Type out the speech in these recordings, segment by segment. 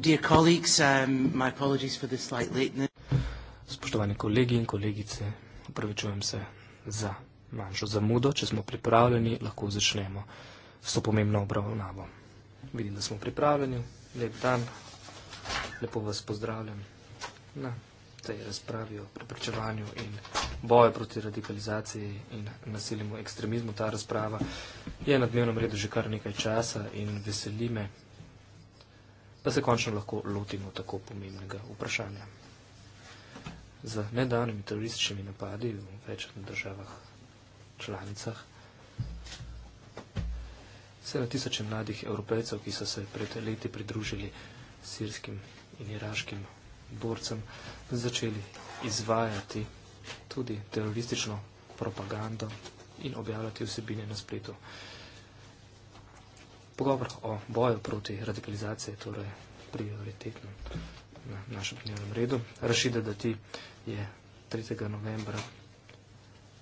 Dear colleagues, um, my apologies for the slight lateness. Spoštovani kolegi in kolegice, upravičujem se za manjšo zamudo. Če smo pripravljeni, lahko začnemo s to pomembno obravnavo. Vidim, da smo pripravljeni. Lep dan. Lepo vas pozdravljam na tej razpravi o preprečevanju in boju proti radikalizaciji in nasiljemu ekstremizmu. Ta razprava je na dnevnem redu že kar nekaj časa in veseli me, da se končno lahko lotimo tako pomembnega vprašanja. Z nedavnimi terorističnimi napadi v več državah, članicah, se na tisoče mladih evropejcev, ki so se pred leti pridružili sirskim in iraškim borcem, začeli izvajati tudi teroristično propagando in objavljati vsebine na spletu pogovor o boju proti radikalizaciji, torej prioritetno na našem dnevnem redu. Rašida Dati je 3. novembra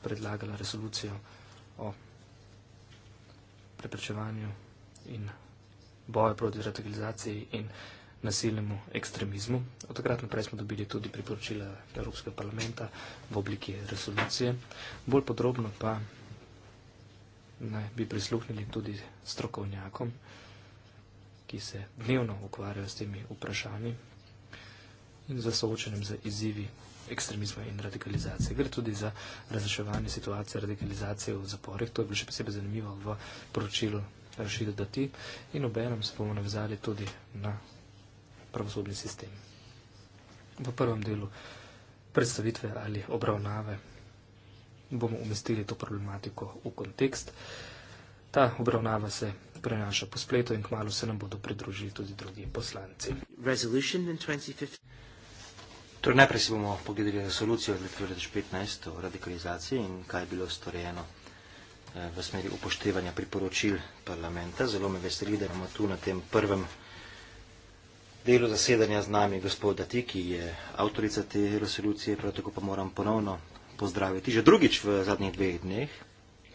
predlagala resolucijo o preprečevanju in boju proti radikalizaciji in nasilnemu ekstremizmu. Od takrat naprej smo dobili tudi priporočila Evropskega parlamenta v obliki resolucije. Bolj podrobno pa naj bi prisluhnili tudi strokovnjakom, ki se dnevno ukvarjajo s temi vprašanji in za soočenjem z izzivi ekstremizma in radikalizacije. Gre tudi za razreševanje situacije radikalizacije v zaporih. To je bilo še posebej zanimivo v poročilu Rašida Dati in obenem se bomo navezali tudi na pravosobni sistem. V prvem delu predstavitve ali obravnave bomo umestili to problematiko v kontekst. Ta obravnava se prenaša po spletu in kmalo se nam bodo pridružili tudi drugi poslanci. Torej, najprej si bomo pogledali resolucijo iz leta 2015 o radikalizaciji in kaj je bilo storjeno eh, v smeri upoštevanja priporočil parlamenta. Zelo me veseli, da imamo tu na tem prvem delu zasedanja z nami gospod Dati, ki je avtorica te resolucije, prav tako pa moram ponovno pozdraviti že drugič v zadnjih dveh dneh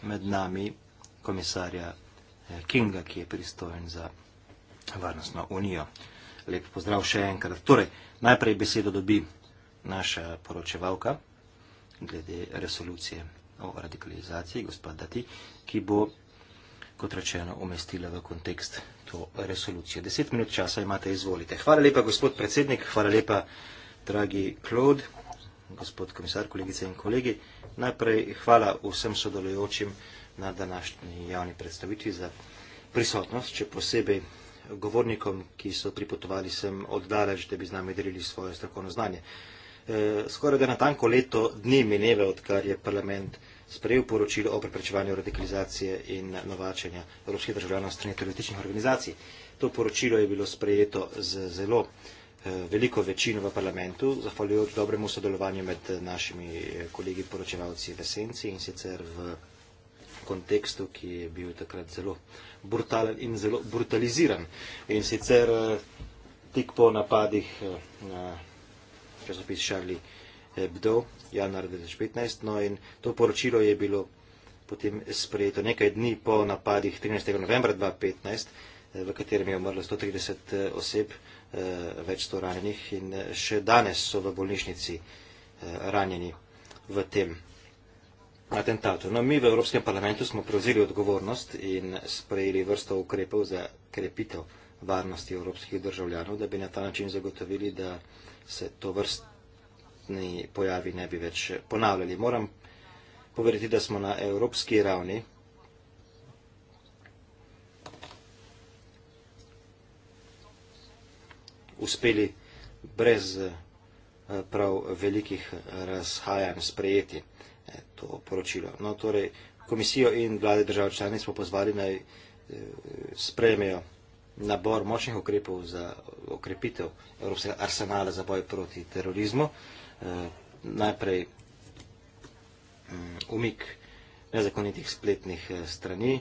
med nami komisarja eh, Kinga, ki je pristojen za varnostno unijo. Lep pozdrav še enkrat. Torej, najprej besedo dobi naša poročevalka glede resolucije o radikalizaciji, gospod Dati, ki bo, kot rečeno, umestila v kontekst to resolucijo. Deset minut časa imate, izvolite. Hvala lepa, gospod predsednik, hvala lepa, dragi Claude gospod komisar, kolegice in kolegi. Najprej hvala vsem sodelujočim na današnji javni predstavitvi za prisotnost, če posebej govornikom, ki so pripotovali sem oddalež, da bi z nami delili svoje strokovno znanje. E, Skoraj da na tanko leto dni mineve, odkar je parlament sprejel poročilo o preprečevanju radikalizacije in novačenja evropskih državljanov strani terorističnih organizacij. To poročilo je bilo sprejeto z zelo Eh, veliko večino v parlamentu, zahvaljujoč dobremu sodelovanju med eh, našimi eh, kolegi poročevalci v Esenci in sicer v kontekstu, ki je bil takrat zelo brutalen in zelo brutaliziran. In sicer tik po napadih na časopis Charlie Hebdo, januar 2015, no in to poročilo je bilo potem sprejeto nekaj dni po napadih 13. novembra 2015, v katerem je umrlo 130 oseb, Eh, več sto ranjenih in eh, še danes so v bolnišnici eh, ranjeni v tem atentatu. No, mi v Evropskem parlamentu smo prevzeli odgovornost in sprejeli vrsto ukrepov za krepitev varnosti evropskih državljanov, da bi na ta način zagotovili, da se to vrstni pojavi ne bi več ponavljali. Moram povedati, da smo na evropski ravni uspeli brez eh, prav velikih eh, razhajanj sprejeti eh, to poročilo. No, torej, komisijo in vlade držav članic smo pozvali naj sprejmejo nabor močnih ukrepov za okrepitev Evropskega arsenala za boj proti terorizmu. Najprej mm, umik nezakonitih spletnih strani,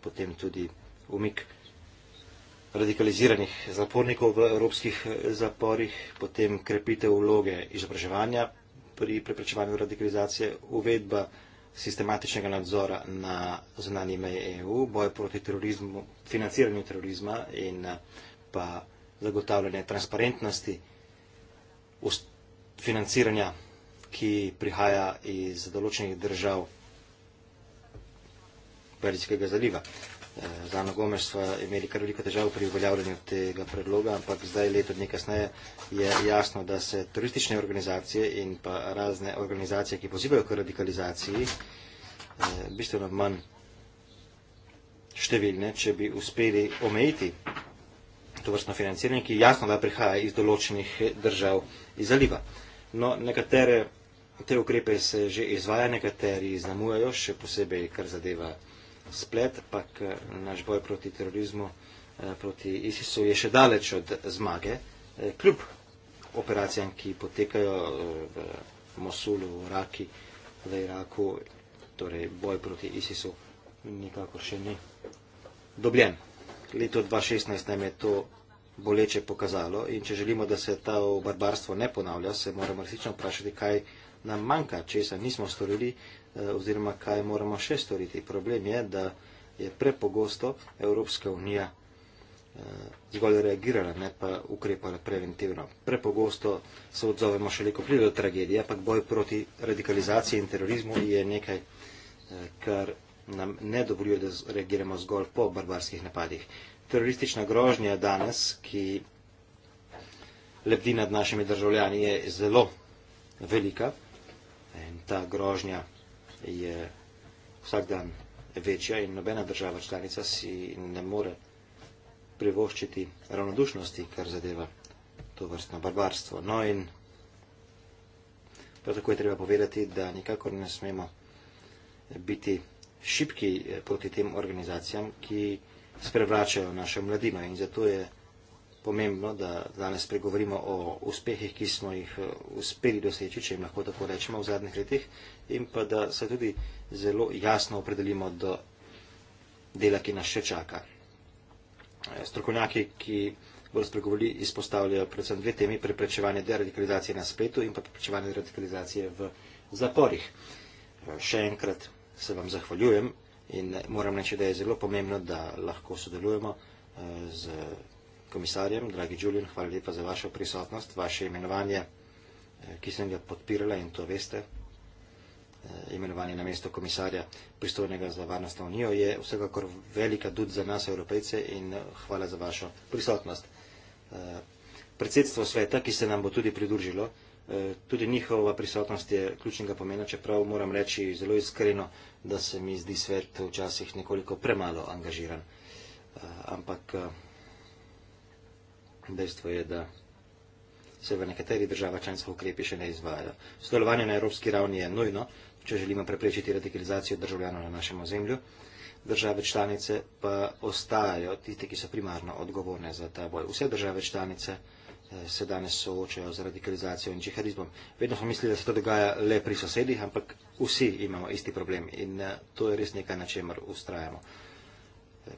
potem tudi umik radikaliziranih zapornikov v evropskih eh, zaporih, potem krepitev vloge izobraževanja pri preprečevanju radikalizacije, uvedba sistematičnega nadzora na zunanji meji EU, boj proti terorizmu, financiranju terorizma in eh, pa zagotavljanje transparentnosti financiranja, ki prihaja iz določenih držav Perzijskega zaliva. Eh, Z Ano Gomes smo imeli kar veliko težav pri uveljavljanju tega predloga, ampak zdaj, leto dni kasneje, je jasno, da se turistične organizacije in pa razne organizacije, ki pozivajo k radikalizaciji, eh, bistveno manj številne, če bi uspeli omejiti to vrstno financiranje, ki jasno, da prihaja iz določenih držav iz zaliva. No, nekatere te ukrepe se že izvaja, nekateri znamujajo, še posebej, kar zadeva splet, ampak eh, naš boj proti terorizmu, eh, proti ISIS-u je še daleč od zmage, eh, kljub operacijam, ki potekajo v Mosulu, v Raki, v Iraku, torej boj proti ISIS-u nikako še ni dobljen. Leto 2016 nam je to boleče pokazalo in če želimo, da se to barbarstvo ne ponavlja, se moramo resnično vprašati, kaj je nam manjka, česa nismo storili eh, oziroma kaj moramo še storiti. Problem je, da je prepogosto Evropska unija eh, zgolj reagirala, ne pa ukrepala preventivno. Prepogosto se odzovemo šele, ko pride do tragedije, ampak boj proti radikalizaciji in terorizmu je nekaj, eh, kar nam ne dovoljuje, da reagiramo zgolj po barbarskih napadih. Teroristična grožnja danes, ki lebdi nad našimi državljani, je zelo velika. In ta grožnja je vsak dan večja in nobena država članica si ne more privoščiti ravnodušnosti, kar zadeva to vrstno barbarstvo. No in prav tako je treba povedati, da nikakor ne smemo biti šipki eh, proti tem organizacijam, ki sprevračajo našo mladino in zato je pomembno, da danes pregovorimo o uspehih, ki smo jih eh, uspeli doseči, če jim lahko tako rečemo v zadnjih letih, in pa da se tudi zelo jasno opredelimo do dela, ki nas še čaka. Eh, strokovnjaki, ki bodo spregovorili, izpostavljajo predvsem dve temi, preprečevanje deradikalizacije na spletu in pa preprečevanje deradikalizacije v zaporih. Eh, še enkrat se vam zahvaljujem in moram reči, da je zelo pomembno, da lahko sodelujemo z komisarjem, dragi Julian, hvala lepa za vašo prisotnost, vaše imenovanje, eh, ki sem ga podpirala in to veste, eh, imenovanje na mesto komisarja pristojnega za varnost na unijo je vsekakor velika dud za nas, evropejce, in eh, hvala za vašo prisotnost. Predsedstvo sveta, ki se nam bo tudi pridružilo, tudi njihova prisotnost je ključnega pomena, čeprav moram reči zelo iskreno, da se mi zdi svet včasih nekoliko premalo angažiran. Ampak Dejstvo je, da se v nekaterih državah članskih ukrepi še ne izvajajo. Sodelovanje na evropski ravni je nujno, če želimo preprečiti radikalizacijo državljanov na našem ozemlju. Države članice pa ostajajo tiste, ki so primarno odgovorne za ta boj. Vse države članice eh, se danes soočajo z radikalizacijo in džihadizmom. Vedno smo mislili, da se to dogaja le pri sosedih, ampak vsi imamo isti problem in eh, to je res nekaj, na čemer ustrajamo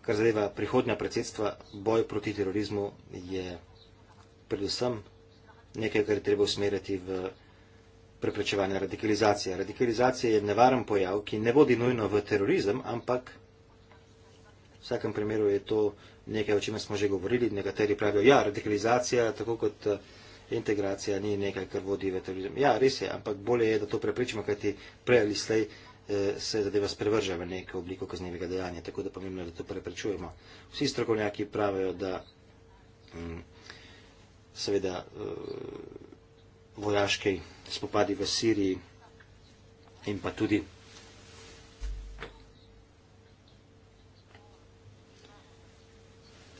kar zadeva prihodnja predsedstva, boj proti terorizmu je predvsem nekaj, kar je treba usmeriti v preprečevanje radikalizacije. Radikalizacija je nevaren pojav, ki ne vodi nujno v terorizem, ampak v vsakem primeru je to nekaj, o čemer smo že govorili. Nekateri pravijo, ja, radikalizacija, tako kot eh, integracija, ni nekaj, kar vodi v terorizem. Ja, res je, ampak bolje je, da to preprečimo, kajti prej ali slej se zadeva sprevrže v neko obliko kaznevega dejanja. Tako da pomembno je, da to preprečujemo. Vsi strokovnjaki pravijo, da m, mm, seveda eh, vojaški spopadi v Siriji in pa tudi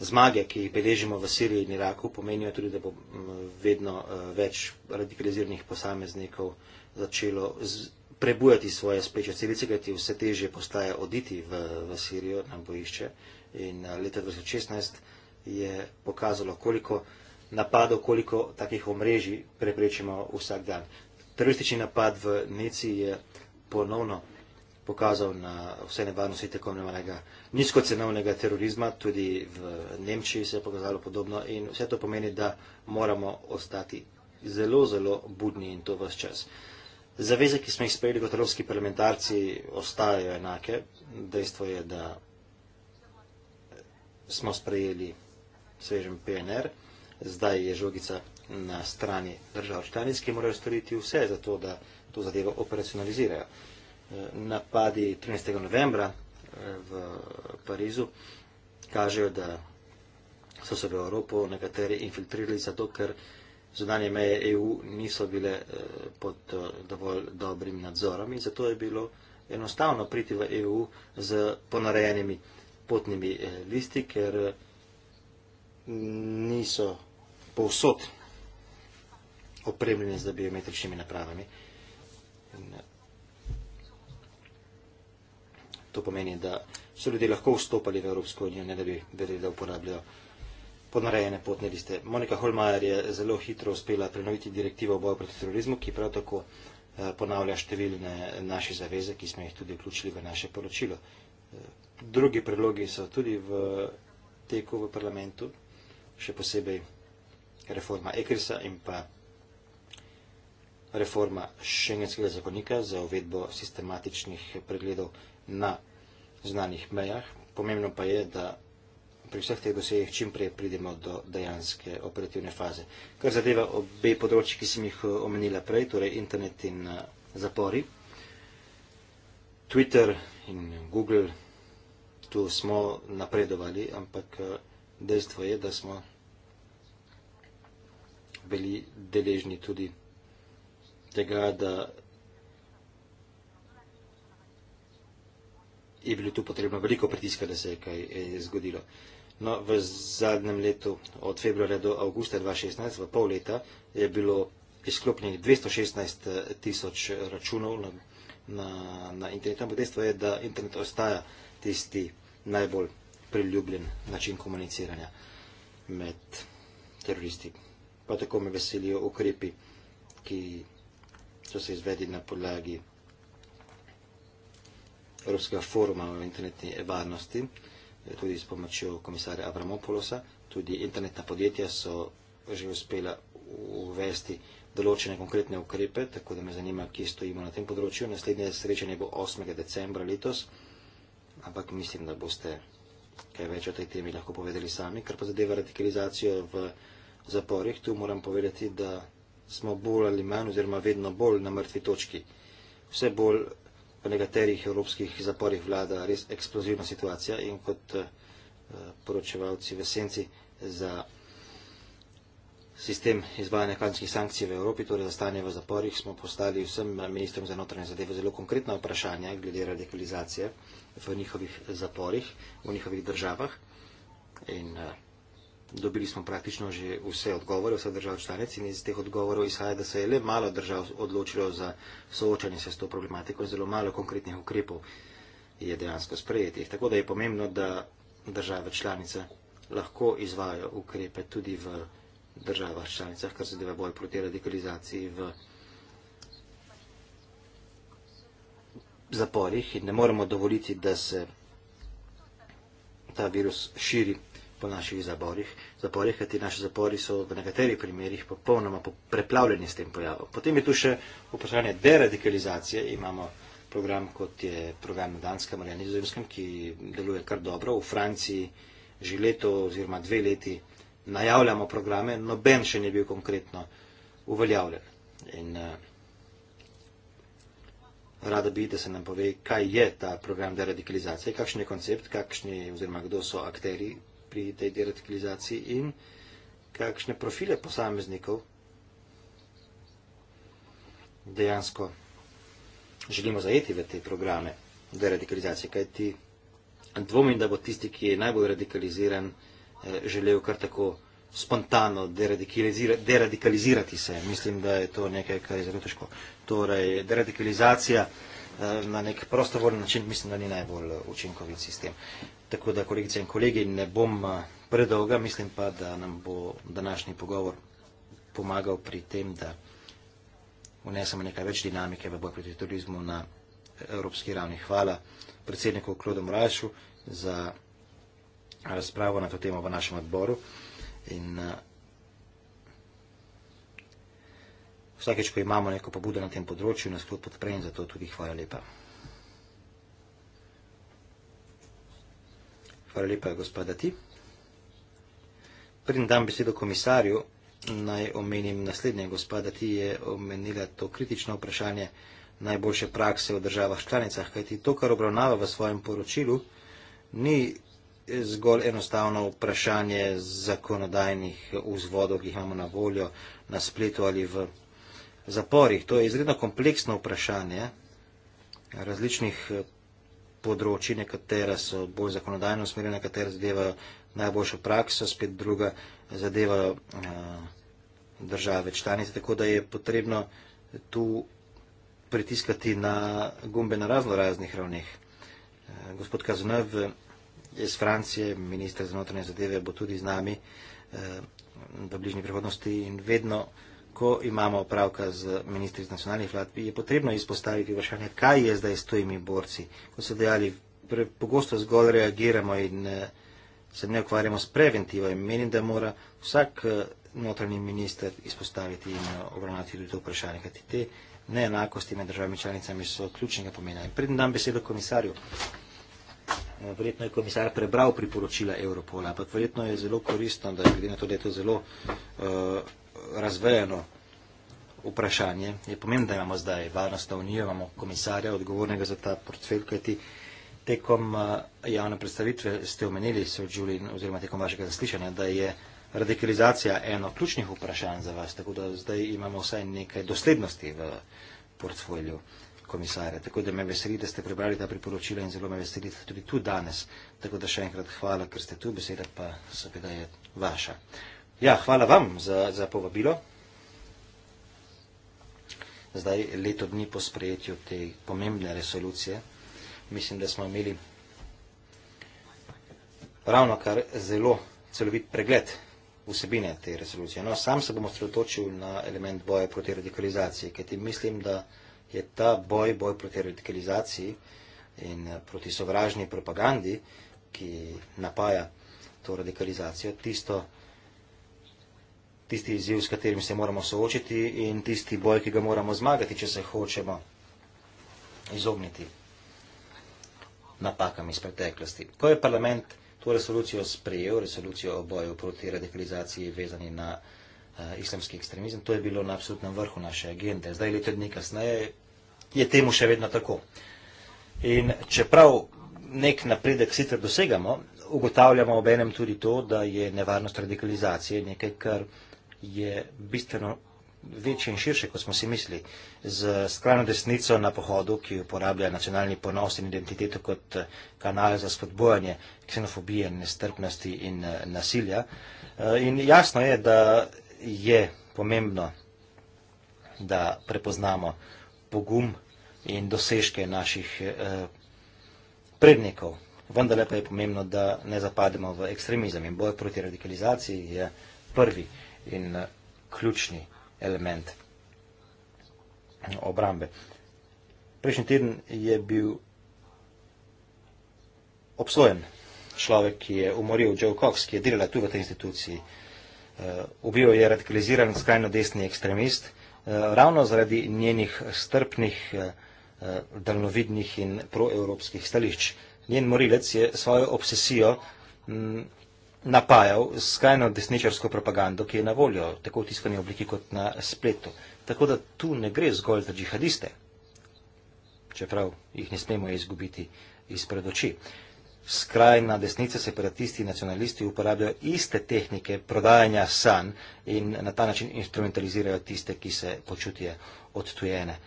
Zmage, ki jih beležimo v Siriji in Iraku, pomenijo tudi, da bo mm, vedno eh, več radikaliziranih posameznikov začelo prebujati svoje spečje celice, kajti vse teže postaje oditi v, v Sirijo na bojišče. In eh, leta 2016 je pokazalo, koliko napadov, koliko takih omrežij preprečimo vsak dan. Teroristični napad v Nici je ponovno pokazal na vse nevarnosti tako imenovanega nizkocenovnega terorizma, tudi v Nemčiji se je pokazalo podobno in vse to pomeni, da moramo ostati zelo, zelo budni in to vse čas. Zaveze, ki smo jih sprejeli kot evropski parlamentarci, ostajajo enake. Dejstvo je, da smo sprejeli svežen PNR, zdaj je žogica na strani držav članic, ki morajo storiti vse za to, da to zadevo operacionalizirajo. Napadi 13. novembra eh, v Parizu kažejo, da so se v Evropo nekateri infiltrirali zato, ker zunanje meje EU niso bile eh, pod eh, dovolj dobrim nadzorom in zato je bilo enostavno priti v EU z ponarejenimi potnimi eh, listi, ker niso povsod opremljeni z biometričnimi napravami. To pomeni, da so ljudje lahko vstopali v Evropsko unijo, ne da bi vedeli, da uporabljajo ponarejene potne liste. Monika Holmajer je zelo hitro uspela prenoviti direktivo o boju proti terorizmu, ki prav tako eh, ponavlja številne naše zaveze, ki smo jih tudi vključili v naše poročilo. Eh, drugi predlogi so tudi v teku v parlamentu, še posebej reforma Ekrisa in pa reforma šengenskega zakonika za uvedbo sistematičnih pregledov na znanih mejah. Pomembno pa je, da pri vseh teh dosejih čim prej pridemo do dejanske operativne faze. Kar zadeva obe področji, ki sem jih eh, omenila prej, torej internet in eh, zapori, Twitter in Google, tu smo napredovali, ampak eh, dejstvo je, da smo bili deležni tudi tega, da je bilo tu potrebno veliko pritiska, da se je kaj zgodilo. No, v zadnjem letu, od februarja do avgusta 2016, v pol leta, je bilo izklopljenih 216 eh, tisoč računov na, na, na internetu. Ampak dejstvo je, da internet ostaja tisti najbolj priljubljen način komuniciranja med teroristi. Pa tako me veselijo ukrepi, ki so se izvedli na podlagi Evropskega foruma o internetni varnosti tudi s pomočjo komisarja Avramopolosa, tudi internetna podjetja so že uspela uvesti določene konkretne ukrepe, tako da me zanima, kje stojimo na tem področju. Naslednje srečanje bo 8. decembra letos, ampak mislim, da boste kaj več o tej temi lahko povedali sami. Kar pa zadeva radikalizacijo v zaporih, tu moram povedati, da smo bolj ali manj oziroma vedno bolj na mrtvi točki. Vse bolj v nekaterih evropskih zaporih vlada res eksplozivna situacija in kot eh, poročevalci v esenci za sistem izvajanja kazenskih sankcij v Evropi, torej za stanje v zaporih, smo postali vsem ministrom za notranje zadeve zelo konkretna vprašanja glede radikalizacije v njihovih zaporih, v njihovih državah. In, uh, dobili smo praktično že vse odgovore vseh držav članic in iz teh odgovorov izhaja, da se je le malo držav odločilo za soočanje se s to problematiko in zelo malo konkretnih ukrepov je dejansko sprejetih. Tako da je pomembno, da države članice lahko izvajo ukrepe tudi v državah članicah, kar se deva boj proti radikalizaciji v zaporih in ne moremo dovoliti, da se ta virus širi po naših zaborih, zaporih, kajti naši zapori so v nekaterih primerjih popolnoma preplavljeni s tem pojavom. Potem je tu še vprašanje deradikalizacije. Imamo program, kot je program na Danskem ali na Nizozemskem, ki deluje kar dobro. V Franciji že leto oziroma dve leti najavljamo programe, noben še ni bil konkretno uveljavljen. In, eh, Rada bi, da se nam pove, kaj je ta program deradikalizacije, kakšen je koncept, kakšni oziroma kdo so akteri pri tej deradikalizaciji in kakšne profile posameznikov dejansko želimo zajeti v te programe deradikalizacije, kajti dvomim, da bo tisti, ki je najbolj radikaliziran, eh, želel kar tako spontano deradikalizira, deradikalizirati se. Mislim, da je to nekaj, kar je zelo težko. Torej, deradikalizacija eh, na nek prostovoljni način, mislim, da ni najbolj eh, učinkovit sistem. Tako da, kolegice in kolegi, ne bom eh, predolga, mislim pa, da nam bo današnji pogovor pomagal pri tem, da vnesemo nekaj več dinamike v boj proti turizmu na evropski ravni. Hvala predsedniku Klodu Mrašu za razpravo na to temo v našem odboru. In eh, vsakeč, ko imamo neko pobudo na tem področju, nas klub podpre in zato tudi hvala lepa. Hvala lepa, gospod Dati. Preden dam besedo komisarju, naj omenim naslednje. Gospoda Ti je omenila to kritično vprašanje najboljše prakse v državah članicah, kajti to, kar obravnava v svojem poročilu, ni zgolj enostavno vprašanje zakonodajnih vzvodov, ki jih imamo na voljo na spletu ali v zaporih. To je izredno kompleksno vprašanje različnih področji, nekatera so bolj zakonodajno usmerjena, nekatera zadeva najboljšo prakso, spet druga zadeva eh, države članice. Tako da je potrebno tu pritiskati na gumbe na razno raznih ravneh. Eh, gospod Kazunov je eh, iz Francije, minister za notranje zadeve, bo tudi z nami v bližnji prihodnosti in vedno ko imamo opravka z ministri iz nacionalnih vlad, je potrebno izpostaviti vprašanje, kaj je zdaj s tujimi borci. Kot so dejali, pogosto zgolj reagiramo in eh, se ne ukvarjamo s preventivo in menim, da mora vsak eh, notranji minister izpostaviti in eh, obravnati tudi to vprašanje, kajti te neenakosti med državami članicami so ključnega pomena. In predem dam besedo komisarju. Verjetno je komisar prebral priporočila Europola, ampak verjetno je zelo koristno, da je glede na to, da je to zelo uh, razvejeno vprašanje. Je pomembno, da imamo zdaj varnostno unijo, imamo komisarja odgovornega za ta portfelj, kaj ti tekom eh, javne predstavitve ste omenili, se odžuli oziroma tekom vašega zaslišanja, da je radikalizacija eno ključnih vprašanj za vas, tako da zdaj imamo vsaj nekaj doslednosti v portfelju komisarja. Tako da me veseli, da ste prebrali ta priporočila in zelo me veseli, da ste tudi tu danes. Tako da še enkrat hvala, ker ste tu, beseda pa seveda je vaša. Ja, hvala vam za, za povabilo zdaj leto dni po sprejetju te pomembne resolucije. Mislim, da smo imeli ravno kar zelo celovit pregled vsebine te resolucije. No, sam se bom osredotočil na element boja proti radikalizaciji, ker ti mislim, da je ta boj, boj proti radikalizaciji in eh, proti sovražni propagandi, ki napaja to radikalizacijo, tisto, tisti izziv, s katerim se moramo soočiti in tisti boj, ki ga moramo zmagati, če se hočemo izogniti napakam iz preteklosti. Ko je parlament to resolucijo sprejel, resolucijo o boju proti radikalizaciji vezani na uh, islamski ekstremizem, to je bilo na absolutnem vrhu naše agende. Zdaj, leto dni kasneje, je temu še vedno tako. In čeprav nek napredek sicer dosegamo, ugotavljamo ob enem tudi to, da je nevarnost radikalizacije nekaj, kar uh, je bistveno večje in širše, kot smo si mislili. Z skrajno desnico na pohodu, ki uporablja nacionalni ponos in identiteto kot eh, kanal za spodbojanje ksenofobije, nestrpnosti in eh, nasilja. Eh, in jasno je, da je pomembno, da prepoznamo pogum in dosežke naših prednikov. Vendar pa je pomembno, da ne zapademo v ekstremizem in boj proti radikalizaciji je prvi in eh, ključni element obrambe. Prejšnji teden je bil obsojen človek, ki je umoril Joe Cox, ki je delala tu v tej instituciji. Eh, ubil je radikaliziran skrajno desni ekstremist, eh, ravno zaradi njenih strpnih, daljnovidnih in proevropskih stališč. Njen morilec je svojo obsesijo mm, napajal skrajno desničarsko propagando, ki je na voljo tako v tiskani obliki kot na spletu. Tako da tu ne gre zgolj za džihadiste, čeprav jih ne smemo izgubiti izpred oči. Skrajna desnica, separatisti in nacionalisti uporabljajo iste tehnike prodajanja sanj in na ta način instrumentalizirajo tiste, ki se počutijo odtujene.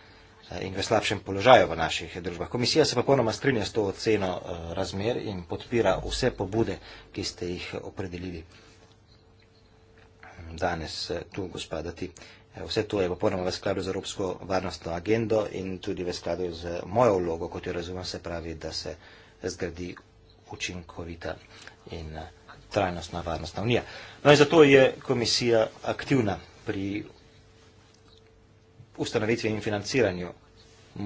Eh, in v slabšem položaju v naših družbah. Komisija se popolnoma strinja s to oceno eh, razmer in podpira vse pobude, ki ste jih opredelili danes eh, tu gospodati. Vse to je popolnoma v skladu z Evropsko varnostno agendo in tudi v skladu z mojo vlogo, kot jo razumem, se pravi, da se zgradi učinkovita in trajnostna varnostna unija. No in zato je komisija aktivna pri ustanovitvi in financiranju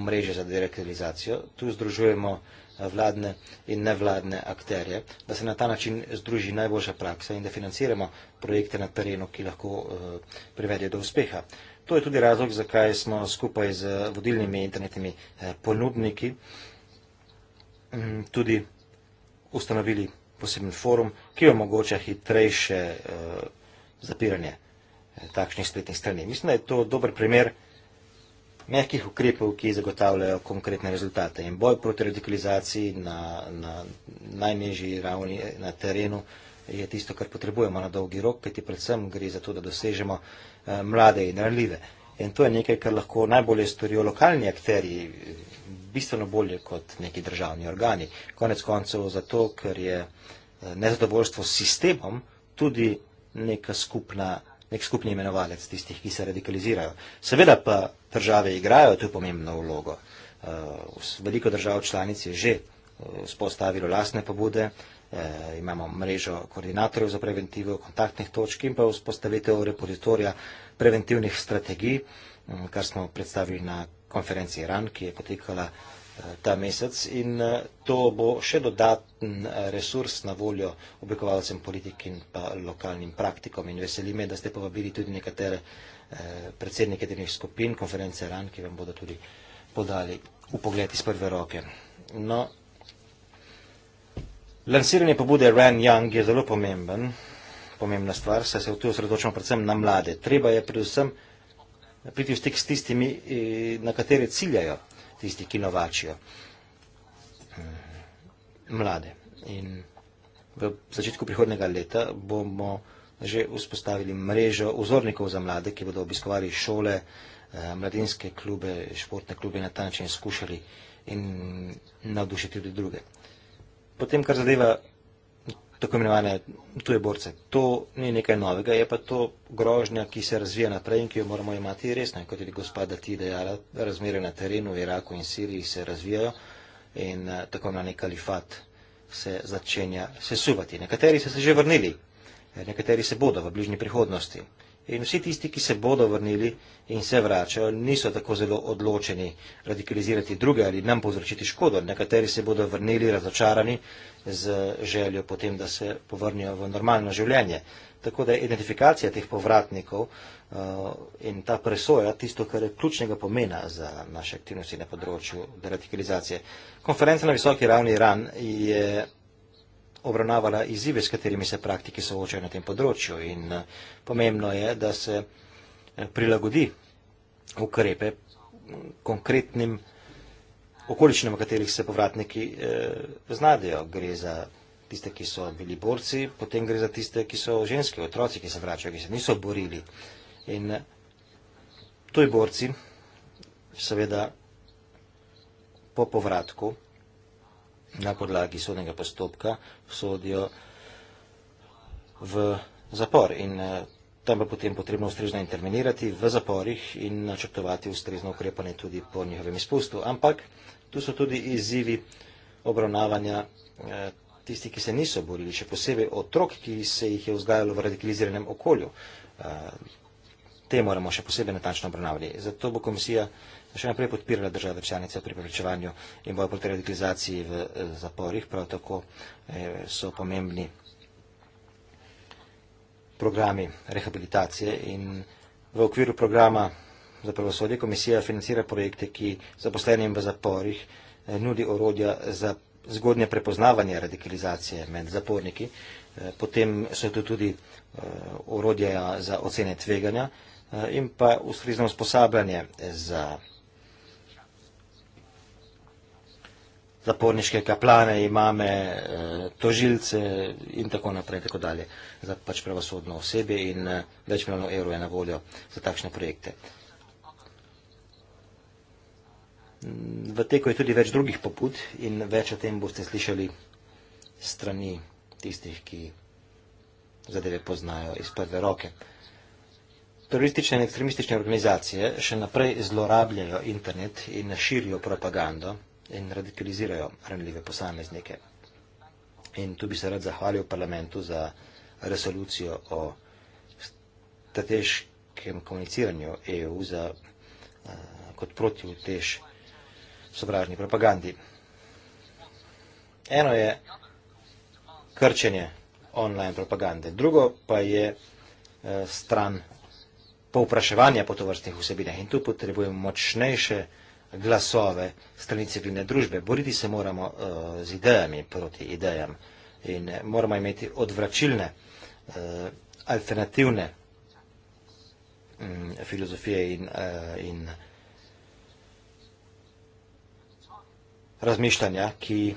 mreže za direktilizacijo. Tu združujemo eh, vladne in nevladne akterje, da se na ta način združi najboljša praksa in da financiramo projekte na terenu, ki lahko eh, privedijo do uspeha. To je tudi razlog, zakaj smo skupaj z vodilnimi internetnimi eh, ponudniki mm, tudi ustanovili poseben forum, ki omogoča hitrejše zapiranje takšnih spletnih strani. Mislim, da je to dober primer, mehkih ukrepov, ki zagotavljajo konkretne rezultate. In boj proti radikalizaciji na, na najnižji ravni na terenu je tisto, kar potrebujemo na dolgi rok, kajti predvsem gre za to, da dosežemo eh, mlade in narljive. In to je nekaj, kar lahko najbolje storijo lokalni akteri, bistveno bolje kot neki državni organi. Konec koncev zato, ker je eh, nezadovoljstvo s sistemom tudi neka skupna nek skupni imenovalec tistih, ki se radikalizirajo. Seveda pa države igrajo tu pomembno vlogo. Eh, veliko držav članic je že spostavilo eh, lasne pobude, eh, imamo mrežo koordinatorjev za preventivo, kontaktnih točk in pa vzpostavitev repozitorija preventivnih strategij, mm, kar smo predstavili na konferenci Iran, ki je potekala ta mesec in eh, to bo še dodaten eh, resurs na voljo oblikovalcem politik in pa lokalnim praktikom. In veseli me, da ste povabili tudi nekatere eh, predsednike drevnih skupin, konference RAN, ki vam bodo tudi podali v pogled iz prve roke. No, lansiranje pobude RAN Young je zelo pomemben, pomembna stvar, saj se v tu osredočamo predvsem na mlade. Treba je predvsem priti v stik s tistimi, na kateri ciljajo tisti, ki novačijo eh, mlade. In v začetku prihodnega leta bomo že vzpostavili mrežo vzornikov za mlade, ki bodo obiskovali šole, eh, mladinske klube, športne klube in na ta način skušali in navdušiti tudi druge. Potem, kar zadeva tako imenovane tuje borce. To ni nekaj novega, je pa to grožnja, ki se razvija naprej in ki jo moramo imati resno. Kot je gospoda ti dejala, razmere na terenu v Iraku in Siriji se razvijajo in eh, tako imenovani kalifat se začenja sesuvati. Nekateri so se že vrnili, eh, nekateri se bodo v bližnji prihodnosti in vsi tisti, ki se bodo vrnili in se vračajo, niso tako zelo odločeni radikalizirati druge ali nam povzročiti škodo. Nekateri se bodo vrnili razočarani z željo potem, da se povrnijo v normalno življenje. Tako da je identifikacija teh povratnikov eh, in ta presoja tisto, kar je ključnega pomena za naše aktivnosti na področju deradikalizacije. Konferenca na visoki ravni Iran je obravnavala izzive, s katerimi se praktiki soočajo na tem področju in eh, pomembno je, da se eh, prilagodi ukrepe konkretnim okoličnim, v katerih se povratniki eh, znadejo. Gre za tiste, ki so bili borci, potem gre za tiste, ki so ženski, otroci, ki se vračajo, ki se niso borili. In eh, tuj borci, seveda, po povratku, na podlagi sodnega postopka sodijo v zapor in eh, tam bo potem potrebno ustrezno intervenirati v zaporih in načrtovati ustrezno ukrepanje tudi po njihovem izpustu. Ampak tu so tudi izzivi obravnavanja eh, tisti, ki se niso borili, še posebej otrok, ki se jih je vzgajalo v radikaliziranem okolju. Eh, te moramo še posebej natančno obravnavati. Zato bo komisija še naprej podpirala države članice pri preprečevanju in boju proti radikalizaciji v eh, zaporih, prav tako eh, so pomembni programi rehabilitacije in v okviru programa za pravosodje komisija financira projekte, ki zaposlenim v zaporih eh, nudi orodja za zgodnje prepoznavanje radikalizacije med zaporniki, potem so to tudi orodje za ocene tveganja in pa ustrezno usposabljanje za zaporniki zaporniške kaplane, imame, eh, tožilce in tako naprej, tako dalje, za pač pravosodno osebje in eh, več milijonov evrov je na voljo za takšne projekte. V teko je tudi več drugih poput in več o tem boste slišali strani tistih, ki zadeve poznajo iz prve roke. Teroristične in ekstremistične organizacije še naprej zlorabljajo internet in širijo propagando, in radikalizirajo ranljive posameznike. In tu bi se rad zahvalil parlamentu za resolucijo o strateškem komuniciranju EU za, eh, kot protivtež sovražni propagandi. Eno je krčenje online propagande, drugo pa je eh, stran povpraševanja po tovrstnih vsebinah in tu potrebujemo močnejše glasove strani civilne družbe. Boriti se moramo eh, z idejami proti idejam in eh, moramo imeti odvračilne, eh, alternativne mm, filozofije in, in razmišljanja, ki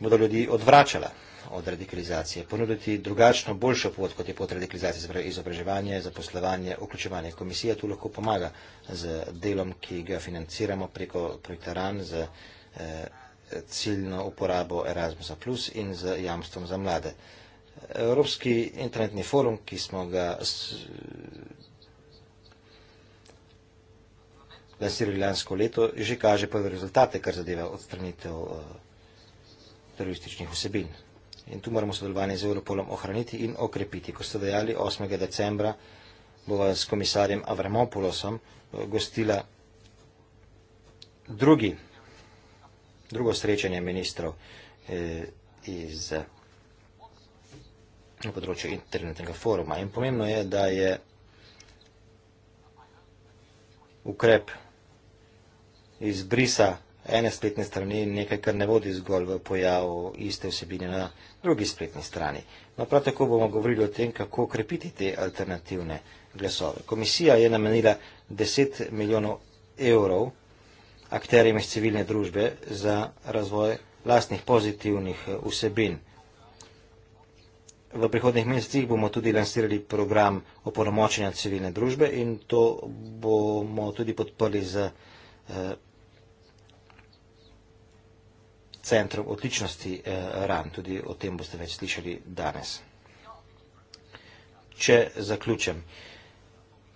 bodo ljudi odvračala od radikalizacije, ponuditi drugačno, boljšo pot, kot je pot radikalizacije, zapravo izobraževanje, zaposlovanje, vključevanje. Komisija tu lahko pomaga z delom, ki ga financiramo preko projekta RAN, z eh, ciljno uporabo Erasmusa Plus in z jamstvom za mlade. Evropski internetni forum, ki smo ga lansirali lansko leto, že kaže prve rezultate, kar zadeva odstranitev eh, terorističnih vsebin in tu moramo sodelovanje z Europolom ohraniti in okrepiti. Ko ste dejali 8. decembra, bo s komisarjem Avramopoulosom eh, gostila drugi, drugo srečanje ministrov eh, iz na področju internetnega foruma. In pomembno je, da je ukrep izbrisa ene spletne strani nekaj, kar ne vodi zgolj v pojav iste vsebine na drugi spletni strani. No, prav tako bomo govorili o tem, kako okrepiti te alternativne glasove. Komisija je namenila 10 milijonov evrov akterjem iz civilne družbe za razvoj lastnih pozitivnih eh, vsebin. V prihodnih mesecih bomo tudi lansirali program opolnomočenja civilne družbe in to bomo tudi podprli z eh, centrom odličnosti eh, RAN. Tudi o tem boste več slišali danes. Če zaključem.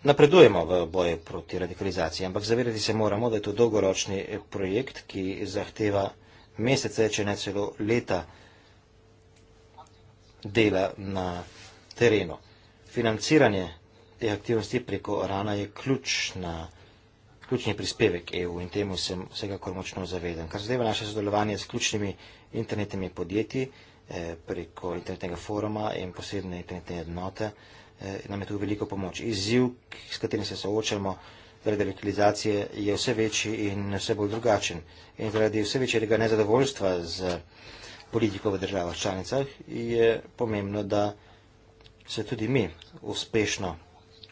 Napredujemo v boju proti radikalizaciji, ampak zavedati se moramo, da je to dolgoročni projekt, ki zahteva mesece, če ne celo leta dela na terenu. Financiranje te aktivnosti preko RANA je ključna ključni prispevek EU in temu sem vsekakor močno zaveden. Kar zadeva naše sodelovanje s ključnimi internetnimi podjetji eh, preko internetnega foruma in posebne internetne jednote, eh, nam je tu veliko pomoč. Izziv, s katerim se soočamo, zaradi digitalizacije je vse večji in vse bolj drugačen. In zaradi vse večjega nezadovoljstva z politiko v državah članicah je pomembno, da se tudi mi uspešno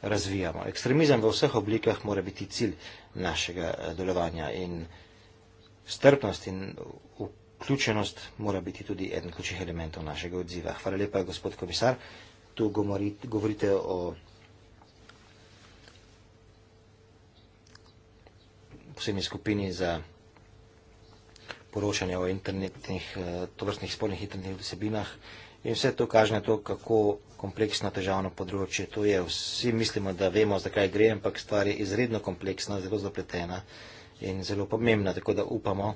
razvijamo. Ekstremizem v vseh oblikah mora biti cilj našega eh, delovanja in strpnost in vključenost mora biti tudi eden ključnih elementov našega odziva. Hvala lepa, gospod komisar. Tu govorite o posebni skupini za poročanje o internetnih, eh, tovrstnih spolnih internetnih vsebinah. In vse to kaže na to, kako kompleksno težavno področje to je. Vsi mislimo, da vemo, zakaj gre, ampak stvar je izredno kompleksna, zelo zapletena in zelo pomembna. Tako da upamo,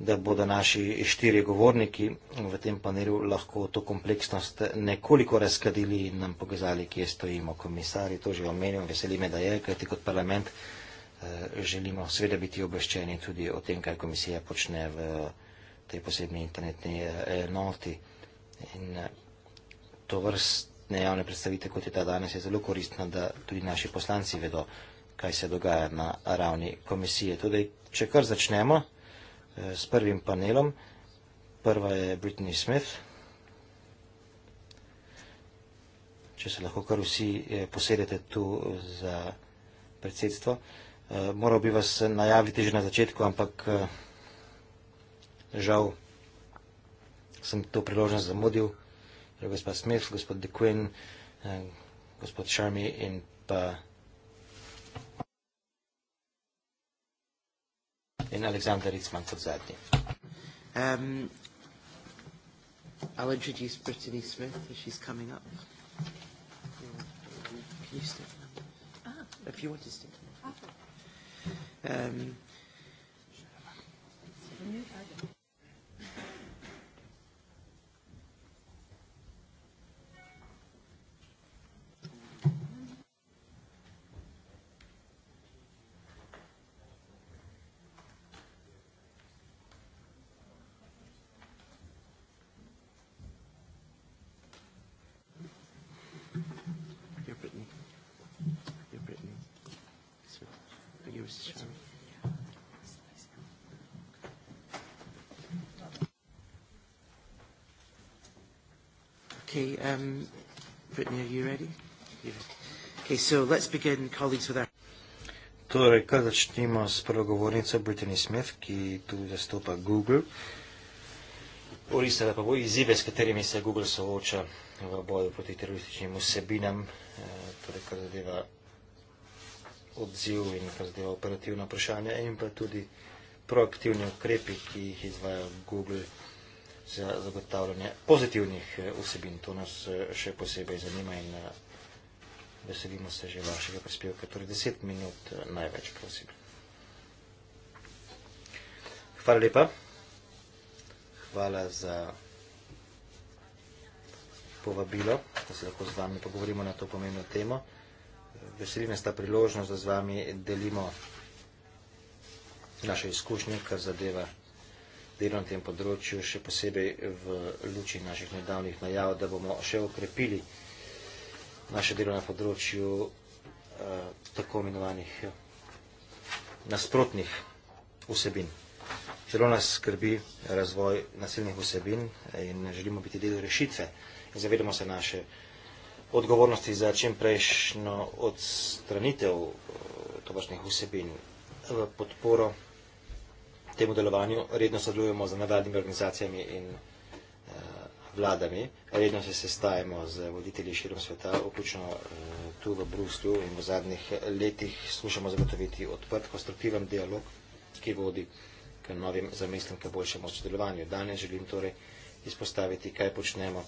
da bodo naši štiri govorniki v tem panelu lahko to kompleksnost nekoliko razkadili in nam pokazali, kje stojimo. Komisar je to že omenil, veseli me, da je, kajti kot parlament eh, želimo seveda biti obveščeni tudi o tem, kaj komisija počne v tej posebni internetni eh, enoti. Eh, In eh, to vrstne javne predstavite, kot je ta danes, je zelo koristna, da tudi naši poslanci vedo, kaj se dogaja na ravni komisije. Tudi, torej, če kar začnemo eh, s prvim panelom, prva je Brittany Smith. Če se lahko kar vsi eh, posedete tu za predsedstvo. Moral bi vas najaviti že na začetku, ampak žal sem to priložnost zamudil, je gospod Smith, gospod De Quinn, eh, gospod Šarmi in pa in Aleksandar Ritzman kot zadnji. Um, I'll introduce Brittany Smith as she's coming up. Can you stand up? Ah. If you want to stand up. Um, Okay, um, Brittany, are you ready? Okay, so let's begin, colleagues, with our. Torej, kar začnimo s progovornico Brittany Smith, ki tu zastopa Google. Orisala pa bo izzive, s katerimi se Google sooča v boju proti terorističnim vsebinam, eh, torej kar zadeva odziv in kar zadeva operativna vprašanja in pa tudi proaktivni ukrepi, ki jih izvaja Google za zagotavljanje pozitivnih eh, vsebin. To nas eh, še posebej zanima in eh, veselimo se že vašega prispevka. Torej, deset minut največ, prosim. Hvala lepa. Hvala za povabilo, da se lahko z vami pogovorimo na to pomembno temo. Veselime sta priložnost, da z vami delimo naše izkušnje, kar zadeva delo na tem področju, še posebej v luči naših nedavnih najav, da bomo še okrepili naše delo na področju eh, tako imenovanih nasprotnih vsebin. Zelo nas skrbi razvoj nasilnih vsebin eh, in želimo biti del rešitve. Zavedamo se naše odgovornosti za čim prejšnjo odstranitev eh, tovršnih vsebin v podporo temu delovanju redno sodelujemo z nevladnimi organizacijami in uh, vladami. Redno se sestajamo z voditelji širom sveta, vključno uh, tu v Bruslju in v zadnjih letih skušamo zagotoviti odprt, konstruktiven dialog, ki vodi k novim zamislim, k boljšemu sodelovanju. Danes želim torej izpostaviti, kaj počnemo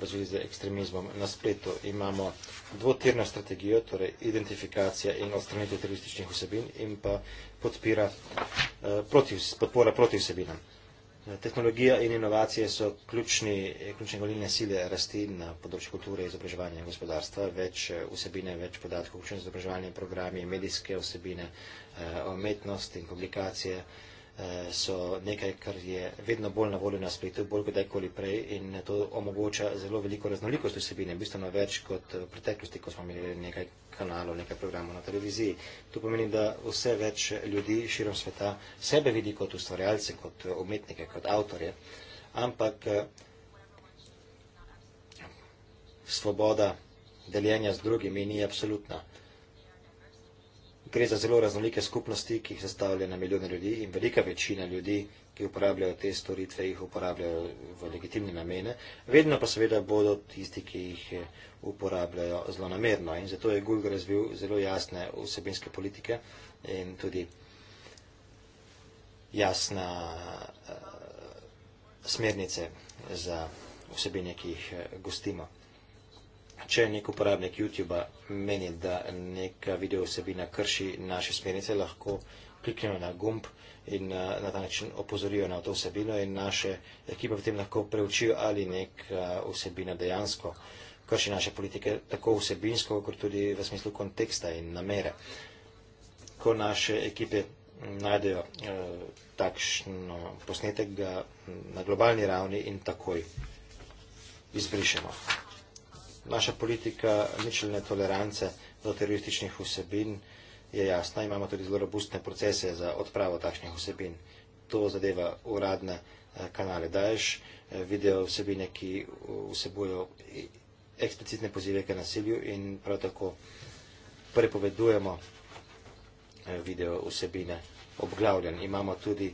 v zvezi z ekstremizmom na spletu. Imamo dvotirno strategijo, torej identifikacija in odstranitev terorističnih vsebin in pa podpira eh, proti, podpora proti vsebinam. Eh, tehnologija in inovacije so ključni, ključne volilne sile rasti na področju kulture, izobraževanja in gospodarstva. Več eh, vsebine, več podatkov, vključno izobraževanje, programi, medijske vsebine, umetnost in publikacije. Eh, so nekaj, kar je vedno bolj na voljo na spletu, bolj kot dajkoli prej in to omogoča zelo veliko raznolikost vsebine, bistveno več kot eh, v preteklosti, ko smo imeli nekaj kanalov, nekaj programov na televiziji. To pomeni, da vse več ljudi širom sveta sebe vidi kot ustvarjalce, kot eh, umetnike, kot avtorje, ampak svoboda deljenja z drugimi ni absolutna. Gre za zelo raznolike skupnosti, ki jih sestavlja na milijone ljudi in velika večina ljudi, ki uporabljajo te storitve, jih uporabljajo v legitimne namene. Vedno pa seveda bodo tisti, ki jih eh, uporabljajo zlonamerno in zato je Google razvil zelo jasne vsebinske politike in tudi jasna eh, smernice za vsebine, ki jih eh, gostimo. Če nek uporabnik YouTube-a meni, da neka video vsebina krši naše smernice, lahko kliknejo na gumb in eh, na ta način opozorijo na to vsebino in naše ekipe potem lahko preučijo, ali neka eh, vsebina dejansko krši naše politike, tako vsebinsko, kot tudi v smislu konteksta in namere. Ko naše ekipe najdejo eh, takšno posnetek, ga na globalni ravni in takoj izbrišemo naša politika ničelne tolerance do terorističnih vsebin je jasna. Imamo tudi zelo robustne procese za odpravo takšnih vsebin. To zadeva uradne eh, kanale Daješ, eh, video vsebine, ki vsebujejo eksplicitne pozive k nasilju in prav tako prepovedujemo eh, video vsebine obglavljen. Imamo tudi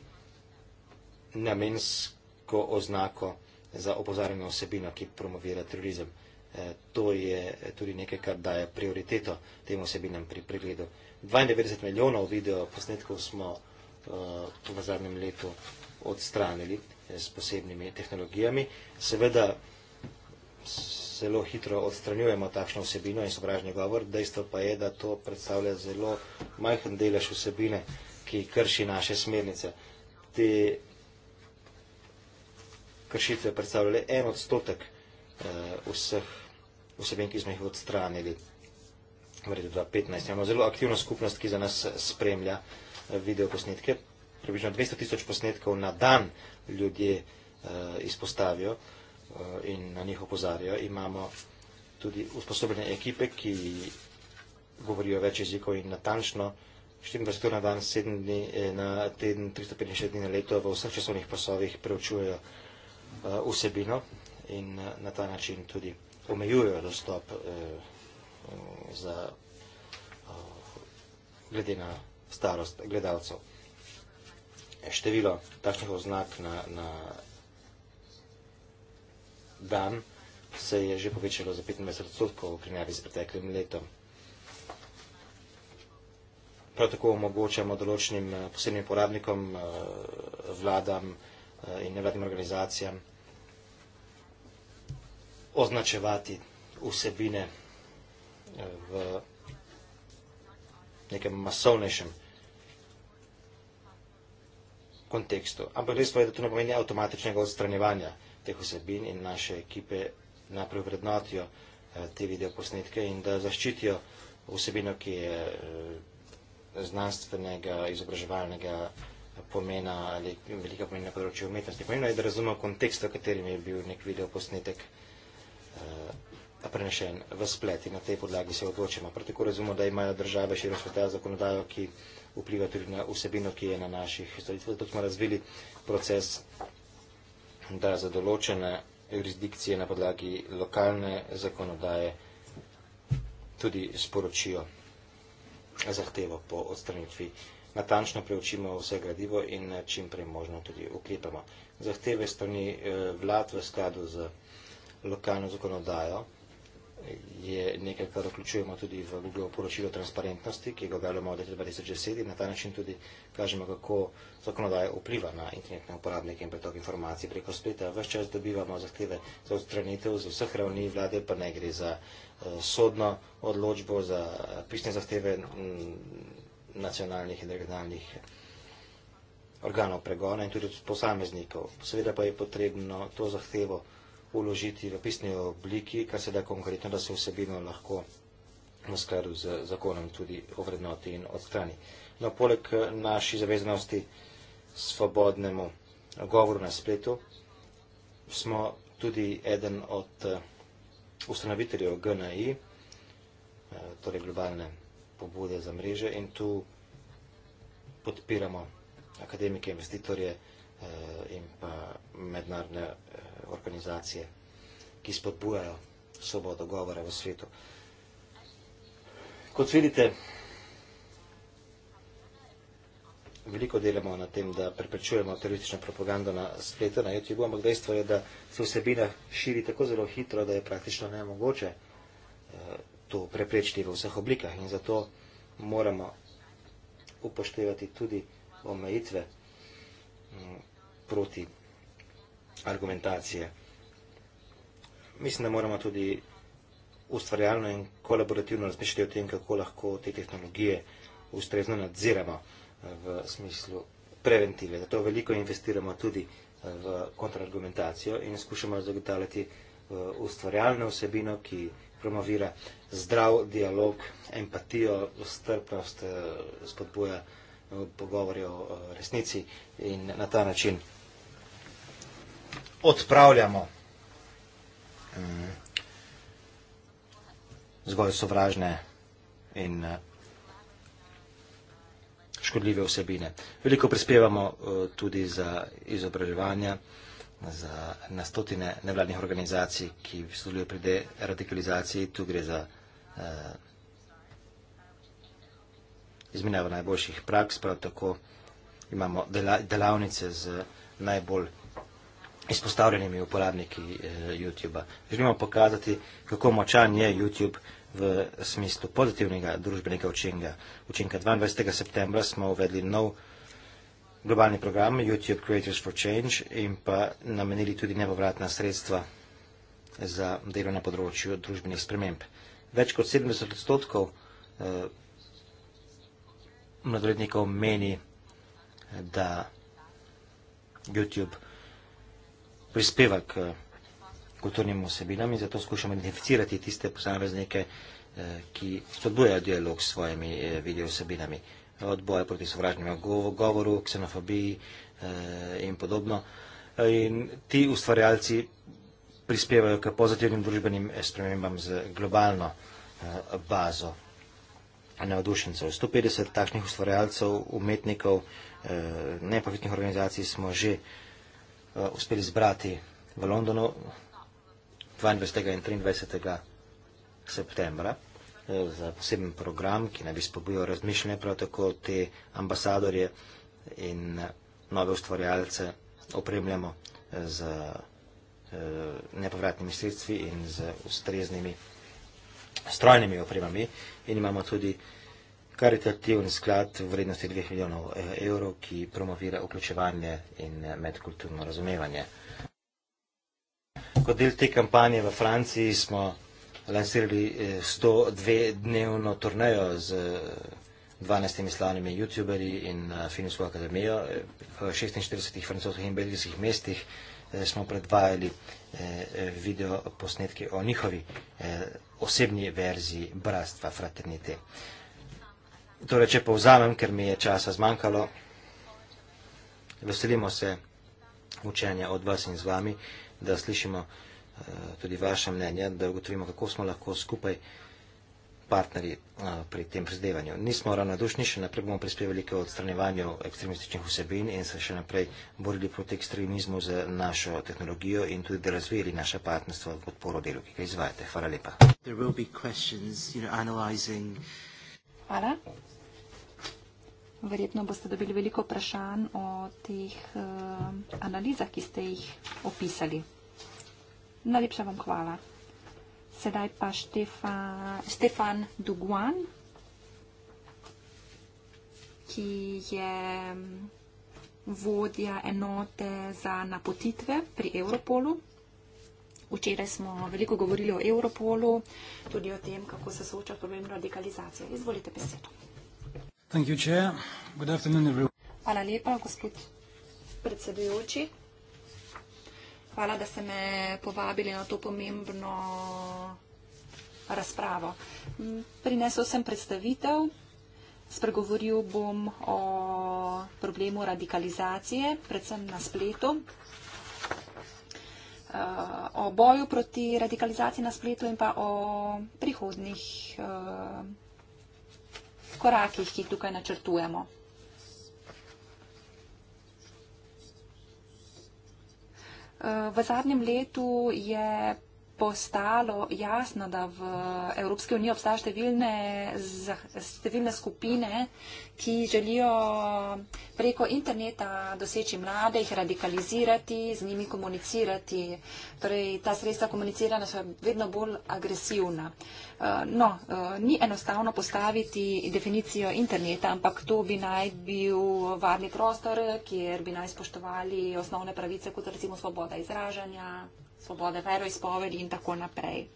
namensko oznako za opozarjeno vsebino, ki promovira terorizem. Eh, to je eh, tudi nekaj, kar daje prioriteto tem osebinam pri pregledu. 92 milijonov videoposnetkov smo eh, v zadnjem letu odstranili s posebnimi tehnologijami. Seveda zelo hitro odstranjujemo takšno vsebino in sovražni govor, dejstvo pa je, da to predstavlja zelo majhen delež vsebine, ki krši naše smernice. Te kršitve predstavljajo le en odstotek vseh vsebina, vsebin, ki smo jih odstranili v redu 2015. Imamo zelo aktivno skupnost, ki za nas spremlja eh, videoposnetke. Približno 200 tisoč posnetkov na dan ljudje uh, izpostavijo uh, in na njih opozarjajo. Imamo tudi usposobljene ekipe, ki govorijo več jezikov in natančno 24 ur na dan, 7 dni na teden, 365 dni na leto v vseh časovnih pasovih preučujejo uh, vsebino in uh, na ta način tudi omejujejo dostop eh, za, eh, glede na starost gledalcev. Število takšnih oznak na, na dan se je že povečalo za 25 odstotkov v krenjavi z preteklim letom. Prav tako omogočamo določenim eh, posebnim porabnikom, eh, vladam eh, in nevladnim organizacijam, označevati vsebine eh, v nekem masovnejšem kontekstu. Ampak res pa je, da to ne pomeni avtomatičnega odstranjevanja teh vsebin in naše ekipe naprej vrednotijo eh, te videoposnetke in da zaščitijo vsebino, ki je eh, znanstvenega, izobraževalnega pomena ali velika pomena področja umetnosti. Pomembno je, da razumemo kontekst, v katerem je bil nek videoposnetek posnetek Eh, prenešen v splet in na tej podlagi se odločimo. Prav tako razumemo, da imajo države širom sveta zakonodajo, ki vpliva tudi na vsebino, ki je na naših storitvah. Zato smo razvili proces, da za določene jurisdikcije na podlagi lokalne zakonodaje tudi sporočijo zahtevo po odstranitvi. Natančno preučimo vse gradivo in čim prej možno tudi ukrepamo. Zahteve strani eh, vlad v skladu z lokalno zakonodajo, je nekaj, kar vključujemo tudi v Google poročilo transparentnosti, ki ga objavljamo od 2010 in na ta način tudi kažemo, kako zakonodaja vpliva na internetne uporabnike in pretok informacij preko spleta. Ves čas dobivamo zahteve za odstranitev z vseh ravni vlade, pa ne gre za eh, sodno odločbo, za eh, pisne zahteve nacionalnih in regionalnih eh, organov pregona in tudi posameznikov. Seveda pa je potrebno to zahtevo uložiti v pisni obliki, kar se da konkretno, da se vsebino lahko v skladu z zakonom tudi ovrednoti in odstrani. No, poleg naši zaveznosti svobodnemu govoru na spletu smo tudi eden od eh, ustanoviteljev GNI, eh, torej globalne pobude za mreže in tu podpiramo akademike, investitorje eh, in pa mednarodne organizacije, ki spodbujajo svobodo govora v svetu. Kot vidite, veliko delamo na tem, da preprečujemo teroristično propagando na spletu, na YouTube, ampak dejstvo je, da se vsebina širi tako zelo hitro, da je praktično nemogoče eh, to preprečiti v vseh oblikah in zato moramo upoštevati tudi omejitve mm, proti argumentacije. Mislim, da moramo tudi ustvarjalno in kolaborativno razmišljati o tem, kako lahko te tehnologije ustrezno nadziramo eh, v smislu preventive. Zato veliko investiramo tudi eh, v kontrargumentacijo in skušamo zagotavljati eh, ustvarjalno vsebino, ki promovira zdrav dialog, empatijo, strpnost, spodbuja pogovore o resnici in na ta način odpravljamo mm. zgolj sovražne in eh, škodljive vsebine. Veliko prispevamo eh, tudi za izobraževanje, za nastotine nevladnih organizacij, ki služijo pri radikalizaciji. Tu gre za eh, izmenjavo najboljših praks, prav tako imamo delavnice z najbolj izpostavljenimi uporabniki eh, YouTube-a. Želimo pokazati, kako močan je YouTube v smislu pozitivnega družbenega učinka. učinka. 22. septembra smo uvedli nov globalni program YouTube Creators for Change in pa namenili tudi nepovratna sredstva za delo na področju družbenih sprememb. Več kot 70 odstotkov eh, mladorednikov meni, eh, da YouTube prispeva k eh, kulturnim osebinam in zato skušamo identificirati tiste posameznike, eh, ki spodbujajo dialog s svojimi eh, video osebinami. Od boja proti sovražnemu govoru, ksenofobiji in podobno. In ti ustvarjalci prispevajo k pozitivnim družbenim spremembam z globalno bazo navdušencev. 150 takšnih ustvarjalcev, umetnikov, neprofitnih organizacij smo že vsega uh, uspeli zbrati v Londonu 22. in 23. septembra eh, za poseben program, ki naj bi spobujal razmišljanje prav tako te ambasadorje in eh, nove ustvarjalce opremljamo z nepovratnimi sredstvi in z ustreznimi strojnimi opremami in imamo tudi uh, karitativni sklad v vrednosti 2 milijonov eh, evrov, ki promovira vključevanje in eh, medkulturno razumevanje. Kot del te kampanje v Franciji smo lansirali 102-dnevno eh, turnejo z 12 slavnimi youtuberi in filmsko akademijo. V 46 francoskih in belgijskih mestih smo predvajali video posnetke o njihovi osebni verziji bratstva fraternite. Torej, če povzamem, ker mi je časa zmanjkalo, veselimo se učenja od vas in z vami, da slišimo eh, tudi vaše mnenje, da ugotovimo, kako smo lahko skupaj partnerji eh, pri tem prizadevanju. Nismo ravnodušni, še naprej bomo prispevali k odstranjevanju ekstremističnih vsebin in se še naprej borili proti ekstremizmu z našo tehnologijo in tudi da razvijali naše partnerstvo v podporo delu, ki ga izvajate. Hvala lepa. Hvala. Verjetno boste dobili veliko vprašanj o teh uh, analizah, ki ste jih opisali. Najlepša vam hvala. Sedaj pa Štefa, Štefan Duguan, ki je mm, vodja enote za napotitve pri Europolu. Včeraj smo veliko govorili o Europolu, tudi o tem, kako se sooča problem radikalizacije. Izvolite besedo. Thank you, Chair. Good afternoon, everyone. Hvala lepa, gospod predsedujoči. Hvala, da ste me povabili na to pomembno razpravo. Prinesel sem predstavitev. Spregovoril bom o problemu radikalizacije, predvsem na spletu. Eh, o boju proti radikalizaciji na spletu in pa o prihodnih problemih korakih, ki jih tukaj načrtujemo. V zadnjem letu je postalo jasno, da v Evropski uniji obstaja številne, številne skupine, ki želijo preko interneta doseči mlade, jih radikalizirati, z njimi komunicirati. Torej, ta sredstva komuniciranja so vedno bolj agresivna. Eh, no, eh, ni enostavno postaviti definicijo interneta, ampak to bi naj bil varni prostor, kjer bi naj spoštovali osnovne pravice, kot recimo svoboda izražanja svobode veroizpovedi in tako naprej. Eh,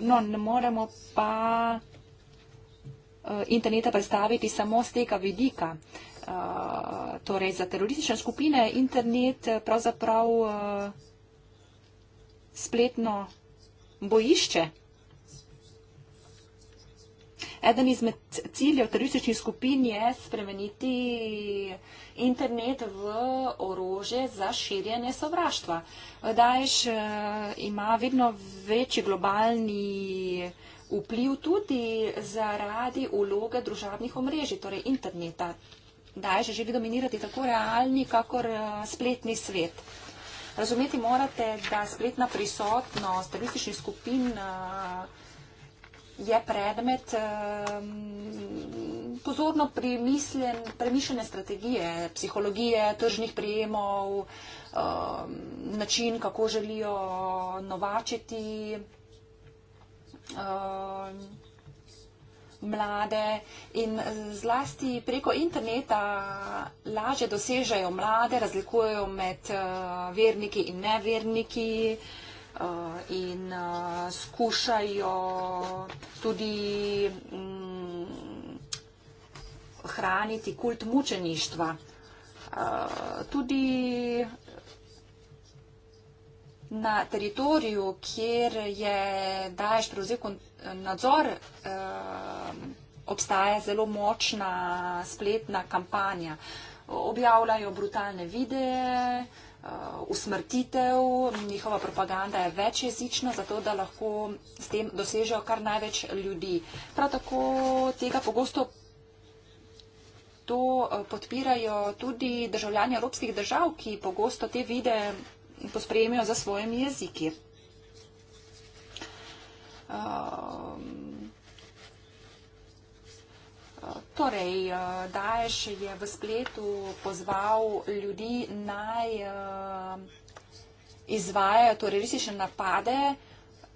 no, ne moremo pa eh, interneta predstaviti samo z tega vidika. Eh, torej, za teroristične skupine internet pravzaprav spletno bojišče. Eden izmed ciljev terorističnih skupin je spremeniti internet v orože za širjenje sovraštva. Daješ eh, ima vedno večji globalni vpliv tudi zaradi uloge družabnih omrežij, torej interneta. Daješ želi dominirati tako realni, kakor eh, spletni svet. Razumeti morate, da spletna prisotnost terorističnih skupin uh, je predmet um, pozorno premišljene strategije, psihologije, tržnih prijemov, um, ehm, način, kako želijo novačiti um, mlade in eh, zlasti preko interneta lažje dosežejo mlade, razlikujejo med uh, verniki in neverniki. Uh, Eh, in eh, skušajo tudi mm, hraniti kult mučeništva. Eh, tudi na teritoriju, kjer je Daješ prevzel nadzor, obstaja zelo močna spletna kampanja. Objavljajo brutalne videe, Eh, usmrtitev, njihova propaganda je večjezična, zato da lahko s tem dosežejo kar največ ljudi. Prav tako tega pogosto to eh, podpirajo tudi državljani evropskih držav, ki pogosto te vide pospremijo za svojimi jeziki. Uh, Torej, eh, Daješ je v spletu pozval ljudi naj eh, izvajajo teroristične napade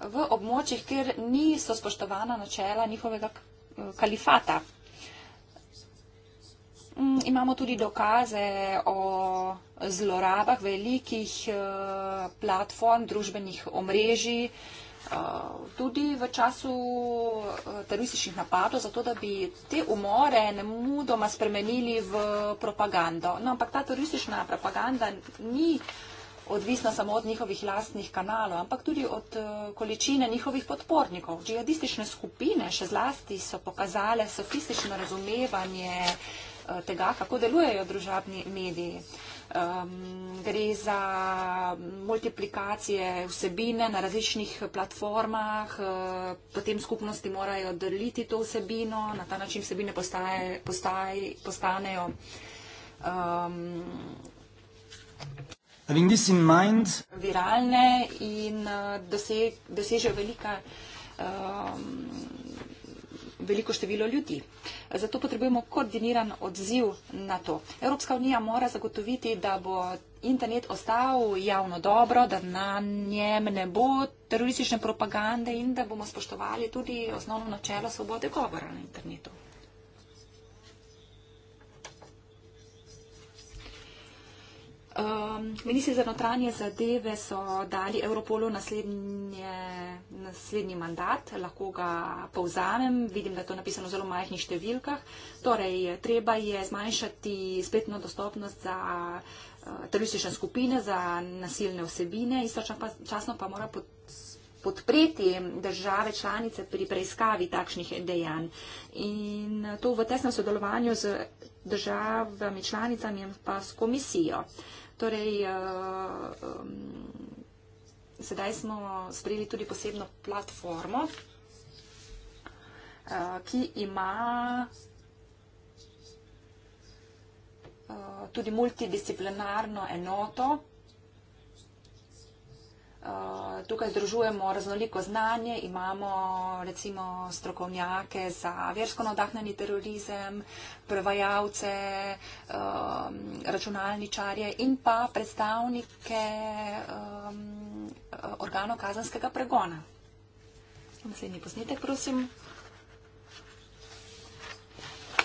v območjih, kjer niso spoštovana načela njihovega kalifata. Mm, imamo tudi dokaze o zlorabah velikih eh, platform, družbenih omrežij, Eh, tudi v času eh, terorističnih napadov, zato da bi te umore ne mudoma spremenili v propagando. No, ampak ta teroristična propaganda ni odvisna samo od njihovih lastnih kanalov, ampak tudi od eh, količine njihovih podpornikov. Džihadistične skupine še zlasti so pokazale sofistično razumevanje tega, kako delujejo družabni mediji. Uh, gre za multiplikacije vsebine na različnih platformah, eh, potem skupnosti morajo deliti to vsebino, na ta način vsebine postaje, postaj, postanejo. Um, Having this in mind, viralne in eh, dosežejo velika um, veliko število ljudi. Zato potrebujemo koordiniran odziv na to. Evropska unija mora zagotoviti, da bo internet ostal javno dobro, da na njem ne bo teroristične propagande in da bomo spoštovali tudi osnovno načelo svobode govora na internetu. Um, Ministri za notranje zadeve so dali Europolu naslednje, naslednji mandat, lahko ga povzamem, vidim, da je to napisano v zelo majhnih številkah. Torej, treba je zmanjšati spletno dostopnost za uh, teroristične skupine, za nasilne osebine, istočasno pa, pa mora pod podpreti države članice pri preiskavi takšnih dejanj. In to v tesnem sodelovanju z državami članicami pa s komisijo. Uh, Torej, eh, sedaj smo sprejeli tudi posebno platformo, eh, ki ima eh, tudi multidisciplinarno enoto, Eh, tukaj združujemo raznoliko znanje, imamo recimo strokovnjake za versko navdahnjeni terorizem, prevajalce, um, računalničarje in pa predstavnike um, organov kazanskega pregona. Naslednji posnetek, prosim.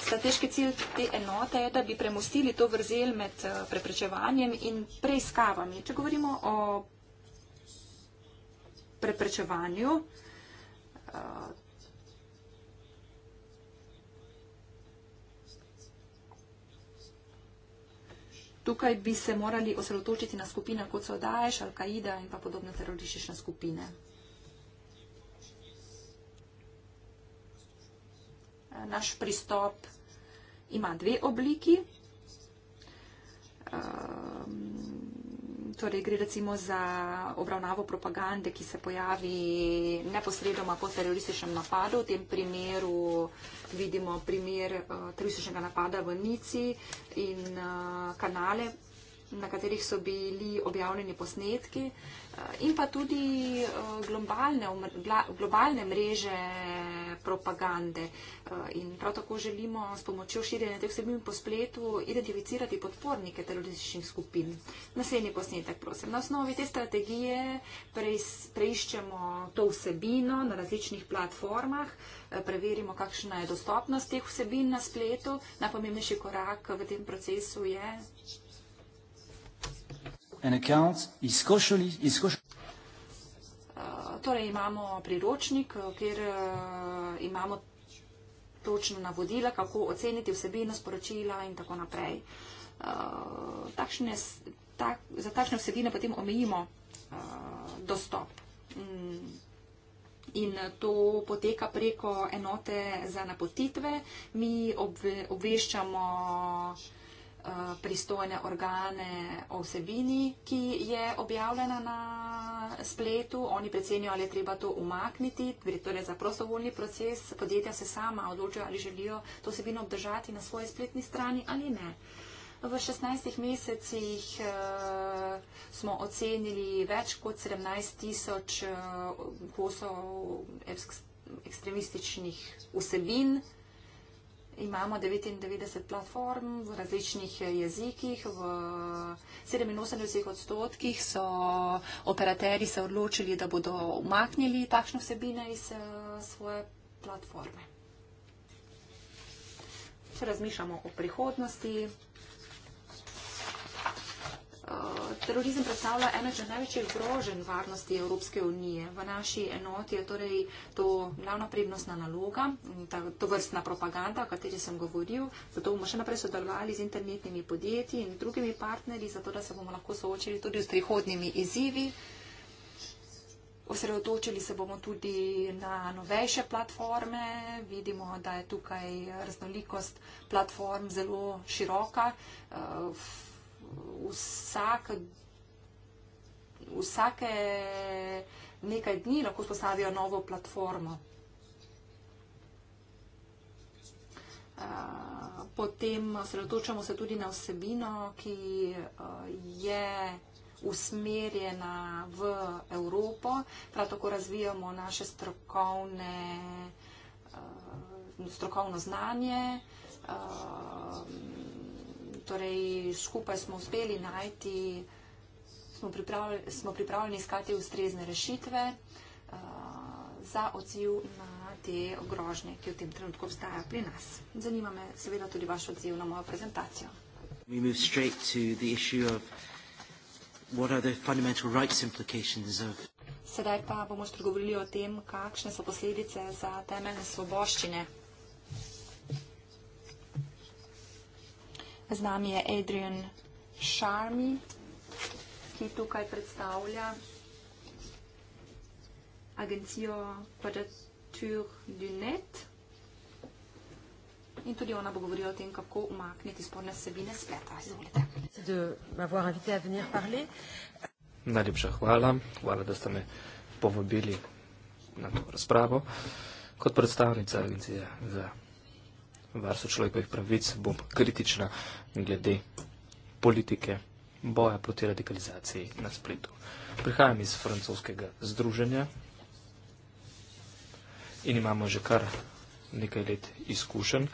Strateški cilj te enote je, da bi premustili to vrzel med eh, preprečevanjem in preiskavami. Če govorimo o preprečevanju. Eh, tukaj bi se morali osredotočiti na skupine, kot so Daesh, Al-Qaida in pa podobne teroristične skupine. Eh, naš pristop ima dve obliki. Eh, torej gre recimo za obravnavo propagande, ki se pojavi neposredoma po terorističnem napadu. V tem primeru vidimo primer uh, terorističnega napada v Nici in uh, kanale, na katerih so bili objavljeni posnetki eh, in pa tudi eh, globalne, globalne mreže propagande. Eh, in prav tako želimo s pomočjo širjenja teh vsebin po spletu identificirati podpornike terorističnih skupin. Naslednji posnetek, prosim. Na osnovi te strategije preiščemo to vsebino na različnih platformah, preverimo, kakšna je dostopnost teh vsebin na spletu. Najpomembnejši korak v tem procesu je an account is cautiously... Is cautiously Torej imamo priročnik, eh, kjer uh, imamo točno navodila, kako oceniti vsebino sporočila in tako naprej. Uh, takšne, tak, za takšne vsebine potem omejimo uh, dostop. Mm. In to poteka preko enote za napotitve. Mi obve, obveščamo. Eh, pristojne organe o vsebini, ki je objavljena na spletu. Oni predsenijo, ali je treba to umakniti, gre torej za prostovoljni proces. Podjetja se sama odločajo, ali želijo to vsebino obdržati na svoji spletni strani ali ne. V 16 mesecih uh, smo ocenili več kot 17 tisoč uh, kosov ekstremističnih vsebin. Imamo 99 platform v različnih eh, jezikih, v 87 odstotkih so operateri se odločili, da bodo umaknili takšno vsebine iz eh, svoje platforme. Če razmišljamo o prihodnosti, Eh, terorizem predstavlja eno od največjih grožen varnosti Evropske unije. V naši enoti je torej to glavna prednostna naloga, ta, to vrstna propaganda, o kateri sem govoril. Zato bomo še naprej sodelovali z internetnimi podjetji in drugimi partnerji, zato da se bomo lahko soočili tudi s prihodnimi izzivi. Osredotočili se bomo tudi na novejše platforme. Vidimo, da je tukaj raznolikost platform zelo široka. Uh, vsak, vsake nekaj dni lahko spostavijo novo platformo. Potem sredotočamo se tudi na vsebino, ki je usmerjena v Evropo. Prav tako razvijamo naše strokovne, strokovno znanje torej, skupaj smo uspeli najti, smo pripravljeni, smo pripravljeni iskati ustrezne rešitve uh, za odziv na te grožnje, ki v tem trenutku obstajajo pri nas. Zanima me seveda tudi vaš odziv na mojo prezentacijo. We move straight to the issue of what are the fundamental rights implications of. Sedaj pa bomo spregovorili o tem, kakšne so posledice za temeljne svoboščine. Z nami je Adrian Sharmi, ki tukaj predstavlja agencijo Predatur Dunet. In tudi ona bo govorila o tem, kako umakniti sporne sebine spleta. Izvolite. Najlepša hvala. Hvala, da ste me povabili na to razpravo. Kot predstavnica agencije za varstvo človekovih pravic, bom kritična glede politike boja proti radikalizaciji na spletu. Prihajam iz francoskega združenja in imamo že kar nekaj let izkušen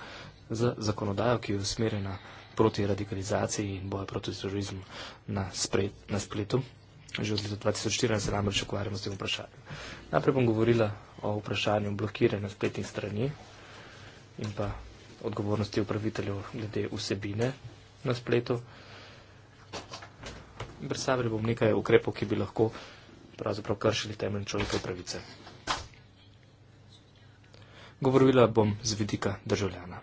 z zakonodajo, ki je usmerjena proti radikalizaciji in boja proti terorizmu na, splet, na spletu. Že od leta 2014 se namreč ukvarjamo s tem vprašanjem. Najprej bom govorila o vprašanju blokiranja spletnih strani in pa odgovornosti upraviteljev glede vsebine na spletu. Predstavili bom nekaj ukrepov, ki bi lahko pravzaprav kršili temeljne človekove pravice. Govorila bom z vidika državljana.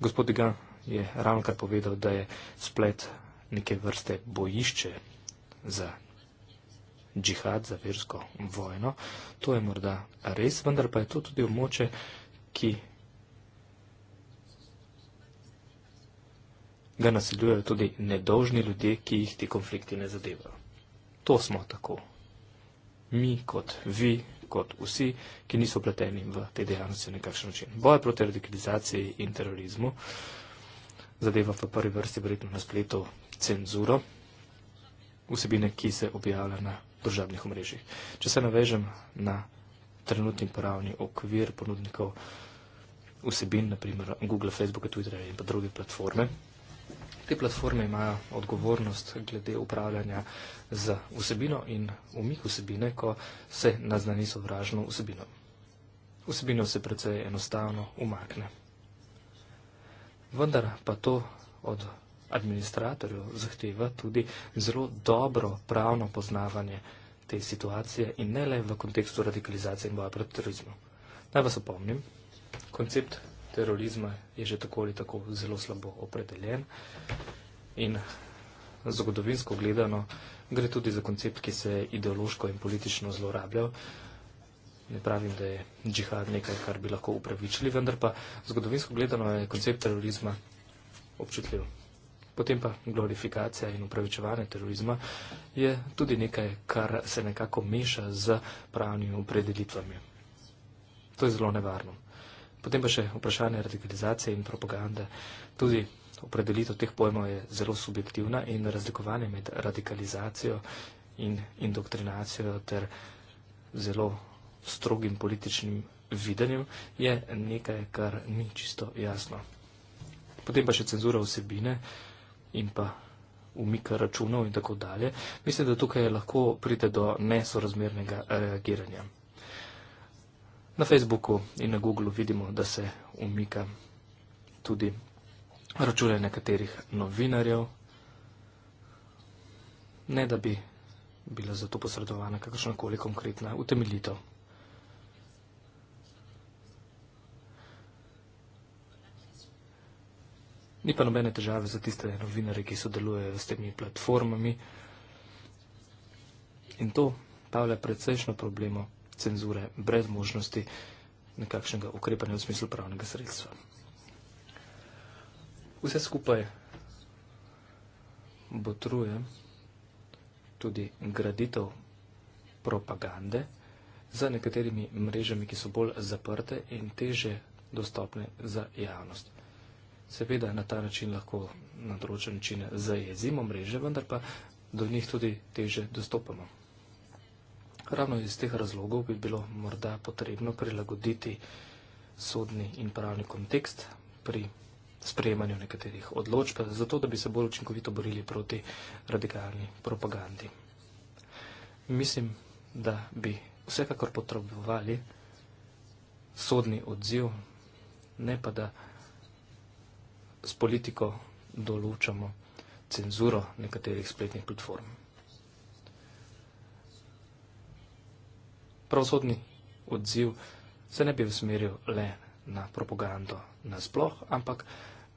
Gospod Digan je ravno kar povedal, da je splet neke vrste bojišče za džihad, za versko vojno. To je morda res, vendar pa je to tudi območje, ki ga naseljujejo tudi nedolžni ljudje, ki jih ti konflikti ne zadevajo. To smo tako. Mi, kot vi, kot vsi, ki niso pleteni v te dejavnosti na nekakšen način. Boj proti radikalizaciji in terorizmu zadeva v prvi vrsti verjetno na spletu cenzuro vsebine, ki se objavlja na državnih omrežjih. Če se navežem na trenutni pravni okvir ponudnikov vsebin, naprimer Google, Facebooka, Twitterja in pa druge platforme, te platforme imajo odgovornost glede upravljanja z vsebino in umik vsebine, ko se naznani sovražno vsebino. Vsebino se precej enostavno umakne. Vendar pa to od administratorju zahteva tudi zelo dobro pravno poznavanje te situacije in ne le v kontekstu radikalizacije in boja proti terorizmu. Naj vas opomnim, koncept terorizma je že tako ali tako zelo slabo opredeljen. In zgodovinsko gledano gre tudi za koncept, ki se je ideološko in politično zlorabljal. Ne pravim, da je džihad nekaj, kar bi lahko upravičili, vendar pa zgodovinsko gledano je koncept terorizma občutljiv. Potem pa glorifikacija in upravičevanje terorizma je tudi nekaj, kar se nekako meša z pravnimi opredelitvami. To je zelo nevarno. Potem pa še vprašanje radikalizacije in propagande. Tudi opredelitev teh pojmov je zelo subjektivna in razlikovanje med radikalizacijo in indoktrinacijo ter zelo strogim političnim videnjem je nekaj, kar ni čisto jasno. Potem pa še cenzura vsebine in pa umika računov in tako dalje. Mislim, da tukaj lahko pride do nesorazmernega reagiranja. Na Facebooku in na Googlu vidimo, da se umika tudi račune nekaterih novinarjev, ne da bi bila za to posredovana kakršnakoli konkretna utemeljitev. Ni pa nobene težave za tiste novinare, ki sodelujejo s temi platformami. In to pa je precejšno problemo cenzure, brez možnosti nekakšnega ukrepanja v smislu pravnega sredstva. Vse skupaj botruje tudi graditev propagande za nekaterimi mrežami, ki so bolj zaprte in teže dostopne za javnost. Seveda na ta način lahko na določen način zajezimo mreže, vendar pa do njih tudi teže dostopamo. Ravno iz teh razlogov bi bilo morda potrebno prilagoditi sodni in pravni kontekst pri sprejemanju nekaterih odločb, zato da bi se bolj učinkovito borili proti radikalni propagandi. Mislim, da bi vsekakor potrebovali sodni odziv, ne pa da s politiko določamo cenzuro nekaterih spletnih platform. pravosodni odziv se ne bi usmeril le na propagando nasploh, ampak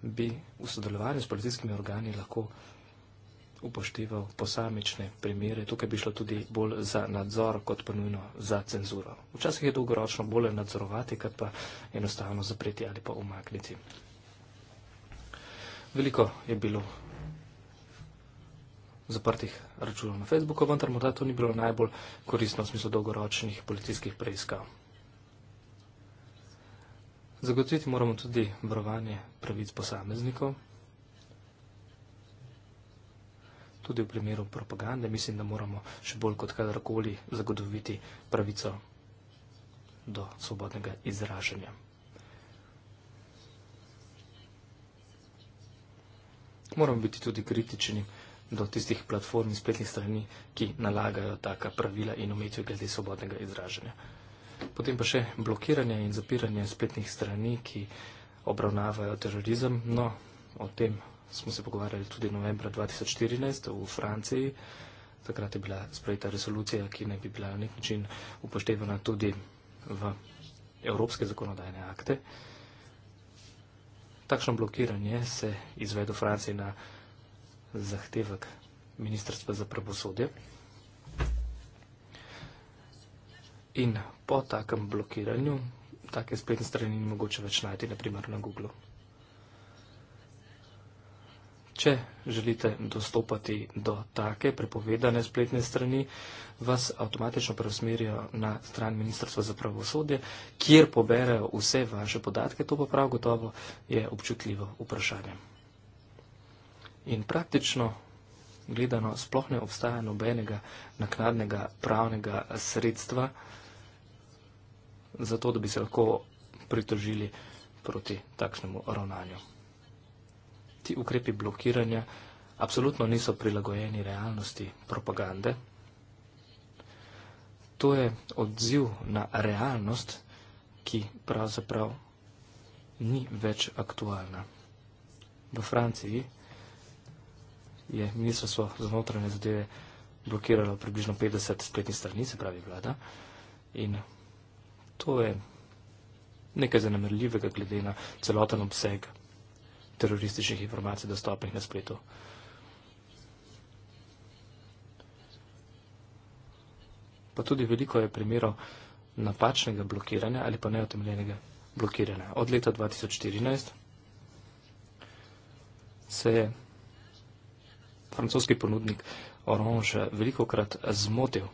bi v sodelovanju s policijskimi organi lahko upošteval posamične primere. Tukaj bi šlo tudi bolj za nadzor, kot pa nujno za cenzuro. Včasih je dolgoročno bolje nadzorovati, kot pa enostavno zapreti ali pa umakniti. Veliko je bilo zaprtih računov na Facebooku, vendar morda to ni bilo najbolj koristno v smislu dolgoročnih policijskih preiskav. Zagotoviti moramo tudi varovanje pravic posameznikov. Tudi v primeru propagande mislim, da moramo še bolj kot kadarkoli zagotoviti pravico do svobodnega izražanja. Moramo biti tudi kritični do tistih platform in spletnih strani, ki nalagajo taka pravila in umetijo glede svobodnega izražanja. Potem pa še blokiranje in zapiranje spletnih strani, ki obravnavajo terorizem. No, o tem smo se pogovarjali tudi novembra 2014 v Franciji. Takrat je bila sprejeta resolucija, ki naj bi bila na nek način upoštevana tudi v evropske zakonodajne akte. Takšno blokiranje se izvede v Franciji na zahtevek Ministrstva za pravosodje. In po takem blokiranju take spletne strani ni mogoče več najti, naprimer na Google. Če želite dostopati do take prepovedane spletne strani, vas avtomatično preusmerijo na stran Ministrstva za pravosodje, kjer poberajo vse vaše podatke, to pa prav gotovo je občutljivo vprašanje. In praktično gledano sploh ne obstaja nobenega naknadnega pravnega sredstva za to, da bi se lahko pritožili proti takšnemu ravnanju. Ti ukrepi blokiranja absolutno niso prilagojeni realnosti propagande. To je odziv na realnost, ki pravzaprav ni več aktualna. V Franciji je ministrstvo za notranje zadeve blokiralo približno 50 spletnih strani, se pravi vlada. In to je nekaj zanemrljivega glede na celoten obseg terorističnih informacij dostopnih na spletu. Pa tudi veliko je primerov napačnega blokiranja ali pa neotemljenega blokiranja. Od leta 2014 se je francoski ponudnik Orange veliko krat zmotil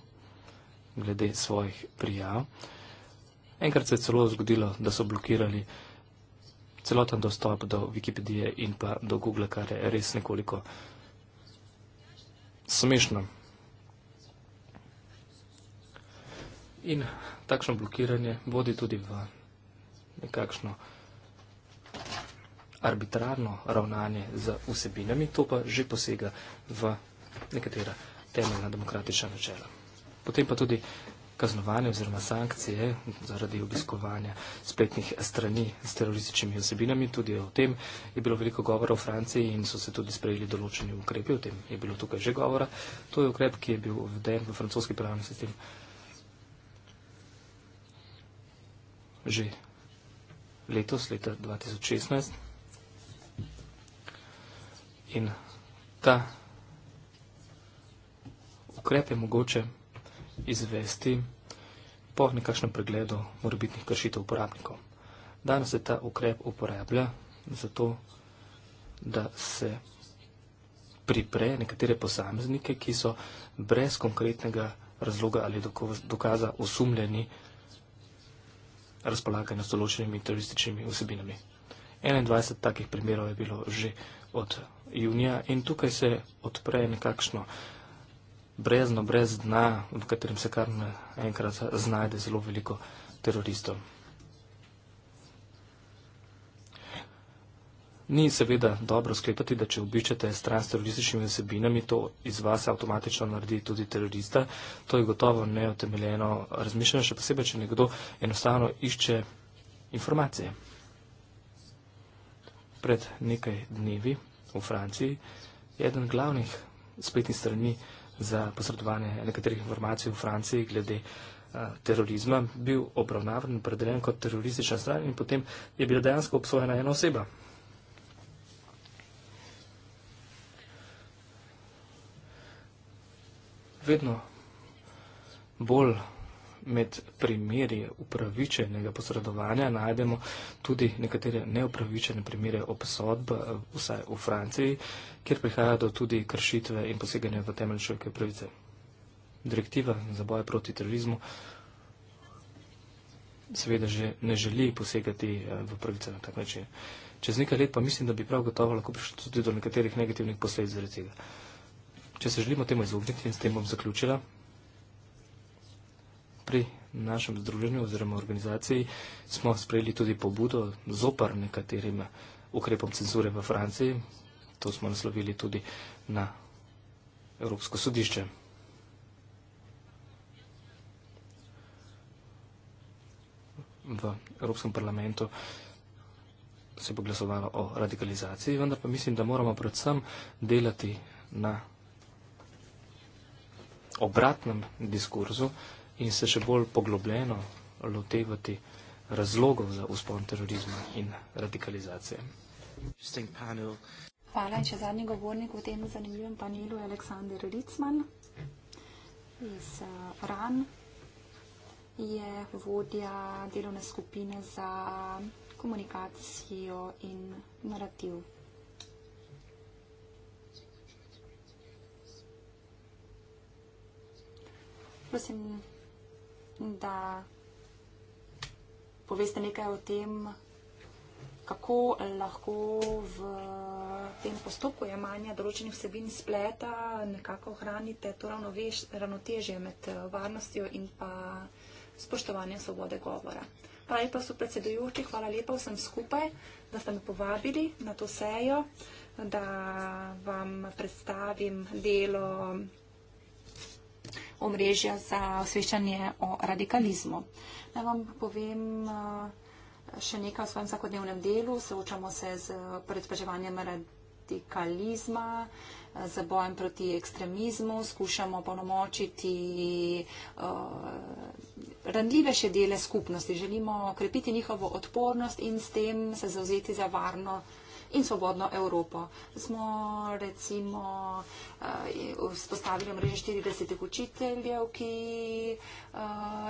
glede svojih prijav. Enkrat se je celo zgodilo, da so blokirali celoten dostop do Wikipedije in pa do Google, kar je res nekoliko smešno. In takšno blokiranje vodi tudi v nekakšno arbitrarno ravnanje z vsebinami, to pa že posega v nekatera temeljna demokratična načela. Potem pa tudi kaznovanje oziroma sankcije zaradi obiskovanja spletnih strani s terorističnimi osebinami. Tudi o tem je bilo veliko govora v Franciji in so se tudi sprejeli določeni ukrepi. O tem je bilo tukaj že govora. To je ukrep, ki je bil vden v francoski pravni sistem že letos, leta 2016. In ta ukrep je mogoče izvesti po nekakšnem pregledu morbitnih kršitev uporabnikov. Danes se ta ukrep uporablja zato, da se pripre nekatere posameznike, ki so brez konkretnega razloga ali dokaza osumljeni razpolaganja s določenimi terorističnimi vsebinami. 21 takih primerov je bilo že od junija in tukaj se odpre nekakšno brezno, brez dna, v katerem se kar enkrat znajde zelo veliko teroristov. Ni seveda dobro sklepati, da če obiščete stran s terorističnimi vsebinami, to iz vas avtomatično naredi tudi terorista. To je gotovo neotemeljeno razmišljanje, še posebej, če nekdo enostavno išče informacije. Pred nekaj dnevi v Franciji, je eden glavnih spletnih strani za posredovanje nekaterih informacij v Franciji glede eh, terorizma, bil obravnavan, predeljen kot teroristična stran in potem je bila dejansko obsojena ena oseba. Vedno bolj med primeri upravičenega posredovanja najdemo tudi nekatere neupravičene primere obsodb, eh, vsaj v Franciji, kjer prihaja do tudi kršitve in poseganja v temeljne človekove pravice. Direktiva za boj proti terorizmu seveda že ne želi posegati eh, v pravice na tak način. Čez nekaj let pa mislim, da bi prav gotovo lahko prišlo tudi do nekaterih negativnih posledic zaradi tega. Če se želimo temu izogniti, in s tem bom zaključila, pri našem združenju oziroma organizaciji smo sprejeli tudi pobudo zopr nekaterim ukrepom cenzure v Franciji. To smo naslovili tudi na Evropsko sodišče. V Evropskem parlamentu se bo glasovalo o radikalizaciji, vendar pa mislim, da moramo predvsem delati na obratnem diskurzu, in se še bolj poglobljeno lotevati razlogov za uspon terorizma in radikalizacije. Hvala in še zadnji govornik v tem zanimivem panelu je Aleksandr Ricman iz eh, RAN. Je vodja delovne skupine za komunikacijo in narativ. Prosim, da poveste nekaj o tem, kako lahko v tem postopku jemanja določenih vsebin spleta nekako ohranite to ravnovež, ravnotežje med eh, varnostjo in pa spoštovanjem svobode govora. Pravi pa so predsedujoči, hvala lepa vsem skupaj, da ste me povabili na to sejo, da vam predstavim delo omrežja za osveščanje o radikalizmu. Naj vam povem eh, še nekaj o svojem vsakodnevnem delu. Soočamo se z predpraževanjem radikalizma, z bojem proti ekstremizmu, skušamo ponomočiti eh, randljive še dele skupnosti. Želimo krepiti njihovo odpornost in s tem se zauzeti za varno skupnost in svobodno Evropo. Smo recimo eh, vzpostavili mrežo 40 učiteljev, ki eh,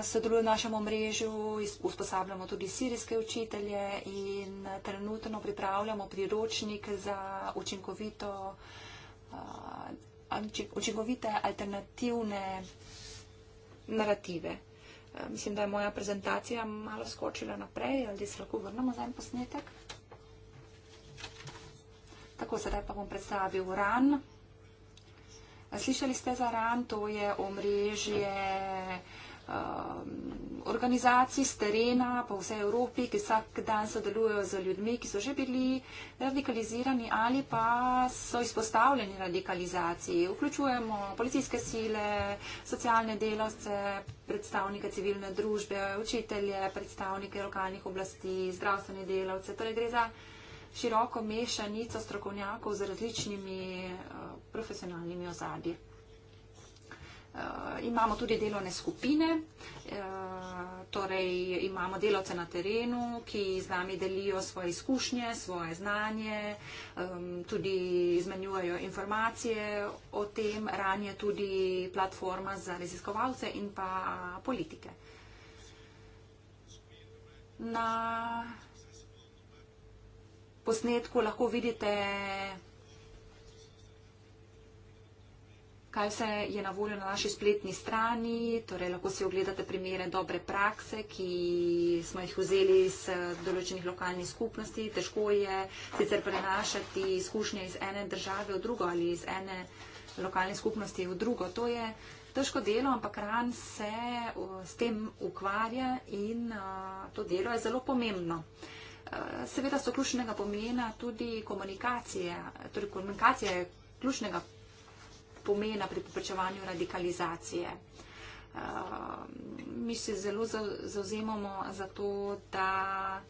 sodelujo v našem omrežju, vzpostavljamo tudi sirijske učitelje in trenutno pripravljamo priročnik za učinkovito, eh, učinkovite alternativne narative. Mislim, da je moja prezentacija malo skočila naprej, ali se lahko vrnemo za en posnetek. Tako, sedaj pa bom predstavil RAN. Slišali ste za RAN, to je omrežje um, organizacij z terena po vsej Evropi, ki vsak dan sodelujejo z ljudmi, ki so že bili radikalizirani ali pa so izpostavljeni radikalizaciji. Vključujemo policijske sile, socialne delavce, predstavnike civilne družbe, učitelje, predstavnike lokalnih oblasti, zdravstvene delavce. Torej gre za široko mešanico strokovnjakov z različnimi eh, profesionalnimi ozadji. Eh, imamo tudi delovne skupine, eh, torej imamo delovce na terenu, ki z nami delijo svoje izkušnje, svoje znanje, tudi izmenjujejo informacije o tem, ranje tudi platforma za raziskovalce in pa politike. Na posnetku lahko vidite, kaj vse je na voljo na naši spletni strani. Torej, lahko si ogledate primere dobre prakse, ki smo jih vzeli iz eh, določenih lokalnih skupnosti. Težko je sicer prenašati izkušnje iz ene države v drugo ali iz ene lokalne skupnosti v drugo. To je težko delo, ampak ran se s tem ukvarja in eh, to delo je zelo pomembno seveda so ključnega pomena tudi komunikacije, torej komunikacija je ključnega pomena pri preprečevanju radikalizacije. Ehm, mi se zelo zauzemamo za to, da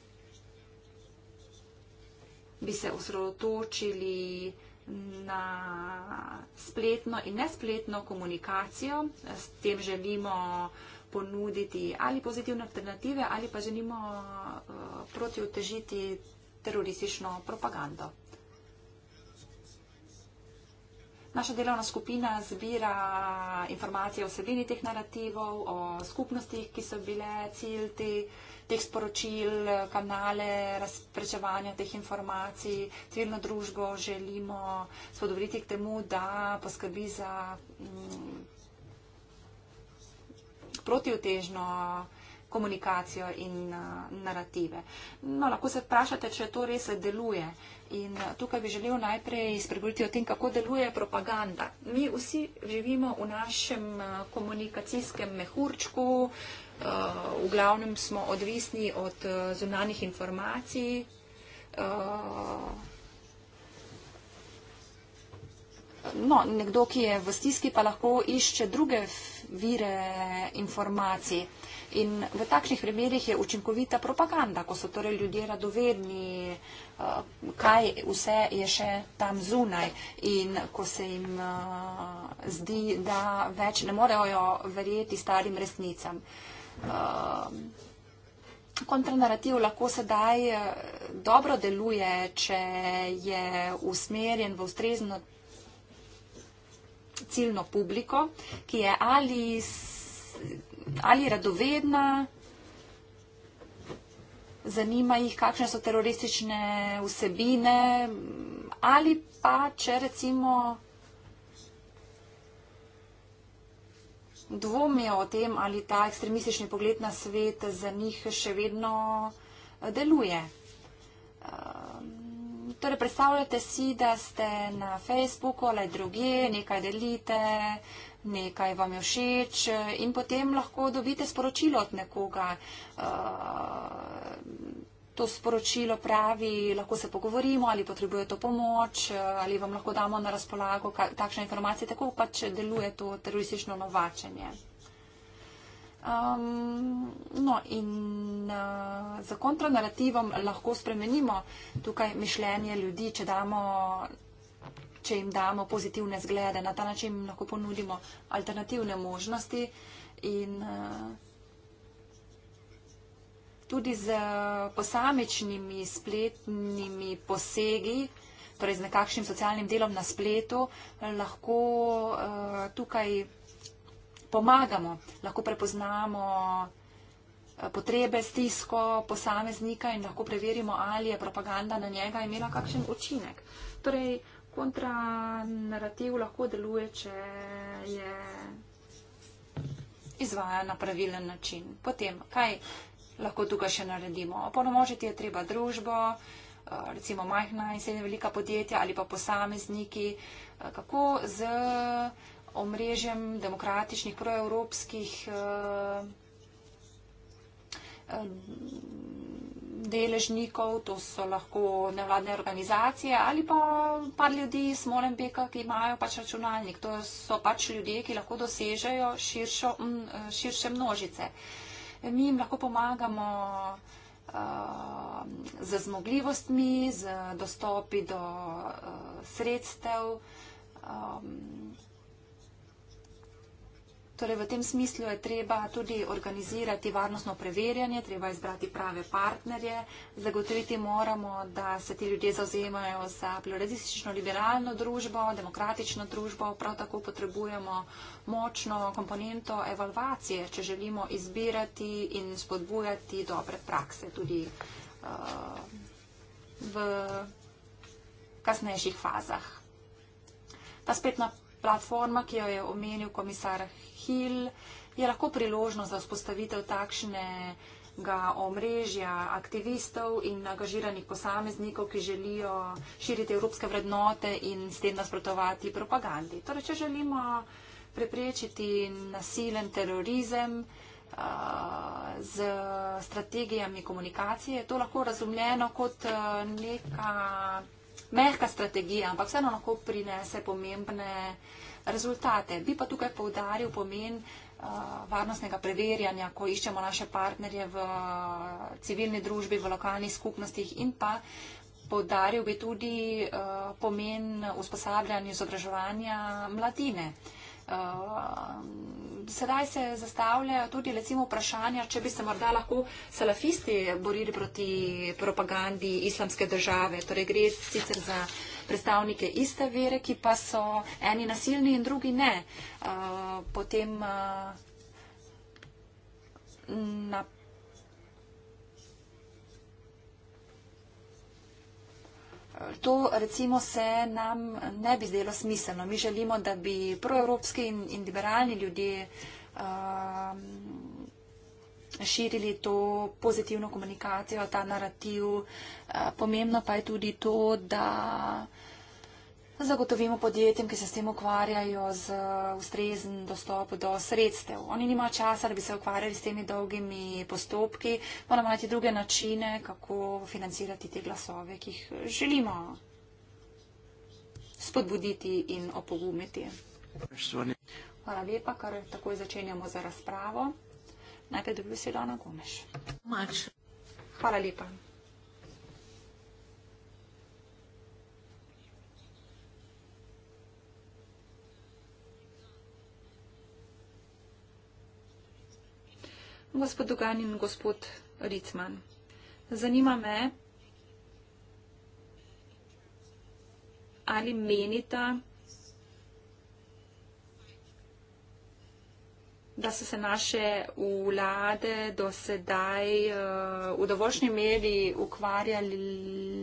bi se osredotočili na spletno in nespletno komunikacijo. S tem želimo ponuditi ali pozitivne alternative ali pa želimo eh, protiutežiti teroristično propagando. Naša delovna skupina zbira informacije o sredini teh narativov, o skupnostih, ki so bile cilj te, teh sporočil, kanale razprečevanja teh informacij. Civilno družbo želimo spodobriti k temu, da poskrbi za mm, protivtežno komunikacijo in uh, narative. No, lahko se vprašate, če to res deluje. In eh, tukaj bi želel najprej spregovoriti o tem, kako deluje propaganda. Mi vsi živimo v našem eh, komunikacijskem mehurčku, v glavnem smo odvisni od zunanih informacij. No, nekdo, ki je v stiski, pa lahko išče druge vire informacij. In v takšnih primerih je učinkovita propaganda, ko so torej ljudje radovedni, eh, kaj vse je še tam zunaj in ko se jim eh, zdi, da več ne morejo verjeti starim resnicam. Eh, kontranarativ lahko sedaj dobro deluje, če je usmerjen v ustrezno ciljno publiko, ki je ali, ali radovedna, zanima jih, kakšne so teroristične vsebine, ali pa, če recimo dvomijo o tem, ali ta ekstremistični pogled na svet za njih še vedno deluje. Torej, predstavljate si, da ste na Facebooku ali druge, nekaj delite, nekaj vam je všeč in potem lahko dobite sporočilo od nekoga. Eh, to sporočilo pravi, lahko se pogovorimo ali potrebujete pomoč ali vam lahko damo na razpolago takšne informacije. Tako pač deluje to teroristično novačenje. Um, no, in uh, za kontranarativom lahko spremenimo tukaj mišljenje ljudi, če, damo, če jim damo pozitivne zglede. Na ta način jim lahko ponudimo alternativne možnosti in uh, tudi z posamičnimi spletnimi posegi. Torej, z nekakšnim socialnim delom na spletu lahko uh, tukaj pomagamo, lahko prepoznamo eh, potrebe, stisko posameznika in lahko preverimo, ali je propaganda na njega imela kakšen učinek. Torej, kontranarativ lahko deluje, če je izvajan na pravilen način. Potem, kaj lahko tukaj še naredimo? Ponomožiti je treba družbo, eh, recimo majhna in srednja velika podjetja ali pa posamezniki, eh, kako z omrežjem demokratičnih, proevropskih eh, eh, deležnikov, to so lahko nevladne organizacije ali pa par ljudi iz Molenbeka, ki imajo pač računalnik. To so pač ljudje, ki lahko dosežejo širšo, širše množice. Mi jim lahko pomagamo uh, z zmogljivostmi, z dostopi do uh, sredstev. Um, Torej, v tem smislu je treba tudi organizirati varnostno preverjanje, treba izbrati prave partnerje, zagotoviti moramo, da se ti ljudje zauzemajo za pluralistično liberalno družbo, demokratično družbo, prav tako potrebujemo močno komponento evalvacije, če želimo izbirati in spodbujati dobre prakse tudi uh, v kasnejših fazah. Ta spetna platforma, ki jo je omenil komisar profil, je lahko priložnost za vzpostavitev takšnega omrežja aktivistov in angažiranih posameznikov, ki želijo širiti evropske vrednote in s tem nasprotovati propagandi. Torej, če želimo preprečiti nasilen terorizem, uh, z strategijami komunikacije. To lahko razumljeno kot uh, neka mehka strategija, ampak vseeno lahko prinese pomembne rezultate. Bi pa tukaj povdaril pomen eh, varnostnega preverjanja, ko iščemo naše partnerje v eh, civilni družbi, v lokalnih skupnostih in pa povdaril bi tudi eh, pomen usposabljanja in izobraževanja mladine. Eh, sedaj se zastavljajo tudi recimo vprašanja, če bi se morda lahko salafisti borili proti propagandi islamske države. Torej gre sicer za predstavnike iste vere, ki pa so eni nasilni in drugi ne. Eh, potem eh, na To recimo se nam ne bi zdelo smiselno. Mi želimo, da bi proevropski in, in liberalni ljudje um, širili to pozitivno komunikacijo, ta narativ. Uh, pomembno pa je tudi to, da zagotovimo podjetjem, ki se s tem ukvarjajo, z uh, ustrezen dostop do sredstev. Oni nimajo časa, da bi se ukvarjali s temi dolgimi postopki, moramo najti druge načine, kako financirati te glasove, ki jih želimo spodbuditi in opogumiti. Hvala lepa, kar takoj začenjamo za razpravo. Najprej dobil besedo Ana Gomeš. Hvala lepa. gospod Dogan in gospod Ritman. Zanima me, ali menita, da so se naše vlade do sedaj uh, v dovoljšnji meri ukvarjali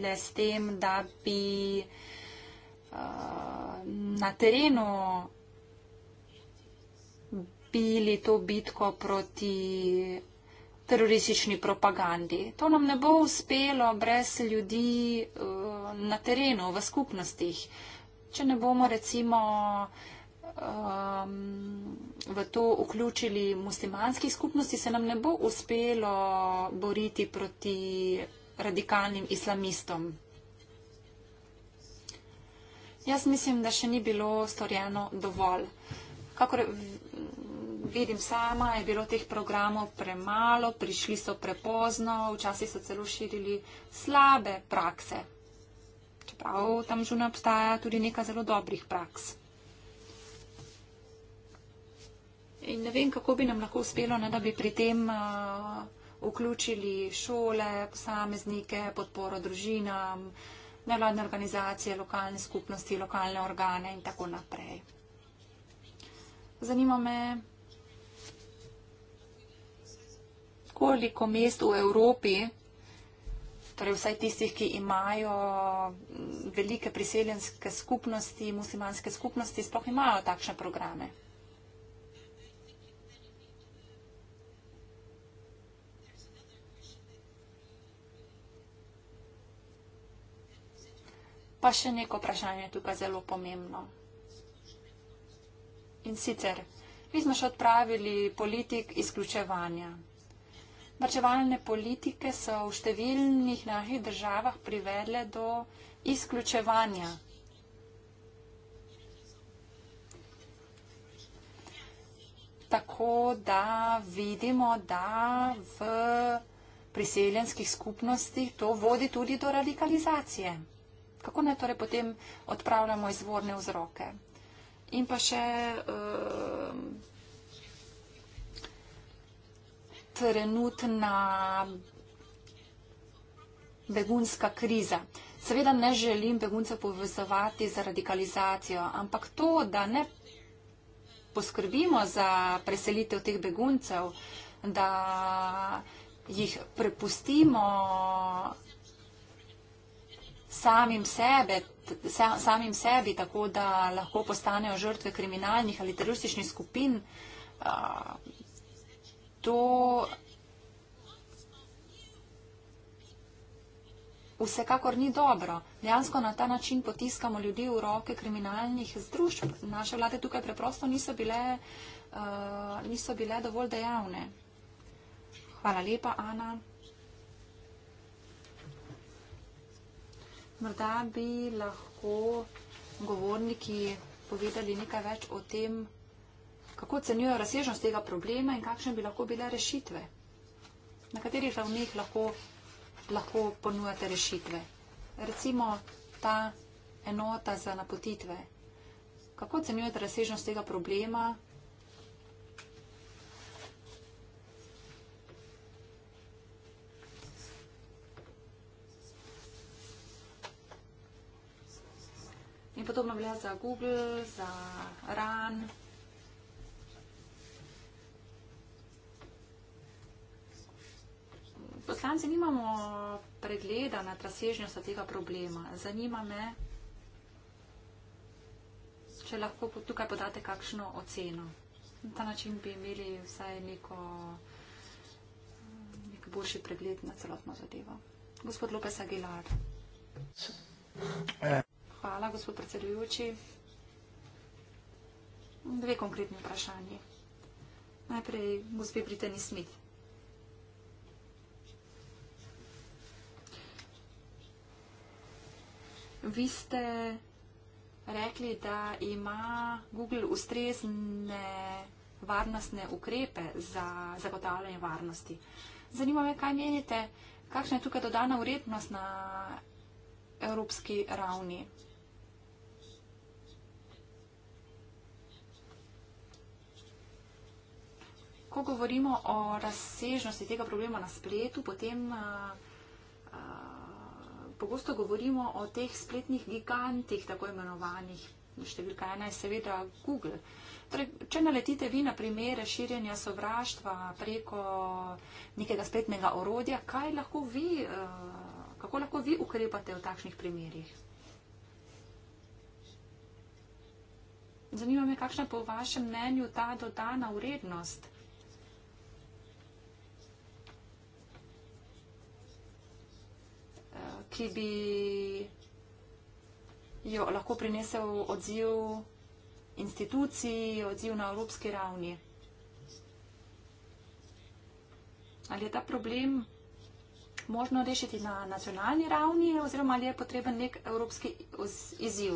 le s tem, da bi uh, na terenu pili to bitko proti teroristični propagandi. To nam ne bo uspelo brez ljudi eh, na terenu, v skupnostih, če ne bomo recimo ehm, v to vključili muslimanskih skupnosti, se nam ne bo uspelo boriti proti radikalnim islamistom. Jaz mislim, da še ni bilo storjeno dovolj. Kakor vidim sama, je bilo teh programov premalo, prišli so prepozno, včasih so celo širili slabe prakse. Čeprav tam žuna obstaja tudi nekaj zelo dobrih praks. In ne vem, kako bi nam lahko uspelo, ne, da bi pri tem uh, vključili šole, posameznike, podporo družinam, nevladne organizacije, lokalne skupnosti, lokalne organe in tako naprej. Zanima me, koliko mest v Evropi, torej vsaj tistih, ki imajo velike priseljenske skupnosti, muslimanske skupnosti, sploh imajo takšne programe. Pa še neko vprašanje tukaj zelo pomembno. In sicer, mi smo še odpravili politik izključevanja. Vrčevalne politike so v številnih naših državah privedle do izključevanja. Tako da vidimo, da v priseljenskih skupnostih to vodi tudi do radikalizacije. Kako ne torej potem odpravljamo izvorne vzroke? In pa še... Uh, trenutna begunska kriza. Seveda ne želim begunce povezovati z radikalizacijo, ampak to, da ne poskrbimo za preselitev teh beguncev, da jih prepustimo samim, sebe, se, samim sebi, tako da lahko postanejo žrtve kriminalnih ali terorističnih skupin, to vsekakor ni dobro. Dejansko na ta način potiskamo ljudi v roke kriminalnih združb. Naše vlade tukaj preprosto niso bile, uh, niso bile dovolj dejavne. Hvala lepa, Ana. Morda bi lahko govorniki povedali nekaj več o tem, kako ocenjujejo razsežnost tega problema in kakšne bi lahko bile rešitve? Na katerih ravnih lahko, lahko ponujate rešitve? Recimo ta enota za napotitve. Kako ocenjujete razsežnost tega problema? In podobno velja za Google, za RAN. poslanci nimamo pregleda na trasežnost tega problema. Zanima me, če lahko tukaj podate kakšno oceno. Na ta način bi imeli vsaj neko, nek boljši pregled na celotno zadevo. Gospod Lopes Aguilar. Hvala, gospod predsedujoči. Dve konkretni vprašanje. Najprej gospe Britani Smith. Vi ste rekli, da ima Google ustrezne varnostne ukrepe za zagotavljanje varnosti. Zanima me, kaj menite, kakšna je tukaj dodana urednost na evropski ravni? Ko govorimo o razsežnosti tega problema na spletu, potem uh, pogosto govorimo o teh spletnih gigantih, tako imenovanih. Številka ena je seveda Google. Torej, če naletite vi na primere širjenja sovraštva preko nekega spletnega orodja, lahko vi, eh, kako lahko vi ukrepate v takšnih primerih? Zanima me, kakšna je po vašem mnenju ta dodana vrednost? ki bi jo lahko prinesel odziv instituciji, odziv na evropski ravni. Ali je ta problem možno rešiti na nacionalni ravni oziroma ali je potreben nek evropski izziv?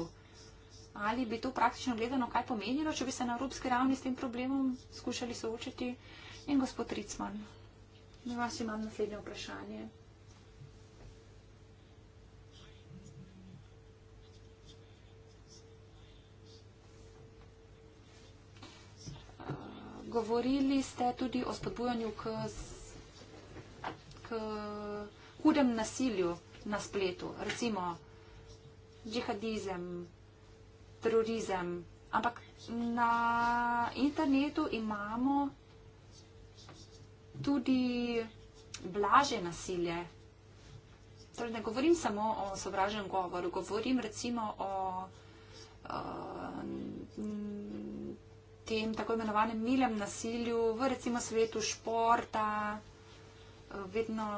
Ali bi to praktično gledano kaj pomenilo, če bi se na evropski ravni s tem problemom skušali soočiti? In gospod Ricman, na vas imam naslednje vprašanje. govorili ste tudi o spodbujanju k, k hudem nasilju na spletu, recimo džihadizem, terorizem, ampak na internetu imamo tudi blaže nasilje. Torej, ne govorim samo o sovražnem govoru, govorim recimo o uh, tem tako imenovanem milem nasilju v recimo svetu športa eh, vedno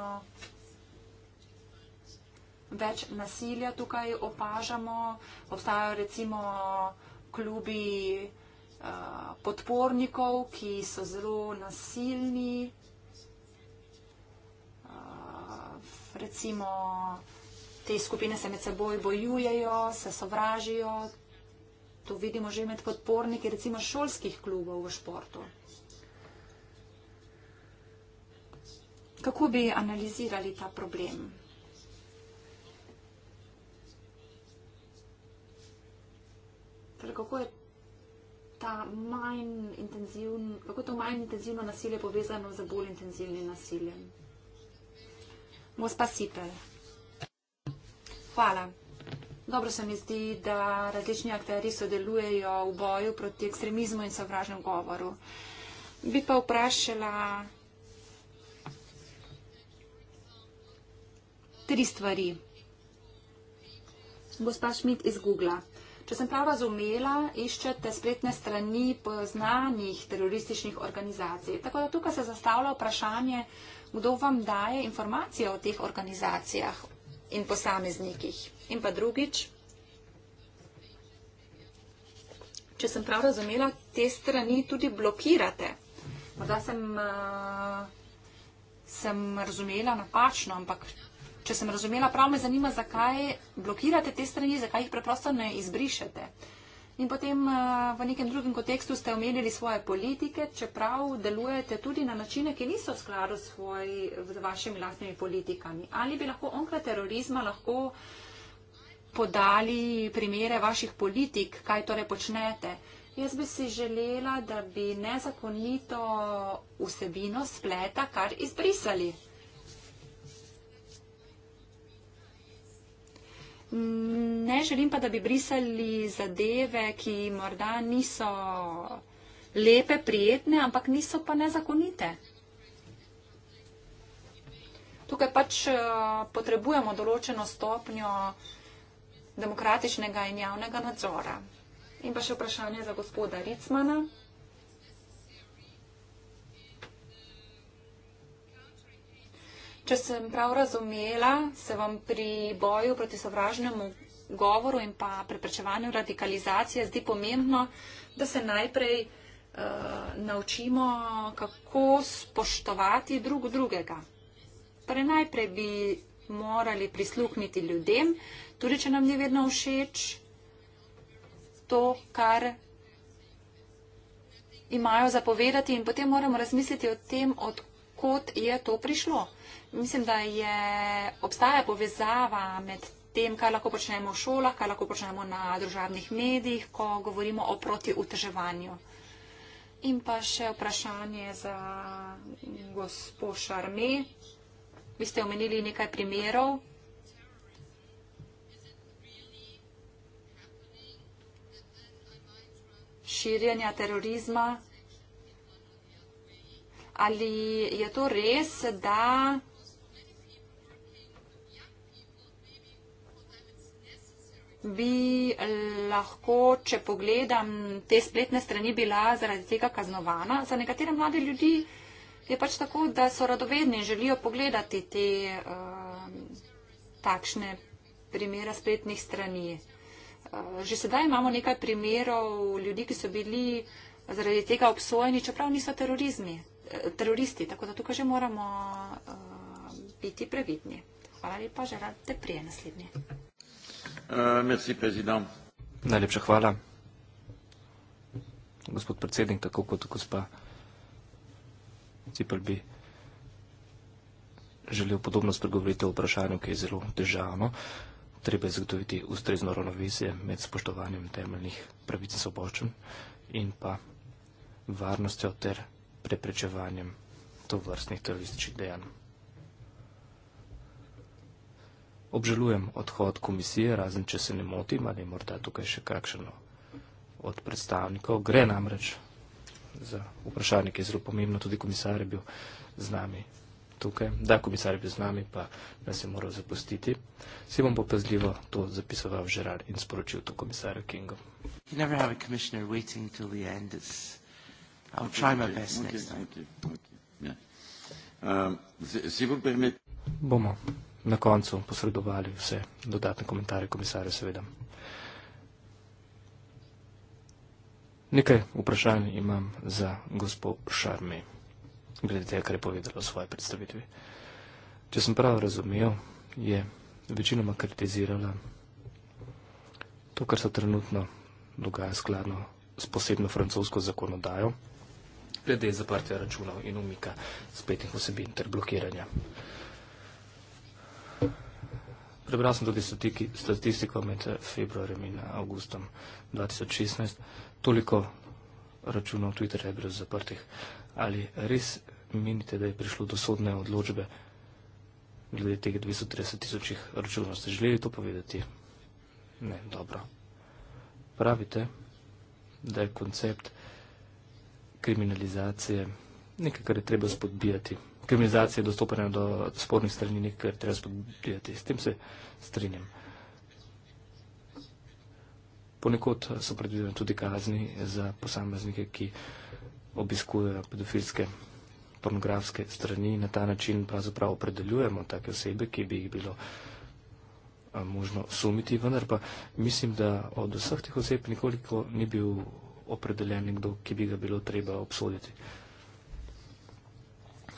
več nasilja tukaj opažamo. Obstajajo recimo klubi eh, podpornikov, ki so zelo nasilni. Eh, recimo te skupine se med seboj bojujejo, se sovražijo, to vidimo že med podporniki recimo šolskih klubov v športu. Kako bi analizirali ta problem? Torej, kako je, ta kako je to manj intenzivno nasilje povezano z bolj intenzivnim nasiljem? Gospa Sipel. Hvala. Dobro se mi zdi, da različni akteri sodelujejo v boju proti ekstremizmu in sovražnemu govoru. Bi pa vprašala tri stvari. Gospa Šmit iz Google. Če sem prav razumela, iščete spletne strani poznanih terorističnih organizacij. Tako da tukaj se zastavlja vprašanje, kdo vam daje informacije o teh organizacijah in posameznikih. In pa drugič, če sem prav razumela, te strani tudi blokirate. Morda sem, uh, sem razumela napačno, ampak če sem razumela prav, me zanima, zakaj blokirate te strani, zakaj jih preprosto ne izbrišete. In potem uh, v nekem drugem kontekstu ste omenili svoje politike, čeprav delujete tudi na načine, ki niso v skladu s vašimi lastnimi politikami. Ali bi lahko onkraj terorizma lahko uh, podali primere vaših politik, kaj torej počnete. Jaz bi si želela, da bi nezakonito vsebino spleta kar izbrisali. Ne želim pa, da bi brisali zadeve, ki morda niso lepe, prijetne, ampak niso pa nezakonite. Tukaj pač eh, potrebujemo določeno stopnjo demokratičnega in javnega nadzora. In pa še vprašanje za gospoda Ricmana. Če sem prav razumela, se vam pri boju proti sovražnemu govoru in pa preprečevanju radikalizacije zdi pomembno, da se najprej uh, naučimo, kako spoštovati drug drugega. Prenajprej torej bi morali prisluhniti ljudem, tudi če nam ni vedno všeč to, kar imajo zapovedati in potem moramo razmisliti o tem, odkot je to prišlo. Mislim, da je, obstaja povezava med tem, kaj lahko počnemo v šolah, kaj lahko počnemo na družabnih medijih, ko govorimo o protiuteževanju. In pa še vprašanje za gospo Šarme. Vi ste omenili nekaj primerov. širjenja terorizma. Ali je to res, da bi lahko, če pogledam, te spletne strani bila zaradi tega kaznovana? Za nekatere mlade ljudi je pač tako, da so radovedni in želijo pogledati te uh, takšne primere spletnih strani. Eh, že sedaj imamo nekaj primerov ljudi, ki so bili zaradi tega obsojeni, čeprav niso terorizmi, eh, teroristi. Tako da tukaj že moramo eh, biti previdni. Hvala lepa, že radite prije naslednji. Merci, prezident. Najlepša hvala. Gospod predsednik, tako kot gospa Cipel bi želel podobno spregovoriti o vprašanju, ki je zelo težavno treba zagotoviti ustrezno ravnovesje med spoštovanjem temeljnih pravic in soboščin in pa varnostjo ter preprečevanjem tovrstnih terorističnih dejanj. Obžalujem odhod komisije, razen če se ne motim ali morda tukaj še kakšno od predstavnikov. Gre namreč za vprašanje, ki je zelo pomembno, tudi komisar je bil z nami tukaj, da komisar je bil z nami, pa nas je moral zapustiti. Si bom popazljivo to zapisoval v žerar in sporočil to komisarju Kingu. Um, Bomo na koncu posredovali vse dodatne komentarje komisarja, seveda. Nekaj vprašanj imam za gospod Šarmej glede tega, kar je povedala v svoji predstavitvi. Če sem prav razumel, je večinoma kritizirala to, kar se trenutno dogaja skladno s posebno francosko zakonodajo, glede zaprtja računov in umika spletnih osebin ter blokiranja. Prebral sem tudi statistiko med februarjem in avgustom 2016. Toliko računov Twitterja je bilo zaprtih. Ali res menite, da je prišlo do sodne odločbe glede teh 230 tisočih računov? Ste želeli to povedati? Ne, dobro. Pravite, da je koncept kriminalizacije nekaj, kar je treba spodbijati. Kriminalizacija je dostopena do spornih strani nekaj, kar je treba spodbijati. S tem se strinjam. Ponekod so predvidene tudi kazni za posameznike, ki obiskujejo pedofilske pornografske strani, na ta način pravzaprav opredeljujemo take osebe, ki bi jih bilo možno sumiti, vendar pa mislim, da od vseh teh oseb nikoliko ni bil opredeljen nekdo, ki bi ga bilo treba obsoditi.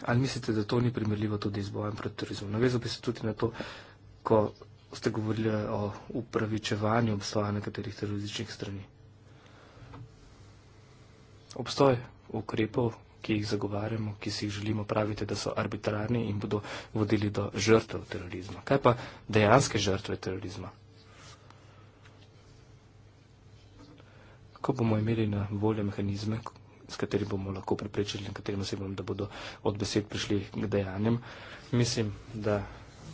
Ali mislite, da to ni primerljivo tudi z bojem proti terorizmu? Navezal bi se tudi na to, ko ste govorili o upravičevanju obstoja nekaterih terorističnih strani. Obstoj ukrepov ki jih zagovarjamo, ki si jih želimo, pravite, da so arbitrarni in bodo vodili do žrtev terorizma. Kaj pa dejanske žrtve terorizma? Ko bomo imeli na voljo mehanizme, s katerimi bomo lahko preprečili nekaterim osebam, da bodo od besed prišli k dejanjem, mislim, da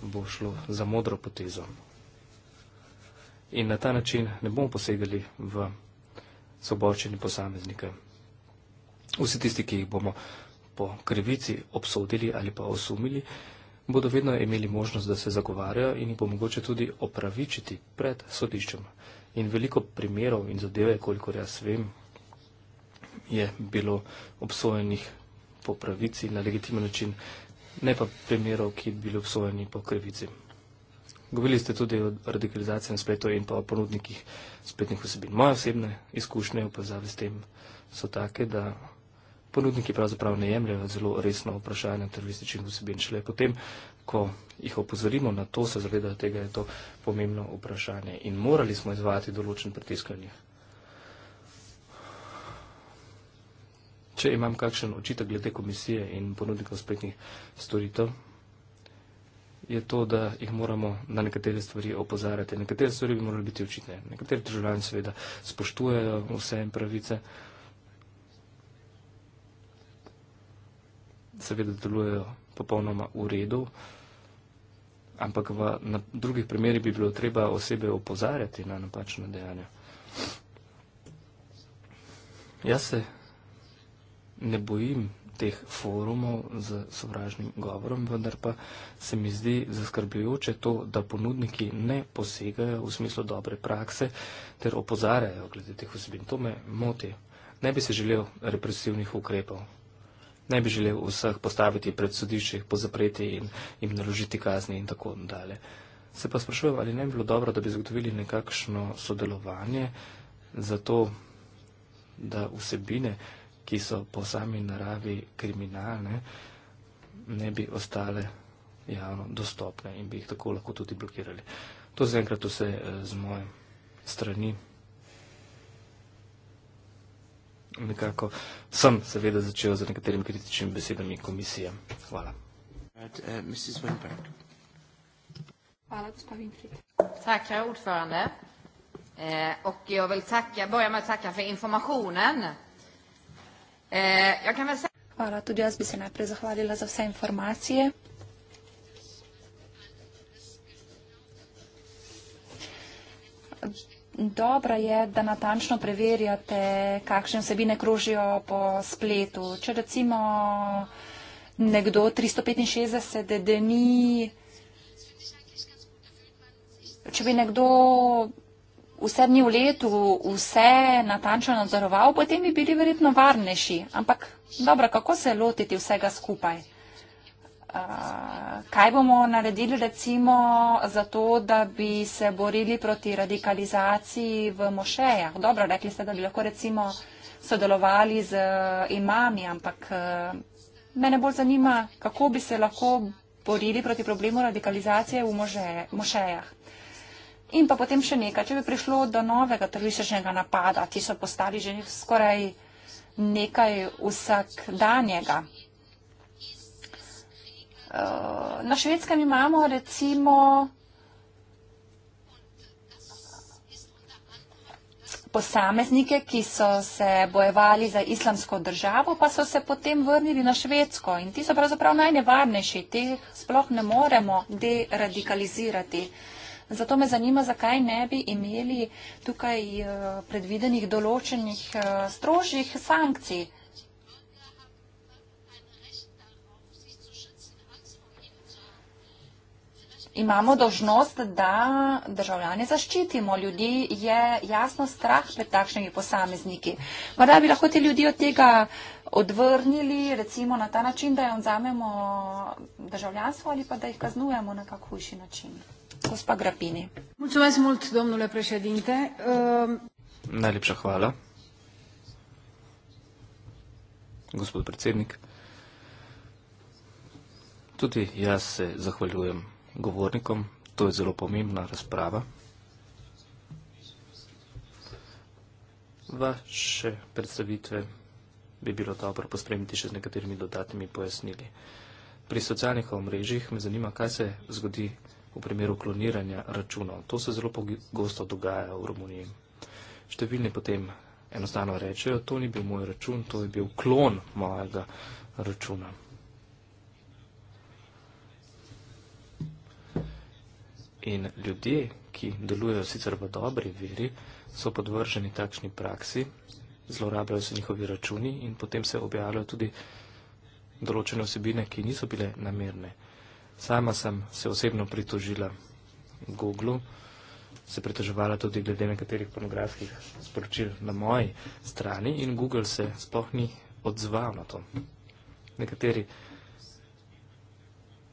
bo šlo za modro potezo. In na ta način ne bomo posegali v svoboščini posameznika vsi tisti, ki jih bomo po krivici obsodili ali pa osumili, bodo vedno imeli možnost, da se zagovarjajo in jih bo mogoče tudi opravičiti pred sodiščem. In veliko primerov in zadeve, koliko jaz vem, je bilo obsojenih po pravici na legitimen način, ne pa primerov, ki bi bili obsojeni po krivici. Govorili ste tudi o radikalizaciji na spletu in pa o ponudnikih spletnih vsebin. Moje osebne izkušnje v povezavi s tem so take, da ponudniki pravzaprav ne jemljajo zelo resno vprašanje terorističnih vsebin. Šele potem, ko jih opozorimo na to, se zavedajo tega, da je to pomembno vprašanje in morali smo izvajati določen pritisk na njih. Če imam kakšen očitek glede komisije in ponudnikov spletnih storitev, je to, da jih moramo na nekatere stvari opozarjati. Nekatere stvari bi morali biti očitne. Nekateri državljani seveda spoštujejo vse pravice. seveda delujejo popolnoma v redu, ampak v drugih primerih bi bilo treba osebe opozarjati na napačno dejanje. Jaz se ne bojim teh forumov z sovražnim govorom, vendar pa se mi zdi zaskrbljujoče to, da ponudniki ne posegajo v smislu dobre prakse ter opozarjajo glede teh vsebin. To me moti. Ne bi se želel represivnih ukrepov, ne bi želel vseh postaviti pred sodišče, pozapreti in jim naložiti kazni in tako dalje. Se pa sprašujem, ali ne bi bilo dobro, da bi zagotovili nekakšno sodelovanje za to, da vsebine, ki so po sami naravi kriminalne, ne bi ostale javno dostopne in bi jih tako lahko tudi blokirali. To zaenkrat vse eh, z moje strani nekako sem seveda začel z nekaterimi kritičnimi besedami komisije. Hvala. Eh, Hvala, gospa Winfried. Tak, herr ordförande. Eh, och jag vill tacka, börja med att tacka för informationen. Eh, jag kan väl säga... Hvala, tudi jaz bi se najprej zahvalila za vse informacije. Uh, Dobro je, da natančno preverjate, kakšne vsebine krožijo po spletu. Če recimo nekdo 365 dni, če bi nekdo vse dni v letu vse natančno nadzoroval, potem bi bili verjetno varnejši. Ampak dobro, kako se lotiti vsega skupaj? kaj bomo naredili recimo za to, da bi se borili proti radikalizaciji v mošejah? Dobro, rekli ste, da bi lahko recimo sodelovali z eh, imami, ampak eh, mene bolj zanima, kako bi se lahko borili proti problemu radikalizacije v mošejah. In pa potem še nekaj, če bi prišlo do novega terorističnega napada, ti so postali že skoraj nekaj vsakdanjega. Eh, na švedskem imamo recimo posameznike, ki so se bojevali za islamsko državo, pa so se potem vrnili na švedsko. In ti so pravzaprav najnevarnejši, ti sploh ne moremo deradikalizirati. Zato me zanima, zakaj ne bi imeli tukaj eh, predvidenih določenih eh, strožjih sankcij. imamo dožnost, da državljane zaščitimo. Ljudi je jasno strah pred takšnimi posamezniki. Morda bi lahko te ljudi od tega odvrnili, recimo na ta način, da jim vzamemo državljanstvo ali pa da jih kaznujemo na kak hujši način. Gospa Grapini. Ehm, Najlepša hvala. Gospod predsednik, tudi jaz se zahvaljujem govornikom. To je zelo pomembna razprava. Vaše predstavitve bi bilo dobro pospremiti še z nekaterimi dodatnimi pojasnili. Pri socialnih omrežjih me zanima, kaj se zgodi v primeru kloniranja računov. To se zelo pogosto dogaja v Romuniji. Številni potem enostavno rečejo, to ni bil moj račun, to je bil klon mojega računa. In ljudje, ki delujejo sicer v dobri veri, so podvrženi takšni praksi, zlorabljajo se njihovi računi in potem se objavljajo tudi določene osebine, ki niso bile namerne. Sama sem se osebno pritožila Google, se pritoževala tudi glede nekaterih pornografskih sporočil na moji strani in Google se sploh ni odzval na to. Nekateri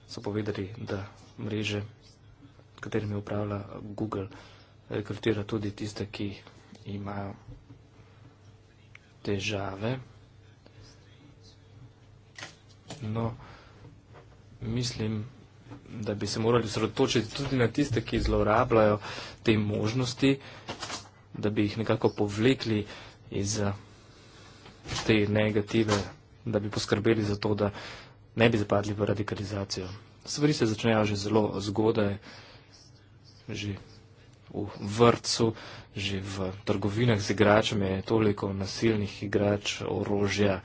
so povedali, da mreže katerimi upravlja Google, rekrutira tudi tiste, ki imajo težave. No, mislim, da bi se morali sredotočiti tudi na tiste, ki zlorabljajo te možnosti, da bi jih nekako povlekli iz eh, te negative, da bi poskrbeli za to, da ne bi zapadli v radikalizacijo. Stvari se začnejo že zelo zgodaj že v vrtu, že v trgovinah z igračami, je toliko nasilnih igrač, orožja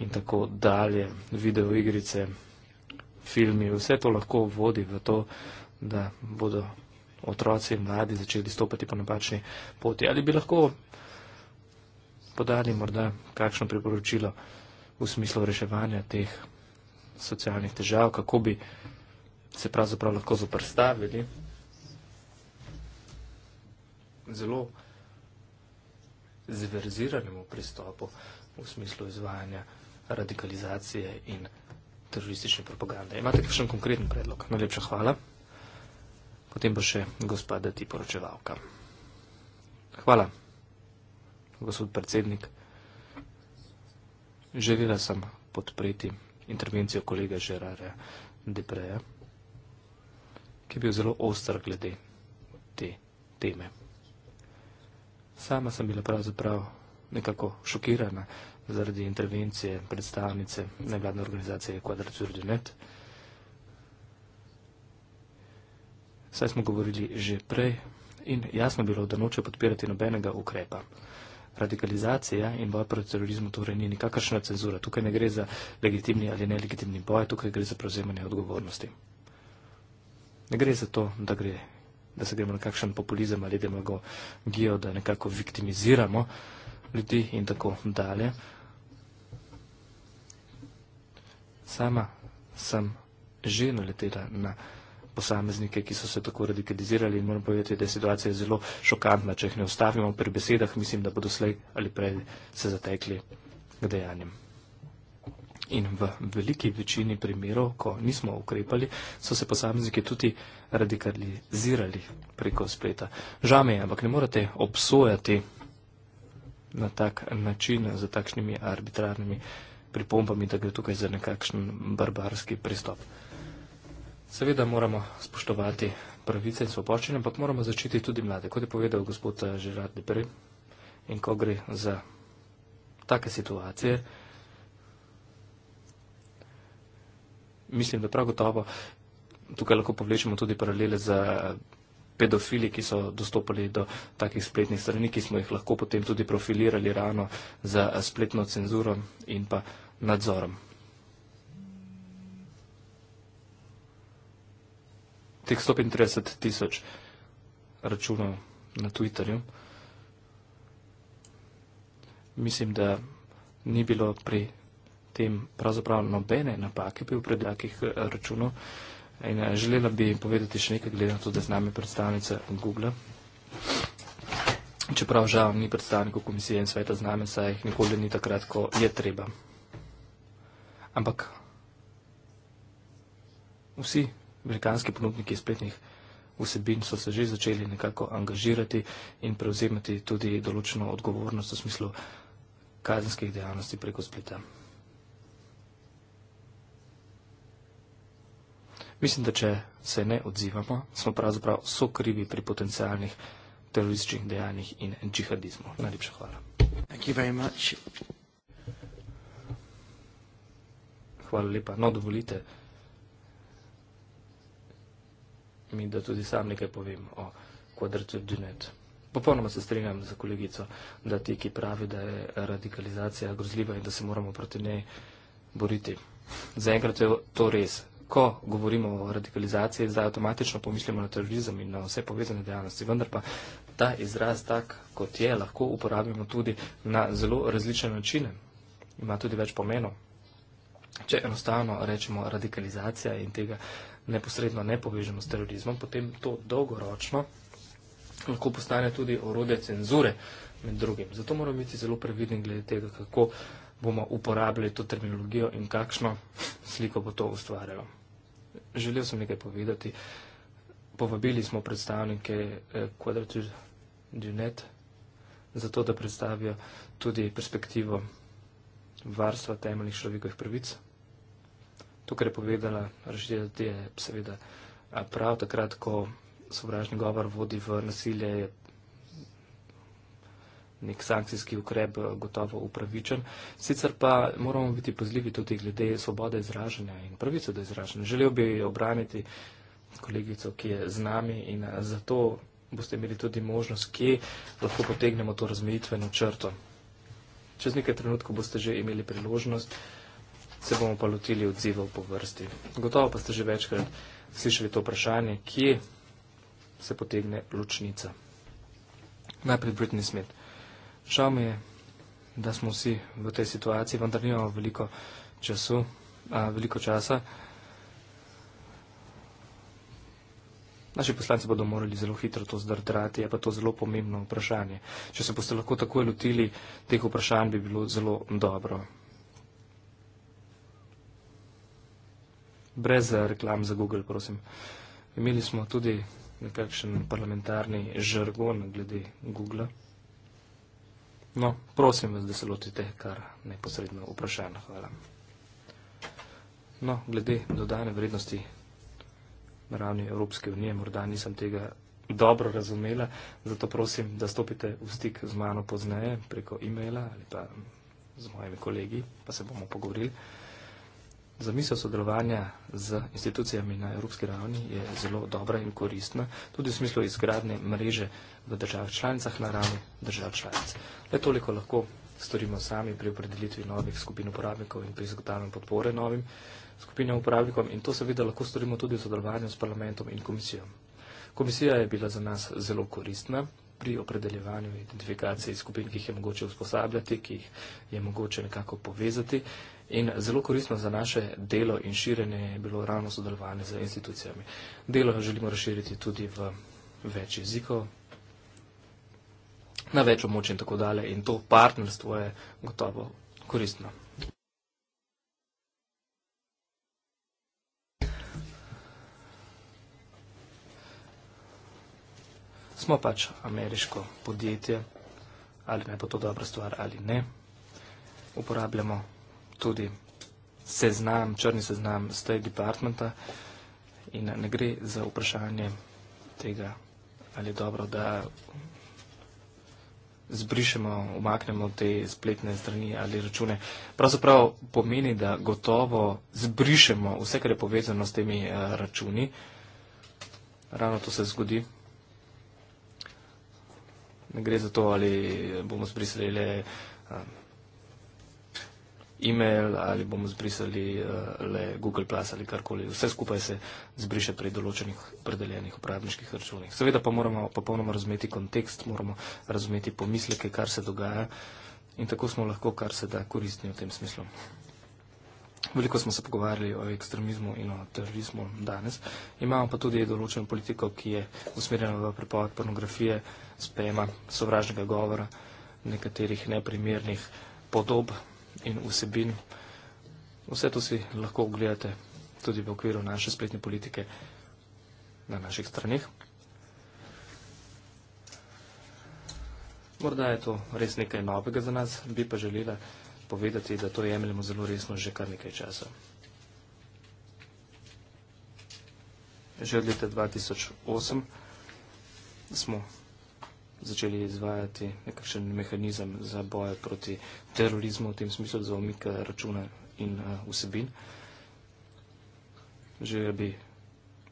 in tako dalje, videoigrice, filmi, vse to lahko vodi v to, da bodo otroci in mladi začeli stopati po napačni poti. Ali bi lahko podali morda kakšno priporočilo v smislu reševanja teh socialnih težav, kako bi se pravzaprav lahko zoprstavili? zelo zverziranemu pristopu v smislu izvajanja radikalizacije in teroristične propagande. Imate kakšen konkreten predlog? Najlepša hvala. Potem bo še gospoda ti poročevalka. Hvala, gospod predsednik. Želela sem podpreti intervencijo kolega Žerarja Depreja, ki je bil zelo ostar glede te teme. Sama sem bila pravzaprav nekako šokirana zaradi intervencije predstavnice nevladne organizacije Quadrature du Net. Saj smo govorili že prej in jasno bilo, da noče podpirati nobenega ukrepa. Radikalizacija in boj proti terorizmu torej ni nikakršna cenzura. Tukaj ne gre za legitimni ali nelegitimni boj, tukaj gre za prevzemanje odgovornosti. Ne gre za to, da gre da se gremo na kakšen populizem ali demagogijo, da nekako viktimiziramo ljudi in tako dalje. Sama sem že naletela na posameznike, ki so se tako radikalizirali in moram povedati, da je situacija zelo šokantna. Če jih ne ostavimo pri besedah, mislim, da bodo slej ali prej se zatekli k dejanjem. In v veliki večini primerov, ko nismo ukrepali, so se posamezniki tudi radikalizirali preko spleta. Žal mi je, ampak ne morete obsojati na tak način z takšnimi arbitrarnimi pripombami, da gre tukaj za nekakšen barbarski pristop. Seveda moramo spoštovati pravice in svoboščine, ampak moramo začeti tudi mlade. Kot je povedal gospod Žerad eh, Depre, in ko gre za take situacije, mislim, da prav gotovo tukaj lahko povlečemo tudi paralele z pedofili, ki so dostopali do takih spletnih strani, ki smo jih lahko potem tudi profilirali rano z spletno cenzuro in pa nadzorom. Teh 135 tisoč računov na Twitterju. Mislim, da ni bilo pri tem pravzaprav nobene napake pri predlakih eh, računov. In eh, želela bi povedati še nekaj, glede na to, da z nami predstavnica Google. Čeprav žal ni predstavnikov komisije in sveta z nami, saj jih nikoli ni takrat, ko je treba. Ampak vsi amerikanski ponudniki spletnih vsebin so se že začeli nekako angažirati in prevzemati tudi določeno odgovornost v smislu kazenskih dejavnosti preko spleta. Mislim, da če se ne odzivamo, smo pravzaprav sokrivi pri potencijalnih terorističnih dejanjih in džihadizmu. Najlepša hvala. Hvala lepa. No, dovolite mi, da tudi sam nekaj povem o kvadratu Dunet. Popolnoma se strinjam za kolegico, da ti, ki pravi, da je radikalizacija grozljiva in da se moramo proti njej boriti. Zaenkrat je to res ko govorimo o radikalizaciji, zdaj avtomatično pomislimo na terorizem in na vse povezane dejavnosti, vendar pa ta izraz tak, kot je, lahko uporabimo tudi na zelo različne načine. Ima tudi več pomenov. Če enostavno rečemo radikalizacija in tega neposredno ne povežemo s terorizmom, potem to dolgoročno lahko postane tudi orodje cenzure med drugim. Zato moramo biti zelo previdni glede tega, kako bomo uporabljali to terminologijo in kakšno sliko bo to ustvarjalo. Želel sem nekaj povedati. Povabili smo predstavnike eh, Quadrature du Net, zato da predstavijo tudi perspektivo varstva temeljnih človekovih prvic. Tukaj je povedala Rašida, da je seveda eh, prav takrat, ko sovražni govor vodi v nasilje, je nek sankcijski ukrep eh, gotovo upravičen. Sicer pa moramo biti pozljivi tudi glede svobode izražanja in pravice do izražanja. Želel bi obraniti kolegico, ki je z nami in eh, zato boste imeli tudi možnost, kje lahko potegnemo to razmejitveno črto. Čez nekaj trenutkov boste že imeli priložnost, se bomo pa lotili odzivov po vrsti. Gotovo pa ste že večkrat slišali to vprašanje, kje se potegne ločnica. Najprej Britney Smith. Žal mi je, da smo vsi v tej situaciji, vendar nimamo veliko, času, a, veliko časa. Naši poslanci bodo morali zelo hitro to zdrati, je pa to zelo pomembno vprašanje. Če se boste lahko takoj lotili teh vprašanj, bi bilo zelo dobro. Brez eh, reklam za Google, prosim. Imeli smo tudi nekakšen parlamentarni žargon glede Google. -a. No, prosim vas, da se lotite kar neposredno vprašanja. Hvala. No, glede dodane vrednosti na ravni Evropske unije, morda nisem tega dobro razumela, zato prosim, da stopite v stik z mano pozneje preko e-maila ali pa z mojimi kolegi, pa se bomo pogovorili. Zamisel sodelovanja z institucijami na evropski ravni je zelo dobra in koristna, tudi v smislu izgradne mreže v državah članicah na ravni držav članic. Le toliko lahko storimo sami pri opredelitvi novih skupin uporabnikov in pri zagotavljanju podpore novim skupinam uporabnikov in to seveda lahko storimo tudi v sodelovanju s parlamentom in komisijo. Komisija je bila za nas zelo koristna pri opredeljevanju identifikacije skupin, ki jih je mogoče usposabljati, ki jih je mogoče nekako povezati. In zelo koristno za naše delo in širjenje je bilo ravno sodelovanje z institucijami. Delo želimo razširiti tudi v več jezikov, na več območij in tako dalje. In to partnerstvo je gotovo koristno. Smo pač ameriško podjetje, ali ne bo to dobra stvar ali ne, uporabljamo tudi seznam, črni seznam State Departmenta in ne gre za vprašanje tega, ali je dobro, da zbrišemo, umaknemo te spletne strani ali račune. Pravzaprav pomeni, da gotovo zbrišemo vse, kar je povezano s temi eh, računi. Ravno to se zgodi. Ne gre za to, ali bomo zbrisali le eh, e-mail ali bomo zbrisali eh, le Google Plus ali karkoli. Vse skupaj se zbriše pri določenih predeljenih uporabniških računih. Seveda pa moramo popolnoma razumeti kontekst, moramo razumeti pomisleke, kar se dogaja in tako smo lahko kar se da koristni v tem smislu. Veliko smo se pogovarjali o ekstremizmu in o terorizmu danes. Imamo pa tudi določeno politiko, ki je usmerjena v prepoved pornografije, spema, sovražnega govora, nekaterih neprimernih podob in vsebin. Vse to si lahko ogledate tudi v okviru naše spletne politike na naših stranih. Morda je to res nekaj novega za nas, bi pa želela povedati, da to jemljemo zelo resno že kar nekaj časa. Že od leta 2008 smo začeli izvajati nekakšen mehanizem za boje proti terorizmu, v tem smislu za omik računa in uh, vsebin. Želel bi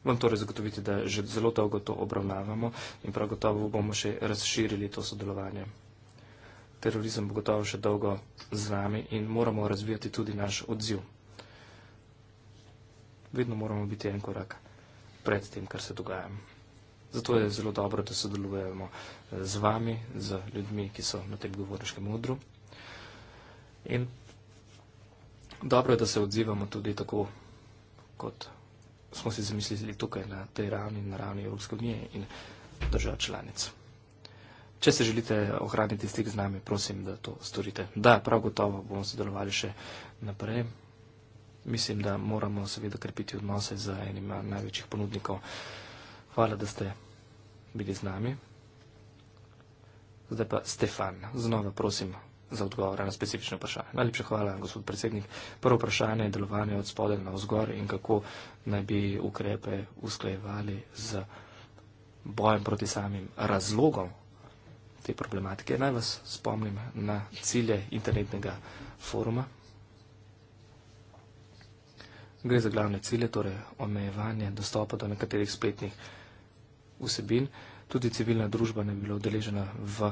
vam torej zagotoviti, da že zelo dolgo to obravnavamo in prav gotovo bomo še razširili to sodelovanje. Terorizem bo gotovo še dolgo z nami in moramo razvijati tudi naš odziv. Vedno moramo biti en korak pred tem, kar se dogaja. Zato je zelo dobro, da sodelujemo eh, z vami, z ljudmi, ki so na tem govoriškem odru. In dobro je, da se odzivamo tudi tako, kot smo si zamislili tukaj na tej ravni, na ravni Evropske unije in držav članic. Če se želite ohraniti stik z nami, prosim, da to storite. Da, prav gotovo bomo sodelovali še naprej. Mislim, da moramo seveda krepiti odnose z enima največjih ponudnikov. Hvala, da ste bili z nami. Zdaj pa Stefan, znova prosim za odgovore na specifično vprašanje. Najlepša hvala, gospod predsednik. Prvo vprašanje je delovanje od spodaj na vzgor in kako naj bi ukrepe usklejevali z bojem proti samim razlogom te problematike. Naj vas spomnim na cilje internetnega foruma. Gre za glavne cilje, torej omejevanje dostopa do nekaterih spletnih informacij vsebin, tudi civilna družba ne bi bila odeležena v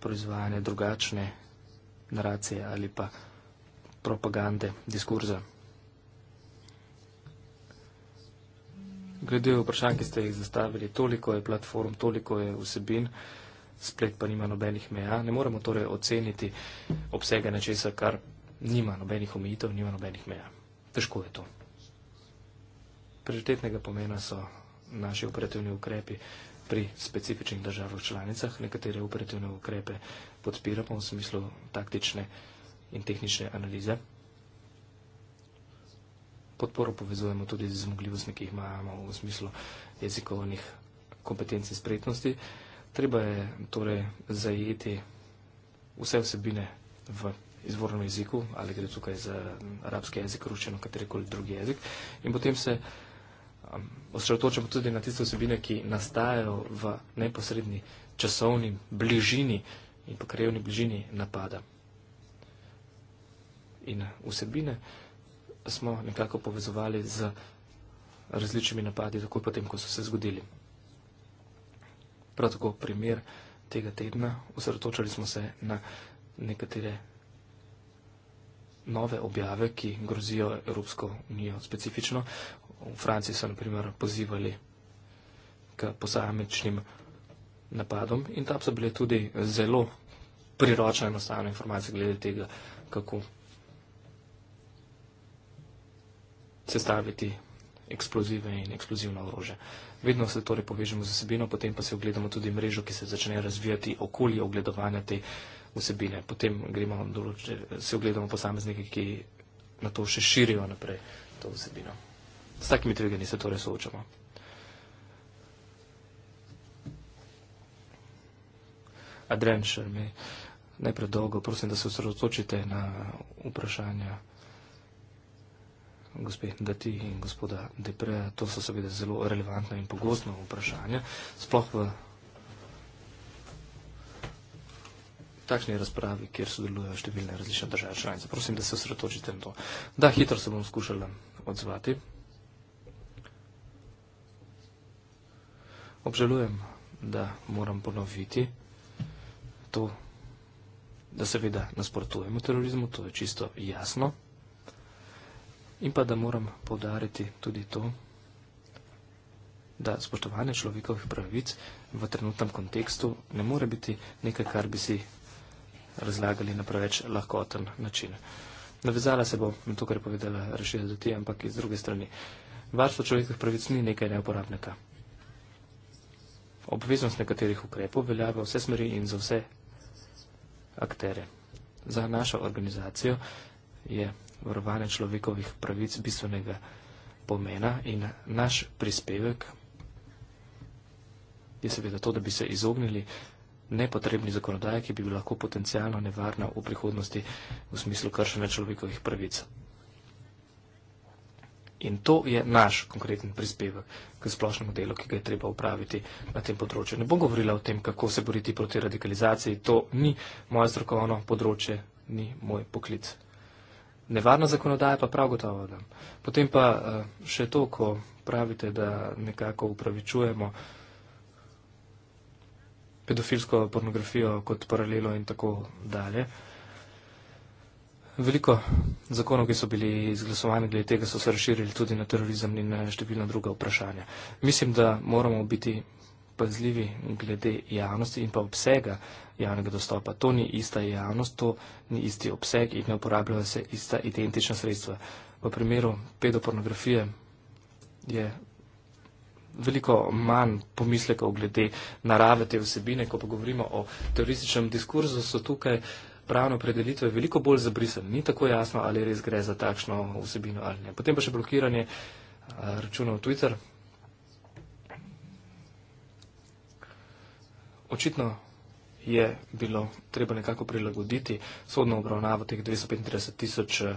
proizvajanje drugačne naracije ali pa propagande, diskurza. Glede vprašanj, ki ste jih zastavili, toliko je platform, toliko je vsebin, splet pa nima nobenih meja. Ne moremo torej oceniti obsega nečesa, kar nima nobenih omejitev, nima nobenih meja. Težko je to. Prioritetnega pomena so naši operativni ukrepi pri specifičnih državah članicah. Nekatere operativne ukrepe podpiramo v smislu taktične in tehnične analize. Podporo povezujemo tudi z zmogljivostmi, ki jih imamo v smislu jezikovnih kompetenc in spretnosti. Treba je torej zajeti vse vsebine v izvornem jeziku, ali gre tukaj za arabski jezik, ruščeno, katerikoli drugi jezik, in potem se vsebine osredotočamo tudi na tiste osebine, ki nastajajo v neposredni časovni bližini in pokrajevni bližini napada. In osebine smo nekako povezovali z različnimi napadi, tako potem, ko so se zgodili. Prav tako primer tega tedna, osredotočali smo se na nekatere nove objave, ki grozijo Evropsko unijo specifično, V Franciji so, na primer, pozivali k posamečnim napadom in tam so bile tudi zelo priročne enostavne informacije glede tega, kako sestaviti eksplozive in eksplozivno orože. Vedno se torej povežemo z vsebino, potem pa se ogledamo tudi mrežo, ki se začne razvijati okoli ogledovanja te vsebine. Potem gremo določe, se ogledamo posameznike, ki na to še širijo naprej to vsebino. S takimi tveganji se torej soočamo. Adrian Šermi, najprej dolgo, prosim, da se osredotočite na vprašanja gospe Dati in gospoda Depre. To so seveda zelo relevantna in pogostna vprašanja, sploh v takšni razpravi, kjer sodelujejo številne različne države članice. Prosim, da se osredotočite na to. Da, hitro se bom skušala odzvati. Obžalujem, da moram ponoviti to, da seveda nasprotujemo terorizmu, to je čisto jasno. In pa da moram povdariti tudi to, da spoštovanje človekovih pravic v trenutnem kontekstu ne more biti nekaj, kar bi si razlagali na preveč lahkoten način. Navezala se bom na to, kar je povedala Rašida Zuti, ampak iz druge strani. Varstvo človekovih pravic ni nekaj neuporabnega. Obveznost nekaterih ukrepov velja v vse smeri in za vse aktere. Za našo organizacijo je varovanje človekovih pravic bistvenega pomena in naš prispevek je seveda to, da bi se izognili nepotrebni zakonodaji, ki bi lahko potencijalno nevarna v prihodnosti v smislu kršene človekovih pravic. In to je naš konkreten prispevek k splošnemu delu, ki ga je treba upraviti na tem področju. Ne bom govorila o tem, kako se boriti proti radikalizaciji, to ni moje strokovno področje, ni moj poklic. Nevarna zakonodaja pa prav gotovo da. Potem pa eh, še to, ko pravite, da nekako upravičujemo pedofilsko pornografijo kot paralelo in tako dalje. Veliko zakonov, ki so bili izglasovani glede tega, so se razširili tudi na terorizem in na številna druga vprašanja. Mislim, da moramo biti pazljivi glede javnosti in pa obsega javnega dostopa. To ni ista javnost, to ni isti obseg in ne uporabljajo se ista identična sredstva. V primeru pedopornografije je veliko manj pomislekov glede narave te vsebine, ko pa govorimo o terorističnem diskurzu, so tukaj. Uh, pravno predelitev je veliko bolj zabrisen. Ni tako jasno, ali res gre za takšno vsebino ali ne. Potem pa še blokiranje eh, računov Twitter. Očitno je bilo treba nekako prilagoditi sodno obravnavo teh 235 tisoč eh,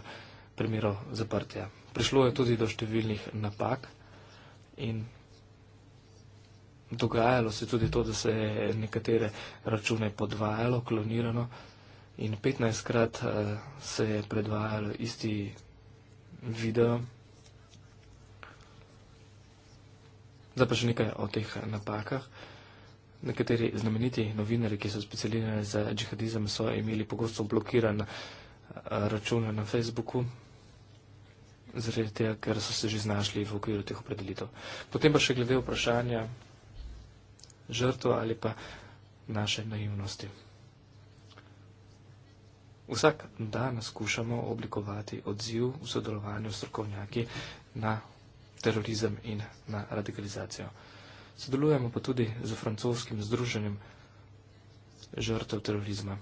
primerov zaprtja. Prišlo je tudi do številnih napak in dogajalo se tudi to, da se je nekatere račune podvajalo, klonirano in 15krat uh, eh, se je predvajal isti video. Zdaj pa še nekaj o teh napakah. Nekateri znameniti novinari, ki so specializirani za džihadizem, so imeli pogosto blokiran eh, račun na Facebooku, zaradi tega, ker so se že znašli v okviru teh opredelitev. Potem pa še glede vprašanja žrtva ali pa naše naivnosti. Vsak dan skušamo oblikovati odziv v sodelovanju s strokovnjaki na terorizem in na radikalizacijo. Sodelujemo pa tudi z francoskim združenjem žrtev terorizma.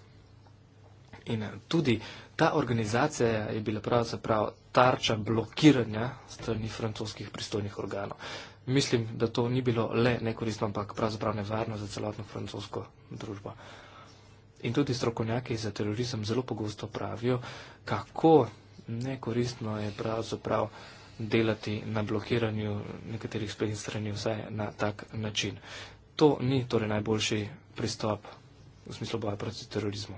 In tudi ta organizacija je bila pravzaprav tarča blokiranja strani francoskih pristojnih organov. Mislim, da to ni bilo le nekoristno, ampak pravzaprav nevarno za celotno francosko družbo. In tudi strokovnjaki za terorizem zelo pogosto pravijo, kako nekoristno je pravzaprav delati na blokiranju nekaterih spletnih strani vsaj na tak način. To ni torej najboljši pristop v smislu boja proti terorizmu.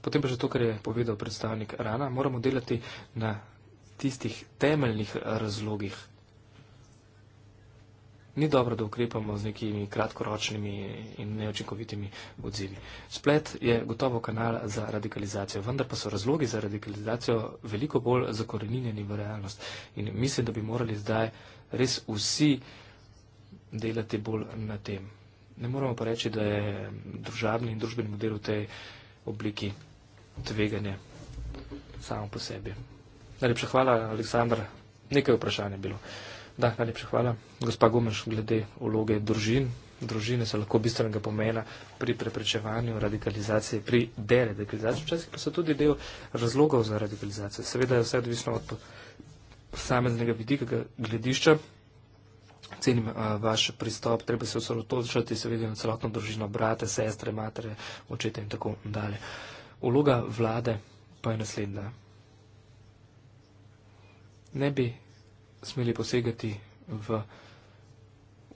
Potem pa že to, kar je povedal predstavnik Rana, moramo delati na tistih temeljnih razlogih ni dobro, da ukrepamo z nekimi kratkoročnimi in neočinkovitimi odzivi. Splet je gotovo kanal za radikalizacijo, vendar pa so razlogi za radikalizacijo veliko bolj zakorenjeni v realnost. In mislim, da bi morali zdaj res vsi delati bolj na tem. Ne moramo pa reči, da je družabni in družbeni model v tej obliki tveganje samo po sebi. Najlepša hvala, Aleksandr. Nekaj vprašanj je bilo. Da, najlepša hvala. Gospa Gumeš, glede vloge družin. Družine so lahko bistvenega pomena pri preprečevanju radikalizacije, pri deradikalizaciji, včasih pa so tudi del razlogov za radikalizacijo. Seveda je vse odvisno od posameznega vidika, gledišča. Cenim a, eh, vaš pristop, treba se osredotočiti seveda na celotno družino, brate, sestre, matere, očete in tako dalje. Vloga vlade pa je naslednja. Ne bi smeli posegati v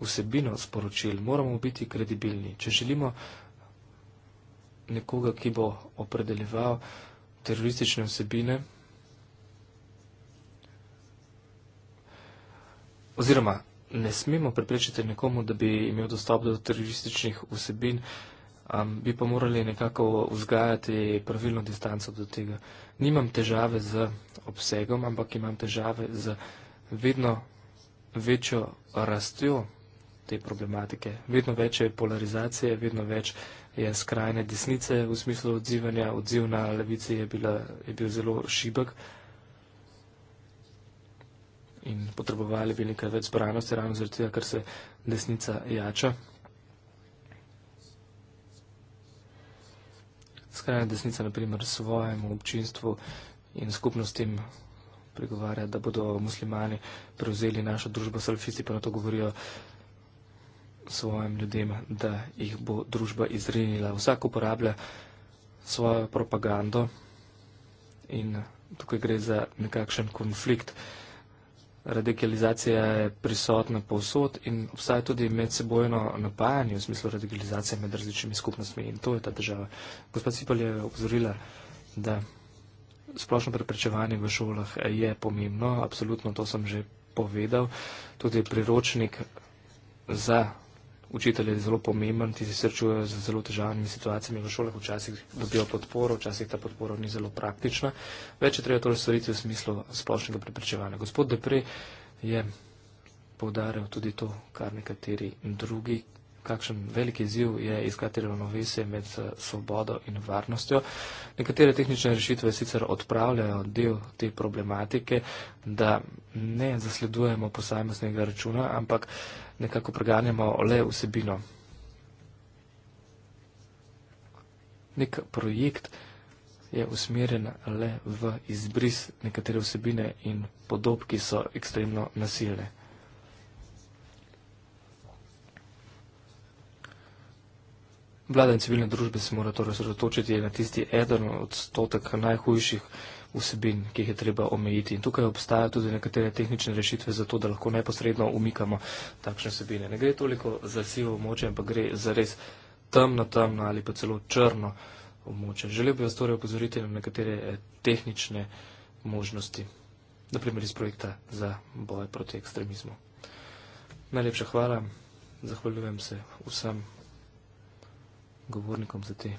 vsebino sporočil, moramo biti kredibilni. Če želimo nekoga, ki bo opredeljeval teroristične vsebine, oziroma ne smemo preprečiti nekomu, da bi imel dostop do terorističnih vsebin, um, bi pa morali nekako vzgajati pravilno distanco do tega. Nimam težave z obsegom, ampak imam težave z vedno večjo rastjo te problematike, vedno večje polarizacije, vedno več je skrajne desnice v smislu odzivanja, odziv na levici je, bila, je bil zelo šibek in potrebovali bi nekaj več zbranosti, ravno zaradi tega, ker se desnica jača. Skrajna desnica, na primer, svojemu občinstvu in skupnostim pregovarja, da bodo muslimani prevzeli našo družbo, salfisti pa na to govorijo svojim ljudem, da jih bo družba izrinila. Vsak uporablja svojo propagando in tukaj gre za nekakšen konflikt. Radikalizacija je prisotna povsod in obstaja tudi medsebojno napajanje v smislu radikalizacije med različnimi skupnostmi in to je ta država. Gospod Cipol je obzorila, da splošno preprečevanje v šolah je pomembno, absolutno to sem že povedal. Tudi priročnik za učitelje je zelo pomemben, ti se srečujejo z zelo težavnimi situacijami v šolah, včasih dobijo podporo, včasih ta podpora ni zelo praktična. Več je treba torej storiti v smislu splošnega preprečevanja. Gospod Depre je. Poudarjam tudi to, kar nekateri drugi kakšen veliki izziv je iskati ravnovesje med eh, svobodo in varnostjo. Nekatere tehnične rešitve sicer odpravljajo del te problematike, da ne zasledujemo posameznega računa, ampak nekako preganjamo le vsebino. Nek projekt je usmerjen le v izbris nekatere vsebine in podob, ki so ekstremno nasilne. Vlada in civilne družbe se mora torej sredotočiti na tisti eden odstotek najhujših vsebin, ki jih je treba omejiti. In tukaj obstaja tudi nekatere tehnične rešitve za to, da lahko neposredno umikamo takšne vsebine. Ne gre toliko za sivo območje, ampak gre za res temno, temno ali pa celo črno območje. Želel bi vas torej opozoriti na nekatere eh, tehnične možnosti, naprimer iz projekta za boj proti ekstremizmu. Najlepša hvala, zahvaljujem se vsem govornikom za te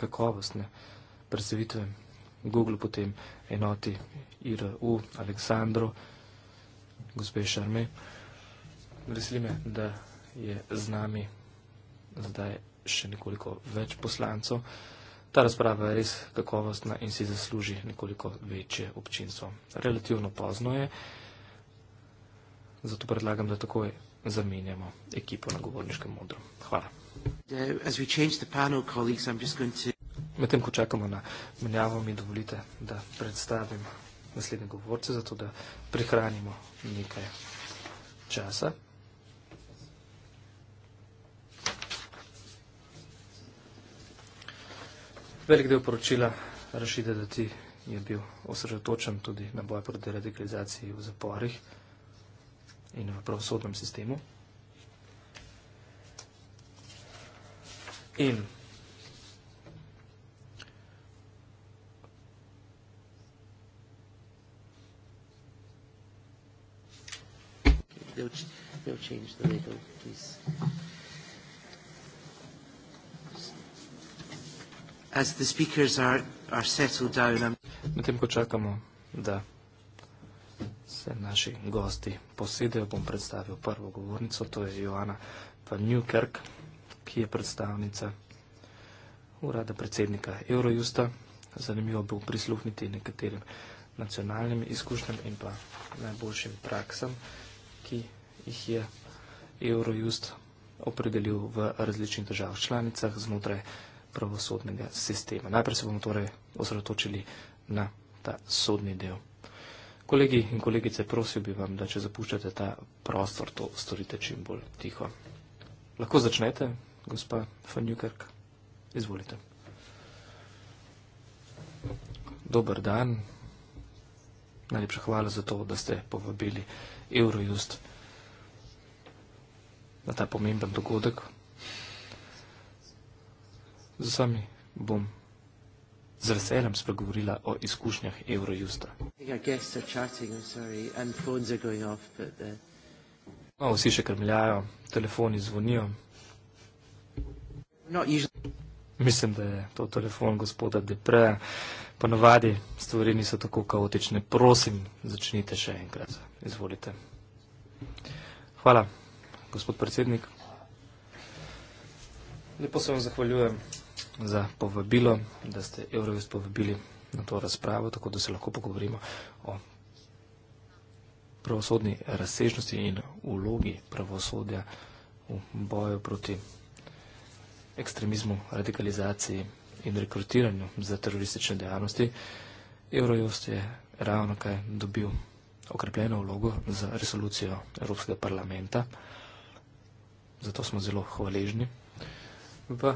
kakovostne predstavitve Google potem enoti IRU Aleksandru, gospe Šarme. Veseli me, da je z nami zdaj še nekoliko več poslancov. Ta razprava je res kakovostna in si zasluži nekoliko večje občinstvo. Relativno pozno je, zato predlagam, da takoj zamenjamo ekipo na govorniškem modru. Hvala. Medtem, ko čakamo na menjavo, mi dovolite, da predstavim naslednje govorce, zato da prihranimo nekaj časa. Velik del poročila Rašide Dati je bil osredotočen tudi na boj proti radikalizaciji v zaporih in v pravosodnem sistemu. In They'll change the label, please. As the speakers are, are settled down, I'm... Na tem počakamo, da se naši gosti posedejo, bom predstavil prvo govornico, to je Joana Newkirk, ki je predstavnica urada predsednika Eurojusta. Zanimivo bo prisluhniti nekaterim nacionalnim izkušnjam in pa najboljšim praksam, ki jih je Eurojust opredelil v različnih državah članicah znotraj pravosodnega sistema. Najprej se bomo torej osredotočili na ta sodni del. Kolegi in kolegice, prosil bi vam, da če zapuščate ta prostor, to storite čim bolj tiho. Lahko začnete, gospa Fanjukerk. Izvolite. Dober dan. Najlepša hvala za to, da ste povabili Eurojust na ta pomemben dogodek. Za sami bom z veseljem spregovorila o izkušnjah Eurojusta. Our guests are chatting, I'm sorry, and phones are going off. But the... No, vsi še krmljajo, telefoni zvonijo. Usually... Mislim, da je to telefon gospoda Depre. Ponovadi stvari niso tako kaotične. Prosim, začnite še enkrat. Izvolite. Hvala, gospod predsednik. Lepo se vam zahvaljujem za povabilo, da ste Eurovest povabili na to razpravo, tako da se lahko pogovorimo o pravosodni razsežnosti in vlogi pravosodja v boju proti ekstremizmu, radikalizaciji in rekrutiranju za teroristične dejavnosti. Eurojust je ravno kaj dobil okrepljeno vlogo za resolucijo Evropskega parlamenta. Zato smo zelo hvaležni. V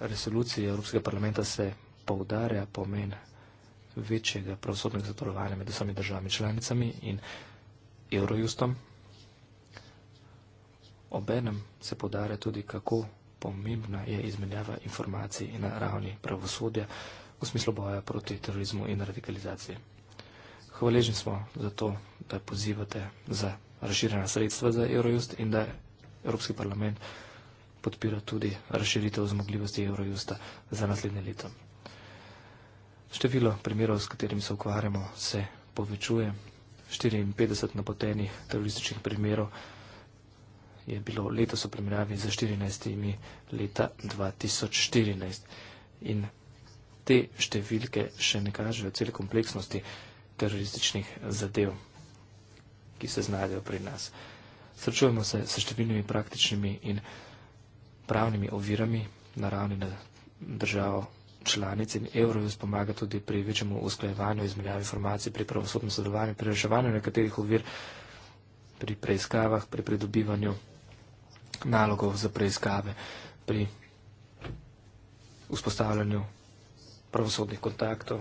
resoluciji Evropskega parlamenta se poudarja pomen večjega pravosodnega zatorovanja med vsemi državami članicami in Eurojustom. Obenem se podare tudi, kako pomembna je izmenjava informacij na ravni pravosodja v smislu boja proti terorizmu in radikalizaciji. Hvaležni smo za to, da pozivate za razširjena sredstva za Eurojust in da Evropski parlament podpira tudi razširitev zmogljivosti Eurojusta za naslednje leto. Število primerov, s katerimi se ukvarjamo, se povečuje. 54 napotenih terorističnih primerov je bilo letos v primerjavi z 14. leta 2014. In te številke še ne kažejo cele kompleksnosti terorističnih zadev, ki se znajdejo pri nas. Srečujemo se s številnimi praktičnimi in pravnimi ovirami na ravni državo članic in Eurojust pomaga tudi pri večjem usklajevanju izmenjave informacij, pri pravosodnem sodelovanju, pri reševanju nekaterih ovir, pri preiskavah, pri pridobivanju nalogov za preiskave, pri vzpostavljanju pravosodnih kontaktov,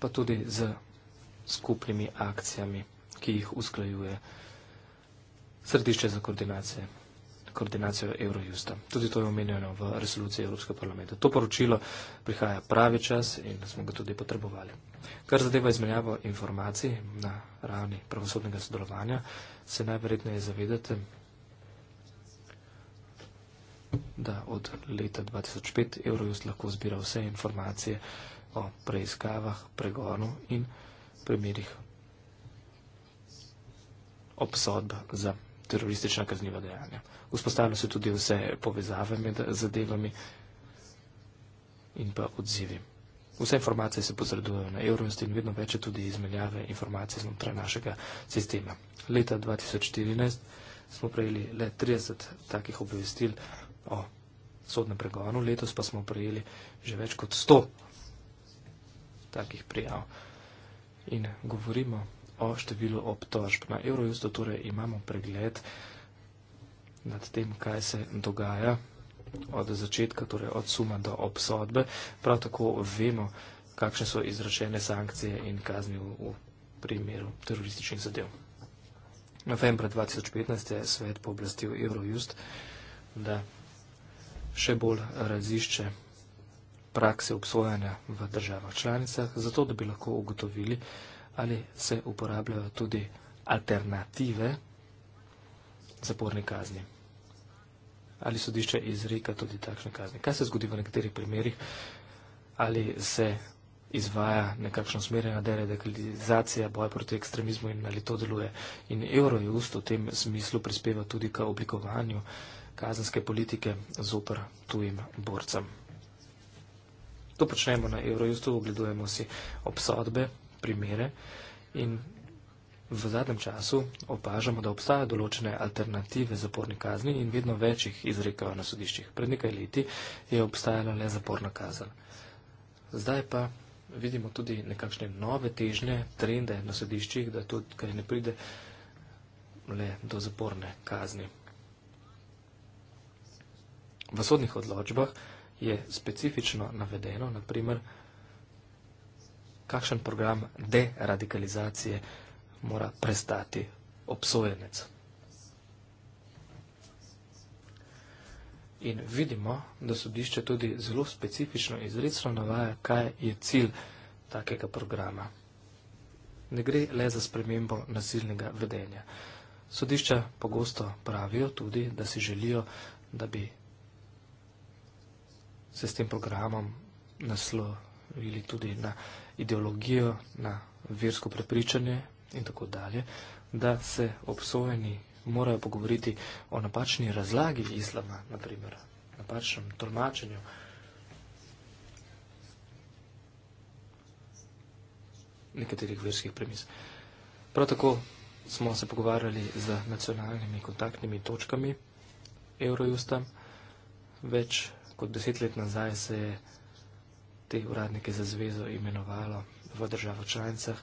pa tudi z skupnimi akcijami, ki jih usklajuje Središče za koordinacije koordinacijo Eurojusta. Tudi to je omenjeno v resoluciji Evropskega parlamenta. To poročilo prihaja pravi čas in smo ga tudi potrebovali. Kar zadeva izmenjavo informacij na ravni pravosodnega sodelovanja, se najverjetneje zavedate, da od leta 2005 Eurojust lahko zbira vse informacije o preiskavah, pregonu in primerih obsodb za teroristična kazniva dejanja. Vzpostavljajo se tudi vse povezave med zadevami in pa odzivi. Vse informacije se posredujejo na Euronst in vedno več je tudi izmenjave informacij znotraj našega sistema. Leta 2014 smo prejeli le 30 takih obvestil o sodnem pregonu, letos pa smo prejeli že več kot 100 takih prijav. In govorimo o številu obtožb. Na Eurojustu torej imamo pregled nad tem, kaj se dogaja od začetka, torej od suma do obsodbe. Prav tako vemo, kakšne so izrašene sankcije in kazni v, v primeru terorističnih zadev. Novembra 2015 je svet pooblastil Eurojust, da še bolj razišče prakse obsojanja v državah članicah, zato da bi lahko ugotovili, ali se uporabljajo tudi alternative zaporni kazni. Ali sodišče izreka tudi takšne kazni. Kaj se zgodi v nekaterih primerih? Ali se izvaja nekakšno smerjena deradikalizacija boja proti ekstremizmu in ali to deluje. In evro je v tem smislu prispeva tudi k oblikovanju kazenske politike zoper tujim borcem. To počnemo na Eurojustu, ogledujemo si obsodbe primere. In v zadnjem času opažamo, da obstajajo določene alternative zaporni kazni in vedno več jih izrekajo na sodiščih. Pred nekaj leti je obstajala le zaporna kazen. Zdaj pa vidimo tudi nekakšne nove težnje, trende na sodiščih, da tudi kar ne pride le do zaporne kazni. V sodnih odločbah je specifično navedeno, naprimer, kakšen program deradikalizacije mora prestati obsojenec. In vidimo, da sodišče tudi zelo specifično izredno navaja, kaj je cilj takega programa. Ne gre le za spremembo nasilnega vedenja. Sodišča pogosto pravijo tudi, da si želijo, da bi se s tem programom naslo ili tudi na ideologijo, na versko prepričanje in tako dalje, da se obsojeni morajo pogovoriti o napačni razlagi islama, naprimer, napačnem tolmačenju. nekaterih verskih premis. Prav tako smo se pogovarjali z nacionalnimi kontaktnimi točkami Eurojusta. Več kot deset let nazaj se je te uradnike za zvezo imenovalo v državah članicah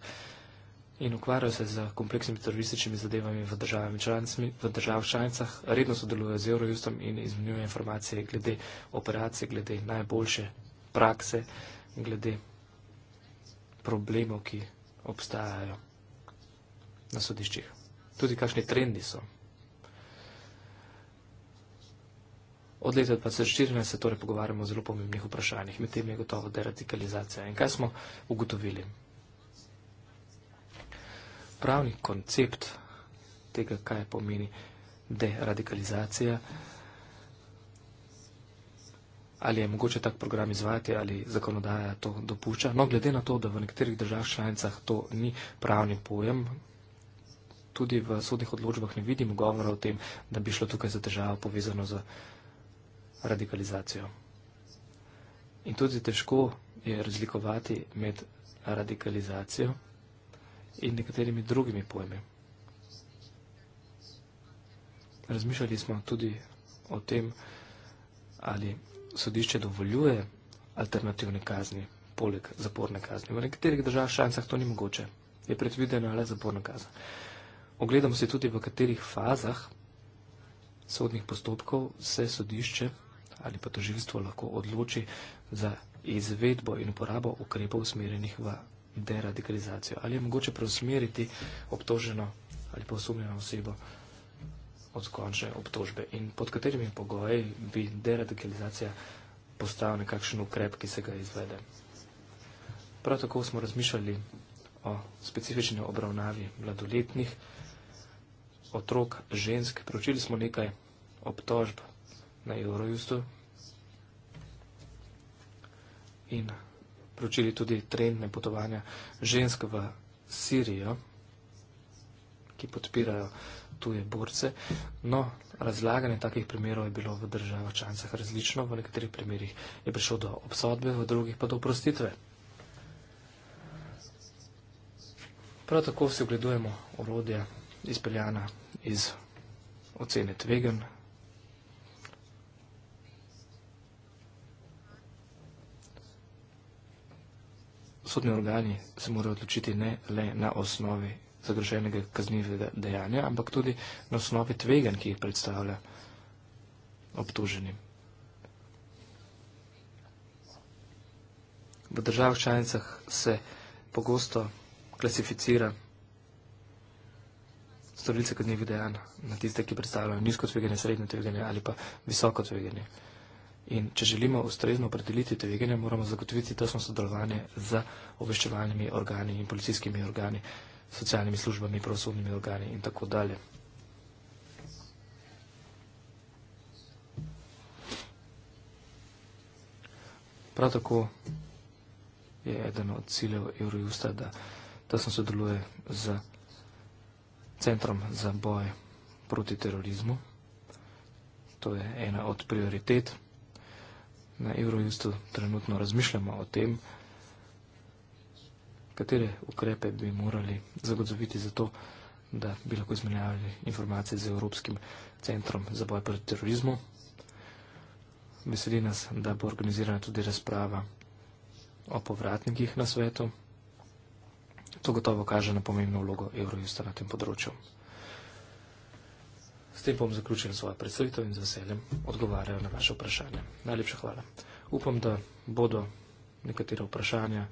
in ukvarjajo se z kompleksnimi terorističnimi zadevami v državah članicah, članicah, redno sodelujejo z Eurojustom in izmenjujejo informacije glede operacije, glede najboljše prakse, glede problemov, ki obstajajo na sodiščih. Tudi kakšni trendi so. od leta 2014 se torej pogovarjamo o zelo pomembnih vprašanjih. Med tem je gotovo deradikalizacija. In kaj smo ugotovili? Pravni koncept tega, kaj pomeni deradikalizacija, ali je mogoče tak program izvajati, ali zakonodaja to dopušča. No, glede na to, da v nekaterih državah članicah to ni pravni pojem, tudi v sodnih odločbah ne vidimo govora o tem, da bi šlo tukaj za državo povezano z radikalizacijo. In tudi težko je razlikovati med radikalizacijo in nekaterimi drugimi pojmi. Razmišljali smo tudi o tem, ali sodišče dovoljuje alternativne kazni poleg zaporne kazni. V nekaterih državah šancah to ni mogoče. Je predvidena le zaporna kazen. Ogledamo se tudi, v katerih fazah sodnih postopkov se sodišče ali pa toživstvo lahko odloči za izvedbo in uporabo ukrepov usmerjenih v deradikalizacijo. Ali je mogoče preusmeriti obtoženo ali pa osumljeno osebo od končne obtožbe in pod katerimi pogoji bi deradikalizacija postala nekakšen ukrep, ki se ga izvede. Prav tako smo razmišljali o specifični obravnavi mladoletnih otrok, žensk. Preučili smo nekaj obtožb na Eurojustu in pročili tudi trendne potovanja žensk v Sirijo, ki podpirajo tuje borce. No, razlaganje takih primerov je bilo v državah čancah različno, v nekaterih primerih je prišlo do obsodbe, v drugih pa do oprostitve. Prav tako si ogledujemo orodja izpeljana iz ocene tvegan, sodni organi se morajo odločiti ne le na osnovi zagrešenega kaznivega dejanja, ampak tudi na osnovi tvegan, ki jih predstavlja obtuženim. V državah članicah se pogosto klasificira storilce kaznivih dejanj na tiste, ki predstavljajo nizko tveganje, srednje tveganje ali pa visoko tveganje. In če želimo ustrezno predeliti te vegane, moramo zagotoviti tesno sodelovanje z obveščevalnimi organi in policijskimi organi, socialnimi službami, pravosodnimi organi in tako dalje. Prav tako je eden od ciljev Eurojusta, da tesno sodeluje z Centrom za boj proti terorizmu. To je ena od prioritetov na Euroinstitutu trenutno razmišljamo o tem, katere ukrepe bi morali zagotoviti za to, da bi lahko izmenjavali informacije z Evropskim centrom za boj proti terorizmu. Veseli nas, da bo organizirana tudi razprava o povratnikih na svetu. To gotovo kaže na pomembno vlogo Euroinstituta na tem področju. S tem bom zaključil svojo predstavitev in z veseljem odgovarjal na vaše vprašanje. Najlepša hvala. Upam, da bodo nekatera vprašanja.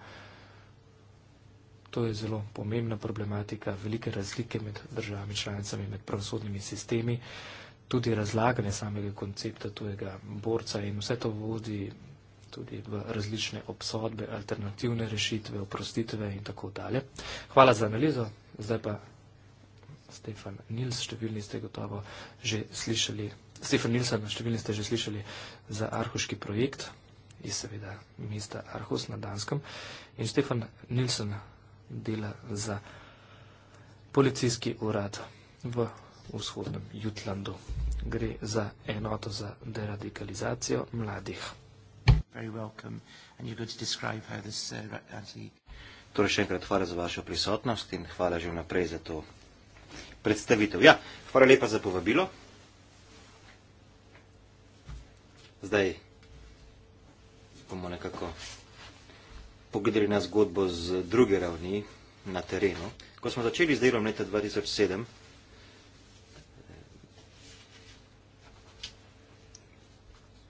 To je zelo pomembna problematika, velike razlike med državami članicami, med pravosodnimi sistemi, tudi razlaganje samega koncepta tujega borca in vse to vodi tudi v različne obsodbe, alternativne rešitve, oprostitve in tako dalje. Hvala za analizo, zdaj pa Stefan Nils, številni ste gotovo že slišali, Stefan Nilsen, številni ste že slišali za arhuški projekt iz seveda mesta Arhus na Danskem. In Stefan Nilsen dela za policijski urad v vzhodnem Jutlandu. Gre za enoto za deradikalizacijo mladih. Uh, torej še enkrat hvala za vašo prisotnost in hvala že vnaprej za to predstavitev. Ja, hvala lepa za povabilo. Zdaj bomo nekako pogledali na zgodbo z druge ravni na terenu. Ko smo začeli z delom leta 2007,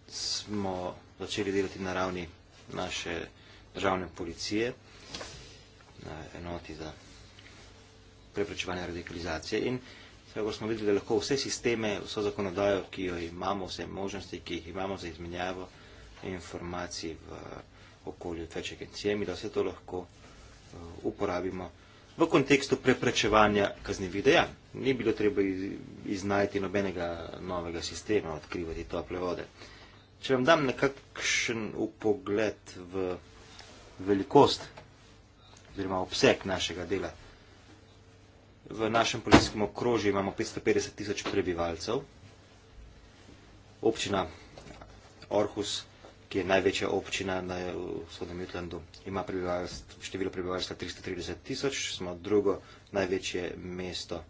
smo začeli delati na ravni naše državne policije, na enoti za preprečevanja radikalizacije. In tako smo videli, da lahko vse sisteme, vso zakonodajo, ki jo imamo, vse možnosti, ki jih imamo za izmenjavo informacij v okolju več agencije, mi da vse to lahko eh, uporabimo v kontekstu preprečevanja kaznivih dejanj. Ni bilo treba iznajti nobenega novega sistema, odkrivati tople vode. Če vam dam nekakšen upogled v velikost oziroma obseg našega dela, V našem policijskem okrožju imamo 550 tisoč prebivalcev. Občina Orhus, ki je največja občina na vzhodnem Jutlandu, ima prebivalstv, število prebivalstva 330 tisoč, smo drugo največje mesto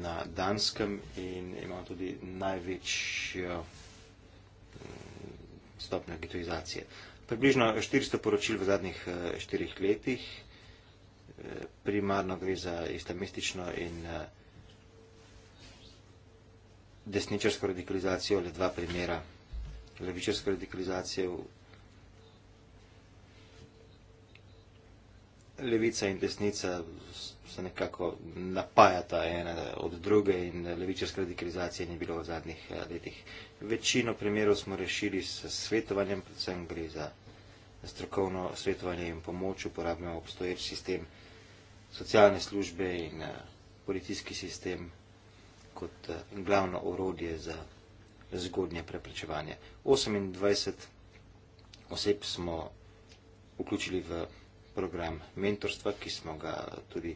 na Danskem in imamo tudi največjo mm, stopnjo getoizacije. Približno 400 poročil v zadnjih eh, štirih letih, primarno gre za islamistično in eh, desničarsko radikalizacijo, le dva primera. Levičarska radikalizacija v levica in desnica se nekako napajata ena od druge in levičarska radikalizacija ni bilo v zadnjih eh, letih. Večino primerov smo rešili s svetovanjem, predvsem gre za strokovno svetovanje in pomoč, uporabljamo obstoječ sistem socialne službe in eh, policijski sistem kot eh, glavno orodje za zgodnje preprečevanje. 28 oseb smo vključili v program mentorstva, ki smo ga tudi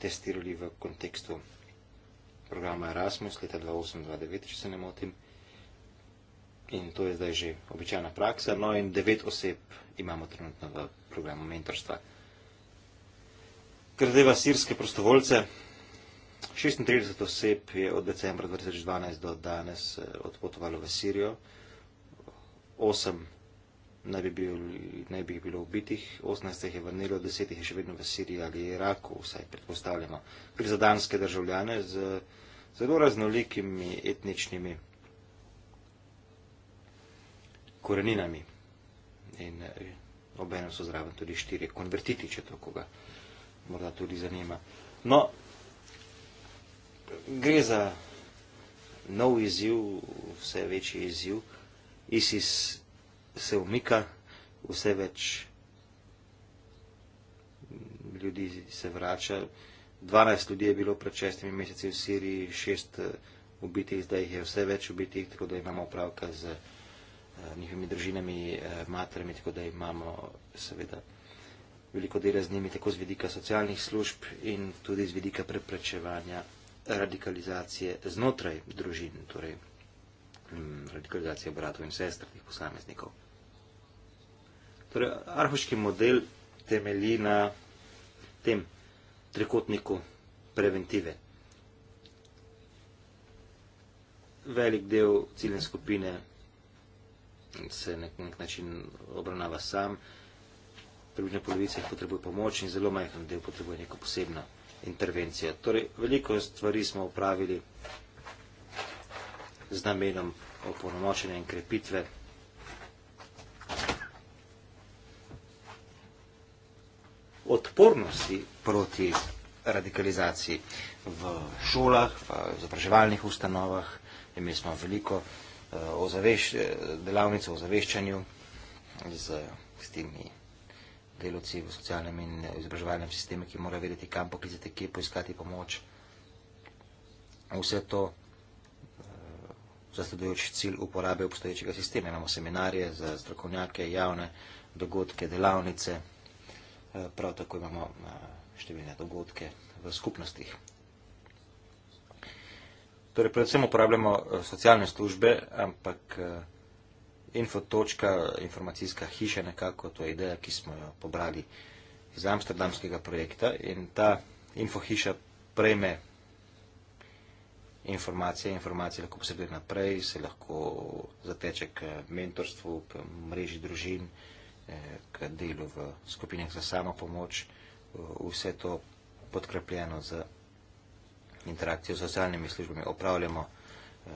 testirali v kontekstu programa Erasmus leta 2008-2009, če se ne motim. In to je zdaj že običajna praksa. No in 9 oseb imamo trenutno v programu mentorstva. Gredeva sirske prostovoljce. 36 oseb je od decembra 2012 do danes eh, odpotovalo v Sirijo. 8 naj bi, bil, naj bi jih bilo ubitih, 18 jih je vrnilo, 10 jih je še vedno v Siriji ali Iraku, vsaj predpostavljamo. Gre za danske državljane z zelo raznolikimi etničnimi koreninami. In eh, obenem so zraven tudi štiri konvertiti, če to koga morda tudi zanima. No, gre za nov izziv, vse večji izziv. ISIS se umika, vse več ljudi se vrača. 12 ljudi je bilo pred šestimi meseci v Siriji, šest eh, ubitih, zdaj jih je vse več ubitih, tako da imamo opravka z eh, njihovimi družinami, eh, materami, tako da imamo seveda veliko dela z njimi, tako z vidika socialnih služb in tudi z vidika preprečevanja radikalizacije znotraj družin, torej m, mm, radikalizacije bratov in sestr teh posameznikov. Torej, arhoški model temelji na tem trikotniku preventive. Velik del ciljne skupine se na nek, nek način obravnava sam približno polovica jih potrebuje pomoč in zelo majhen del potrebuje neko posebno intervencijo. Torej, veliko stvari smo upravili z namenom opolnomočenja in krepitve. Odpornosti proti radikalizaciji v šolah, v izobraževalnih ustanovah, imeli smo veliko eh, eh, delavnic o zaveščanju z, z temi delavci v socialnem in izobraževalnem sistemu, ki mora vedeti, kam poklicati, kje poiskati pomoč. Vse to eh, zastodujoč cilj uporabe obstoječega sistema. Imamo seminarije za strokovnjake, javne dogodke, delavnice, eh, prav tako imamo eh, številne dogodke v skupnostih. Torej, predvsem uporabljamo socialne službe, ampak infotočka, informacijska hiša nekako, to je ideja, ki smo jo pobrali iz amsterdamskega projekta in ta infohiša prejme informacije, informacije lahko posreduje naprej, se lahko zateče k mentorstvu, k mreži družin, eh, k delu v skupinah za samo pomoč, vse to podkrepljeno z interakcijo z socialnimi službami. Opravljamo eh,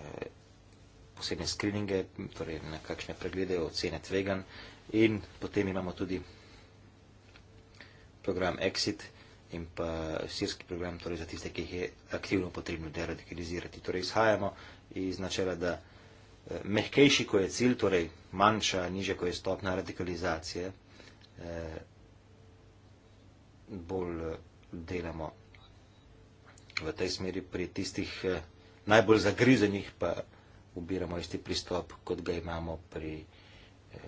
posebne screeninge, torej na kakšne preglede ocene tvegan in potem imamo tudi program Exit in pa sirski program, torej za tiste, ki jih je aktivno potrebno deradikalizirati. Torej izhajamo iz načela, da eh, mehkejši, ko je cilj, torej manjša, niže, ko je stopna radikalizacije, eh, bolj eh, delamo v tej smeri pri tistih najbolj zagrizenih pa vsega, ubiramo isti pristop, kot ga imamo pri eh,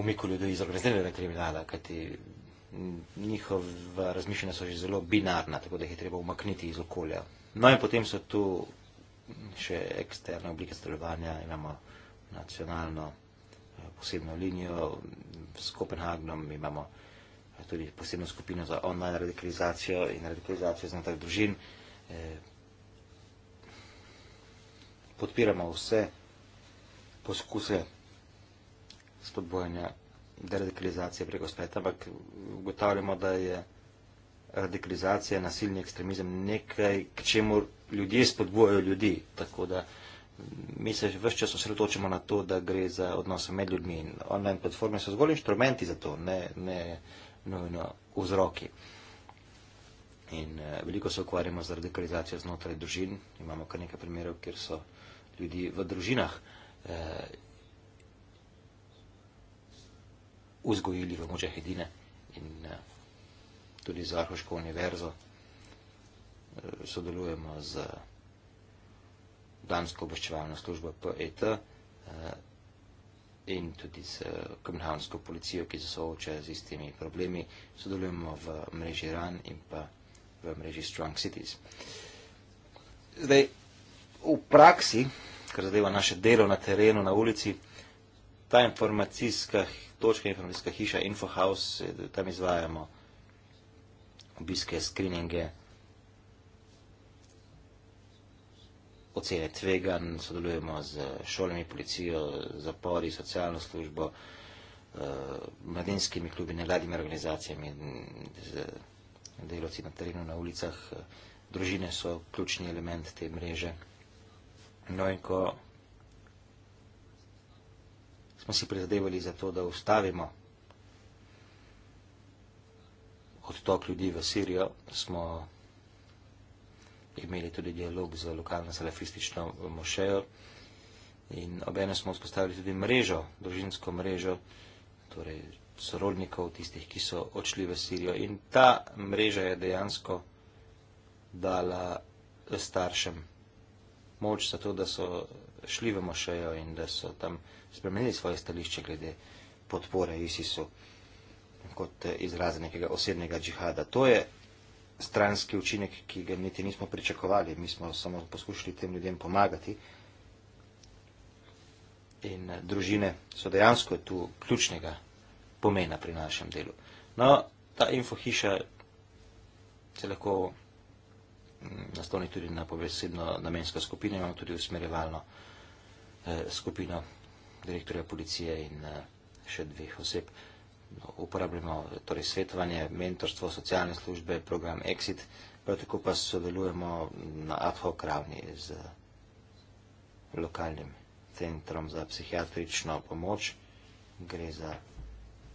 umiku ljudi iz organiziranega kriminala, kajti njihova razmišljanja so že zelo binarna, tako da jih je treba umakniti iz okolja. No in potem so tu še eksterne oblike sodelovanja, imamo nacionalno eh, posebno linijo, s Kopenhagnom imamo eh, tudi posebno skupino za online radikalizacijo in radikalizacijo znotraj družin. Eh, podpiramo vse poskuse spodbojanja deradikalizacije preko spleta, ampak ugotavljamo, da je radikalizacija, nasilni ekstremizem nekaj, k čemu ljudje spodbujajo ljudi. Tako da mi se vse čas osredotočimo na to, da gre za odnose med ljudmi in online platforme so zgolj inštrumenti za to, ne, ne nujno vzroki. In eh, veliko se ukvarjamo z radikalizacijo znotraj družin. Imamo kar nekaj primerov, kjer so ljudi v družinah eh, vzgojili v moče Hedine in eh, tudi z Arhoško univerzo eh, sodelujemo z Dansko obveščevalno službo PET eh, in tudi z Kopenhavnsko policijo, ki se sooča z istimi problemi, sodelujemo v mreži RAN in pa v mreži Strong Cities. Zdaj, v praksi, kar zadeva naše delo na terenu, na ulici, ta informacijska točka, informacijska hiša, InfoHaus, tam izvajamo obiske, skrininge, ocene tvegan, sodelujemo z šolami, policijo, zapori, socialno službo, eh, mladinskimi klubi, nevladimi organizacijami, deloci na terenu, na ulicah, eh, družine so ključni element te mreže. No in ko smo si prizadevali za to, da ustavimo odtok ljudi v Sirijo, smo imeli tudi dialog z lokalno salafistično mošejo in obeno smo vzpostavili tudi mrežo, družinsko mrežo, torej sorodnikov, tistih, ki so odšli v Sirijo. In ta mreža je dejansko dala staršem mrežo moč za to, da so šli v Mošejo in da so tam spremenili svoje stališče glede podpore ISIS-u kot eh, izraz nekega osebnega džihada. To je stranski učinek, ki ga niti nismo pričakovali. Mi smo samo poskušali tem ljudem pomagati. In eh, družine so dejansko tu ključnega pomena pri našem delu. No, ta infohiša se lahko nastavni tudi na povesebno namensko skupino, imamo tudi usmerjevalno eh, skupino direktorja policije in eh, še dveh oseb. No, uporabljamo torej svetovanje, mentorstvo, socialne službe, program Exit, prav tako pa sodelujemo na ad hoc ravni z lokalnim centrom za psihiatrično pomoč. Gre za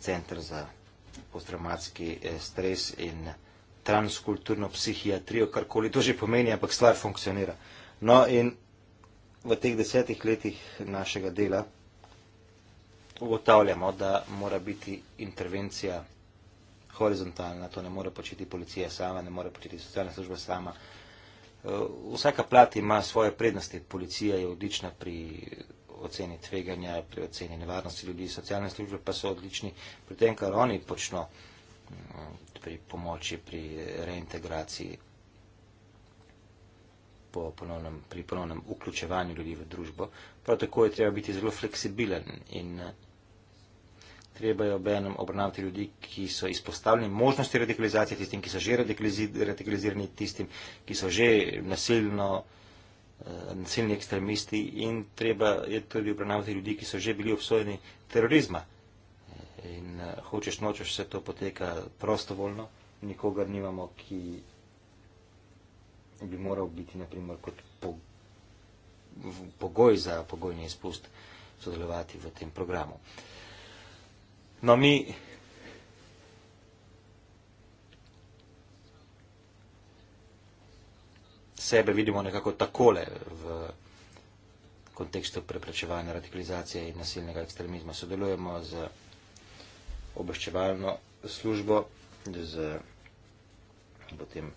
centr za posttraumatski eh, stres in eh, transkulturno psihiatrijo, karkoli to že pomeni, ampak stvar funkcionira. No in v teh desetih letih našega dela ugotavljamo, da mora biti intervencija horizontalna, to ne more početi policija sama, ne more početi socialna služba sama. Eh, vsaka plat ima svoje prednosti. Policija je odlična pri oceni tveganja, pri oceni nevarnosti ljudi, socialne službe pa so odlični pri tem, kar oni počno, pri pomoči pri reintegraciji, po ponovnem, pri ponovnem vključevanju ljudi v družbo. Prav tako je treba biti zelo fleksibilen in eh, treba je ob enem obravnavati ljudi, ki so izpostavljeni možnosti radikalizacije, tistim, ki so že radikalizirani, tistim, ki so že nasilno eh, nasilni ekstremisti in treba je tudi obravnavati ljudi, ki so že bili obsojeni terorizma. In uh, hočeš, nočeš, vse to poteka prostovoljno, nikogar nimamo, ki bi moral biti, naprimer, kot po, v, pogoj za pogojni izpust sodelovati v tem programu. No, mi sebe vidimo nekako takole v kontekstu preprečevanja radikalizacije in nasilnega ekstremizma. Sodelujemo z obveščevalno službo z potem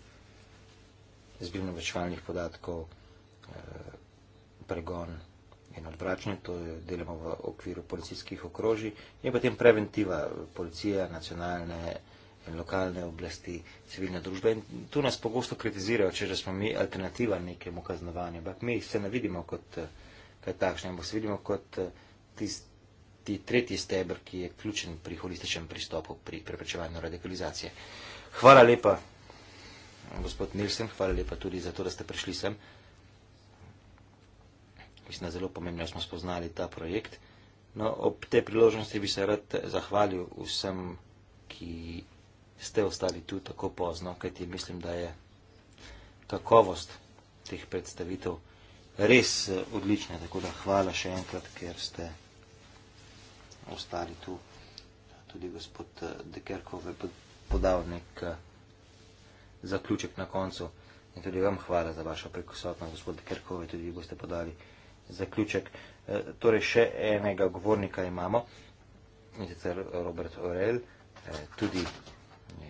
zbirno obveščevalnih podatkov, eh, pregon in odvračanje, to delamo v okviru policijskih okrožij, in potem preventiva, policija, nacionalne in lokalne oblasti, civilna družba. In tu nas pogosto kritizirajo, če že smo mi alternativa nekemu kaznovanju, ampak mi se ne vidimo kot eh, kaj takšne, ampak se vidimo kot eh, tisti, ti tretji stebr, ki je ključen pri holističnem pristopu pri preprečevanju radikalizacije. Hvala lepa, gospod Nilsen, hvala lepa tudi za to, da ste prišli sem. Mislim, da je zelo pomembno, da smo spoznali ta projekt. No, ob te priložnosti bi se rad zahvalil vsem, ki ste ostali tu tako pozno, kajti mislim, da je kakovost teh predstavitev res eh, odlična. Tako da hvala še enkrat, ker ste ostali tu. Ja, tudi gospod eh, De Kerkov je podal nek eh, zaključek na koncu. In tudi vam hvala za vašo prekosotno, gospod De Kerkov, tudi boste podali zaključek. Eh, torej, še enega govornika imamo, in sicer Robert Orel, tudi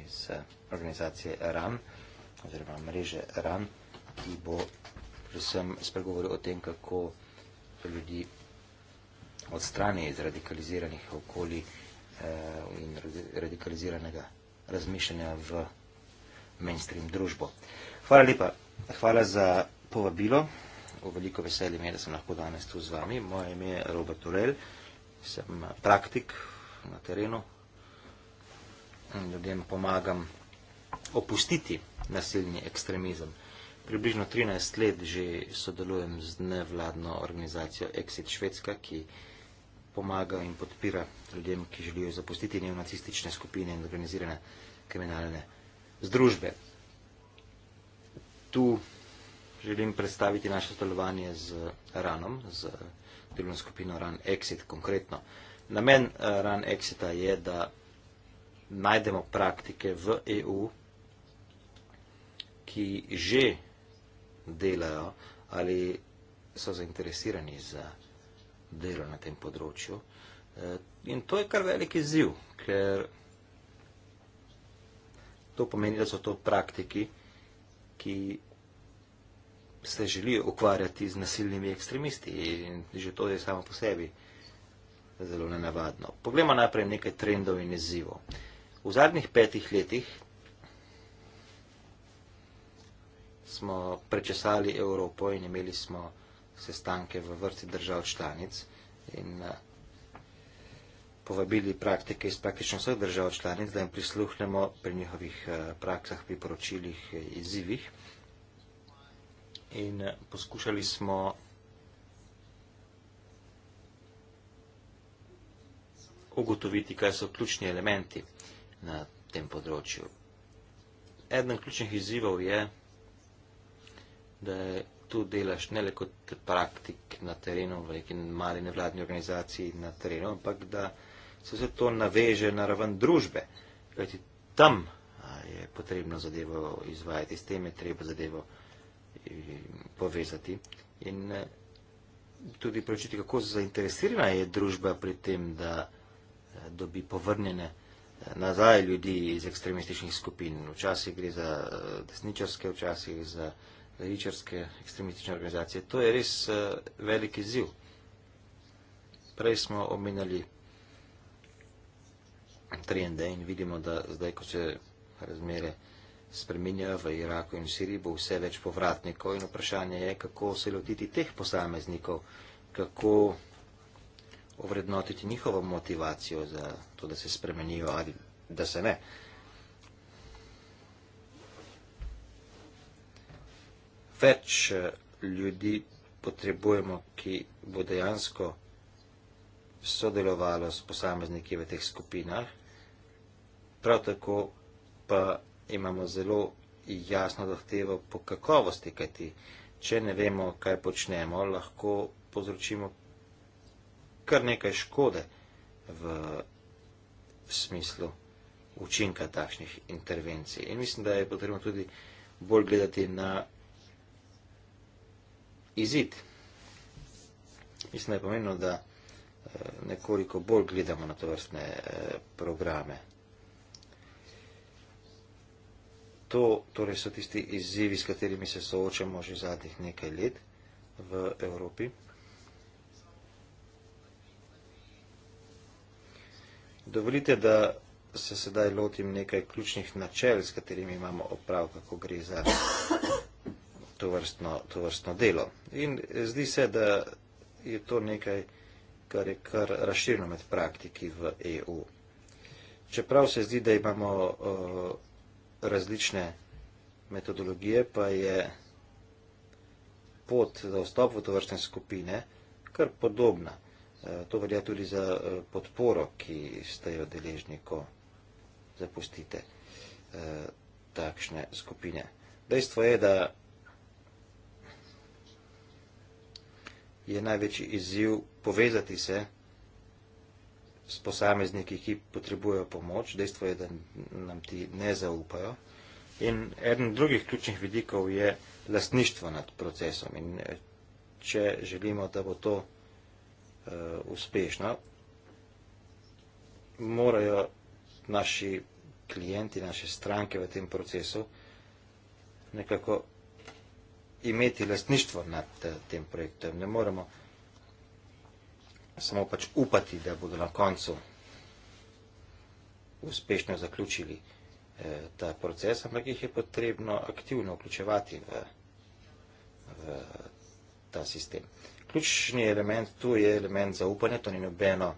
iz organizacije RAN, oziroma mreže RAN, ki bo predvsem spregovoril o tem, kako ljudi odstrani iz radikaliziranih okolij eh, in radikaliziranega razmišljanja v mainstream družbo. Hvala lepa. Hvala za povabilo. V veliko veselje mi je, da sem lahko danes tu z vami. Moje ime je Robert Turel, sem eh, praktik na terenu in ljudem pomagam opustiti nasilni ekstremizem. Približno 13 let že sodelujem z nevladno organizacijo Exit Švedska, ki pomaga in podpira ljudem, ki želijo zapustiti neonacistične skupine in organizirane kriminalne združbe. Tu želim predstaviti naše sodelovanje z RAN-om, z delovno skupino RAN Exit konkretno. Namen eh, RAN Exita je, da najdemo praktike v EU, ki že delajo ali so zainteresirani za delo na tem področju. Eh, in to je kar veliki ziv, ker to pomeni, da so to praktiki, ki se želijo ukvarjati z nasilnimi ekstremisti in že to je samo po sebi zelo nenavadno. Poglejmo najprej nekaj trendov in izzivov. V zadnjih petih letih smo prečesali Evropo in imeli smo sestanke v vrsti držav članic in eh, povabili praktike iz praktično vseh držav članic, da jim prisluhnemo pri njihovih eh, praksah, priporočilih, eh, izzivih. In poskušali smo ugotoviti, kaj so ključni elementi na tem področju. Eden ključnih izzivov je, da je tu delaš ne le kot praktik na terenu, v neki mali nevladni organizaciji na terenu, ampak da se vse to naveže na raven družbe. Kajti tam je potrebno zadevo izvajati, s tem je treba zadevo eh, povezati. In eh, tudi pročiti, kako zainteresirana je družba pri tem, da eh, dobi povrnjene nazaj ljudi iz ekstremističnih skupin. Včasih gre za desničarske, včasih za levičarske ekstremistične organizacije. To je res eh, veliki ziv. Prej smo omenjali trijende in vidimo, da zdaj, ko se razmere spreminjajo v Iraku in v Siriji, bo vse več povratnikov in vprašanje je, kako se lotiti teh posameznikov, kako ovrednotiti njihovo motivacijo za to, da se spremenijo ali da se ne. Uh, več eh, ljudi potrebujemo, ki bo dejansko sodelovalo s posamezniki v teh skupinah. Prav tako pa imamo zelo jasno zahtevo po kakovosti, kajti če ne vemo, kaj počnemo, lahko povzročimo kar nekaj škode v smislu učinka takšnih intervencij. In mislim, da je potrebno tudi bolj gledati na izid. Mislim, da je pomenilo, da eh, nekoliko bolj gledamo na to vrstne eh, programe. To torej so tisti izzivi, s katerimi se soočamo že zadnjih nekaj let v Evropi. Dovolite, da se sedaj lotim nekaj ključnih načel, s katerimi imamo opravka, ko gre za to vrstno, to vrstno delo. In zdi se, da je to nekaj, kar je kar raširno med praktiki v EU. Čeprav se zdi, da imamo uh, različne metodologije, pa je pot za vstop v to vrstne skupine kar podobna. Uh, to velja tudi za uh, podporo, ki ste jo deležni, ko zapustite uh, takšne skupine. Dejstvo je, da je največji izziv povezati se s posamezniki, ki potrebujejo pomoč. Dejstvo je, da nam ti ne zaupajo. In eden drugih ključnih vidikov je lastništvo nad procesom. In eh, če želimo, da bo to uh, uspešno, morajo naši klijenti, naše stranke v tem procesu nekako imeti lastništvo nad eh, tem projektom. Ne moremo samo pač upati, da bodo na koncu uspešno zaključili eh, ta proces, ampak jih je potrebno aktivno vključevati v, v ta sistem. Ključni element tu je element zaupanja, to ni nobeno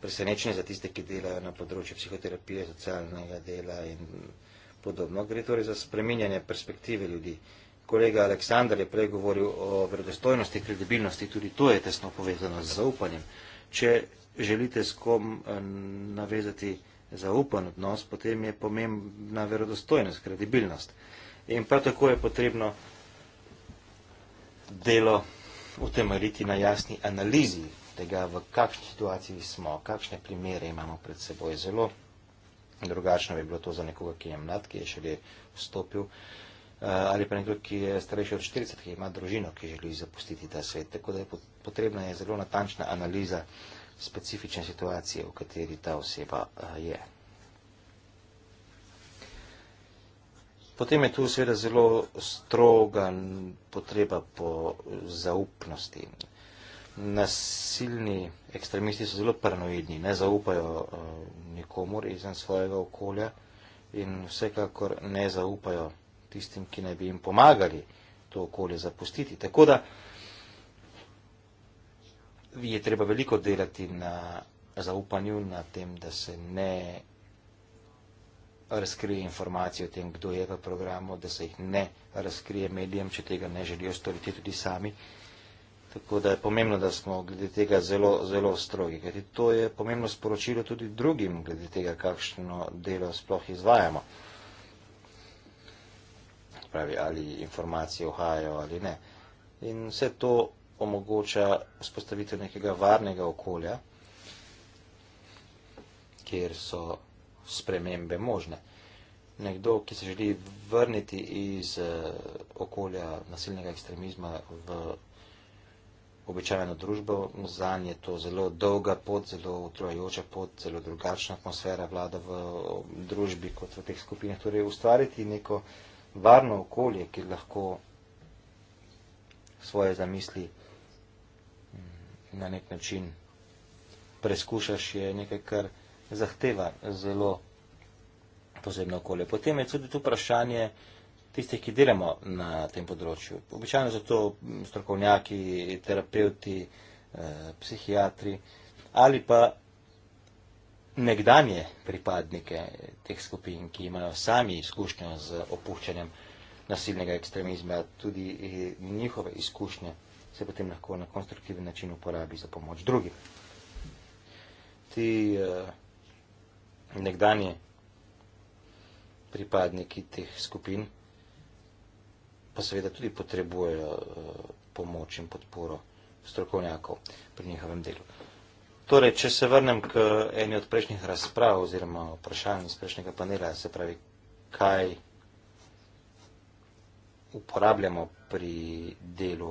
presenečenje za tiste, ki delajo na področju psihoterapije, socialnega dela in podobno. Gre torej za spreminjanje perspektive ljudi, kolega Aleksandar je prej govoril o vredostojnosti, kredibilnosti, tudi to je tesno povezano z zaupanjem. Če želite s kom eh, navezati zaupan odnos, potem je pomembna verodostojnost, kredibilnost. In prav tako je potrebno delo utemeljiti na jasni analizi tega, v kakšni situaciji smo, kakšne primere imamo pred seboj. Zelo drugačno bi bilo to za nekoga, ki je mlad, ki je šele vstopil uh, Eh, ali pa nekdo, ki je starejši od 40, ki ima družino, ki želi zapustiti ta svet. Tako da je potrebna je zelo natančna analiza specifične situacije, v kateri ta oseba eh, je. Potem je tu seveda zelo stroga potreba po zaupnosti. Nasilni ekstremisti so zelo paranoidni, ne zaupajo eh, nikomor izven svojega okolja in vsekakor ne zaupajo tistim, ki naj bi jim pomagali to okolje zapustiti. Tako da je treba veliko delati na zaupanju, na tem, da se ne razkrije informacije o tem, kdo je v programu, da se jih ne razkrije medijem, če tega ne želijo storiti tudi sami. Tako da je pomembno, da smo glede tega zelo, zelo strogi, kajti to je pomembno sporočilo tudi drugim, glede tega, kakšno delo sploh izvajamo pravi, ali informacije ohajajo ali ne. In vse to omogoča vzpostavitev nekega varnega okolja, kjer so spremembe možne. Nekdo, ki se želi vrniti iz eh, okolja nasilnega ekstremizma v običajno družbo, za nje je to zelo dolga pot, zelo utrujajoča pot, zelo drugačna atmosfera vlada v eh, družbi kot v teh skupinah. Torej ustvariti neko uh, varno okolje, kjer lahko svoje zamisli mm, na nek način preskušaš, je nekaj, kar zahteva zelo posebno okolje. Potem je tudi tu vprašanje tistih, ki delamo na tem področju. Običajno so to strokovnjaki, terapeuti, eh, psihiatri ali pa nekdanje pripadnike teh skupin, ki imajo sami izkušnjo z opuščanjem nasilnega ekstremizma, tudi eh, njihove izkušnje se potem lahko na konstruktiven način uporabi za pomoč drugim. Ti uh, nekdanje pripadniki teh skupin pa seveda tudi potrebujejo uh, pomoč in podporo strokovnjakov pri njihovem delu. Torej, če se vrnem k eni od prejšnjih razprav oziroma vprašanj iz prejšnjega panela, se pravi, kaj uporabljamo pri delu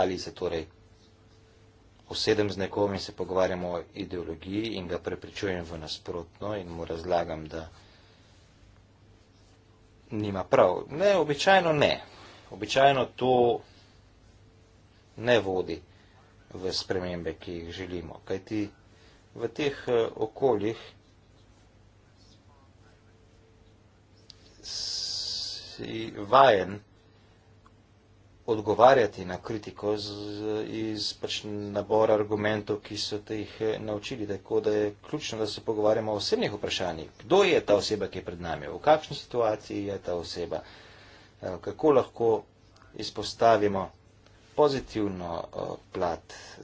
ali se torej osedem z nekom in se pogovarjamo o ideologiji in ga prepričujem v nasprotno in mu razlagam, da nima prav. Ne, običajno ne. Običajno to ne vodi v spremembe, ki jih želimo. Kajti v teh eh, okoljih si vajen odgovarjati na kritiko z, iz pač nabora argumentov, ki so te jih eh, naučili. Tako da je ključno, da se pogovarjamo o osebnih vprašanjih. Kdo je ta oseba, ki je pred nami? V kakšni situaciji je ta oseba? Eh, kako lahko izpostavimo pozitivno eh, plat eh,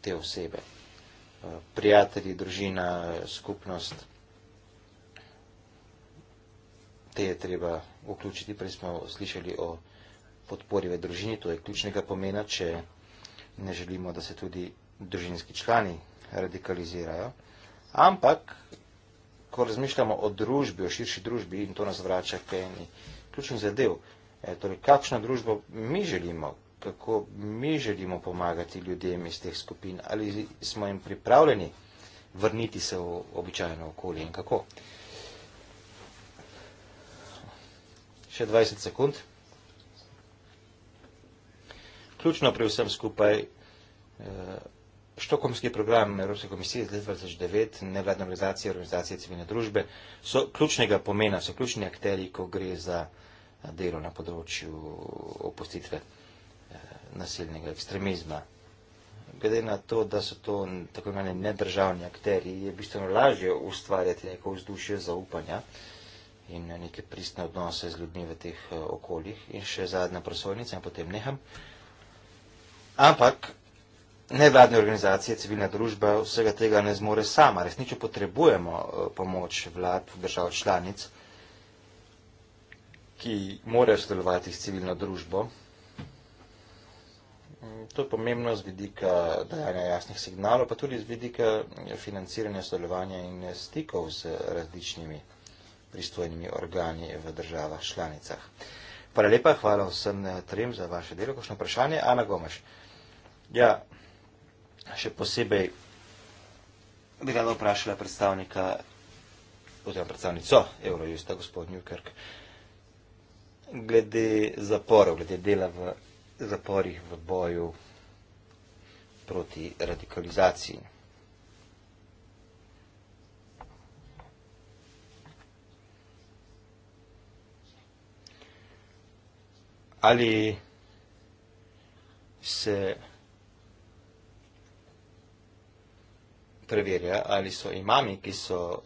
te osebe. Eh, prijatelji, družina, skupnost, te je treba vključiti, prej smo slišali o podpori v družini, to je ključnega pomena, če ne želimo, da se tudi družinski člani radikalizirajo. Ampak, ko razmišljamo o družbi, o širši družbi, in to nas vrača k eni ključni zadev, e, torej, kakšno družbo mi želimo, kako mi želimo pomagati ljudem iz teh skupin, ali smo jim pripravljeni vrniti se v običajno okolje in kako. Še 20 sekund. Ključno pri vsem skupaj, eh, štokomski program Evropske komisije iz leta 2009, nevladne organizacije, organizacije civilne družbe, so ključnega pomena, so ključni akteri, ko gre za delo na področju opustitve nasilnega ekstremizma. Glede na to, da so to tako imenovani nedržavni akteri, je bistveno lažje ustvarjati neko vzdušje zaupanja in neke pristne odnose z ljudmi v teh eh, okoljih. In še zadnja prosojnica, in potem neham. Ampak nevladne organizacije, civilna družba vsega tega ne zmore sama. Resnično potrebujemo eh, pomoč vlad, držav članic, ki morajo sodelovati s civilno družbo. To je pomembno z vidika dajanja jasnih signalov, pa tudi z vidika eh, financiranja sodelovanja in eh, stikov z različnimi pristojnimi organi v državah članicah. Hvala lepa, hvala vsem eh, trem za vaše delo. Košno vprašanje, Ana Gomaš. Ja, še posebej bi rada vprašala predstavnika, oziroma predstavnico Eurojusta, gospod Newkirk, glede zaporov, glede dela v zaporih v boju proti radikalizaciji. Ali se preverja, ali so imami, ki so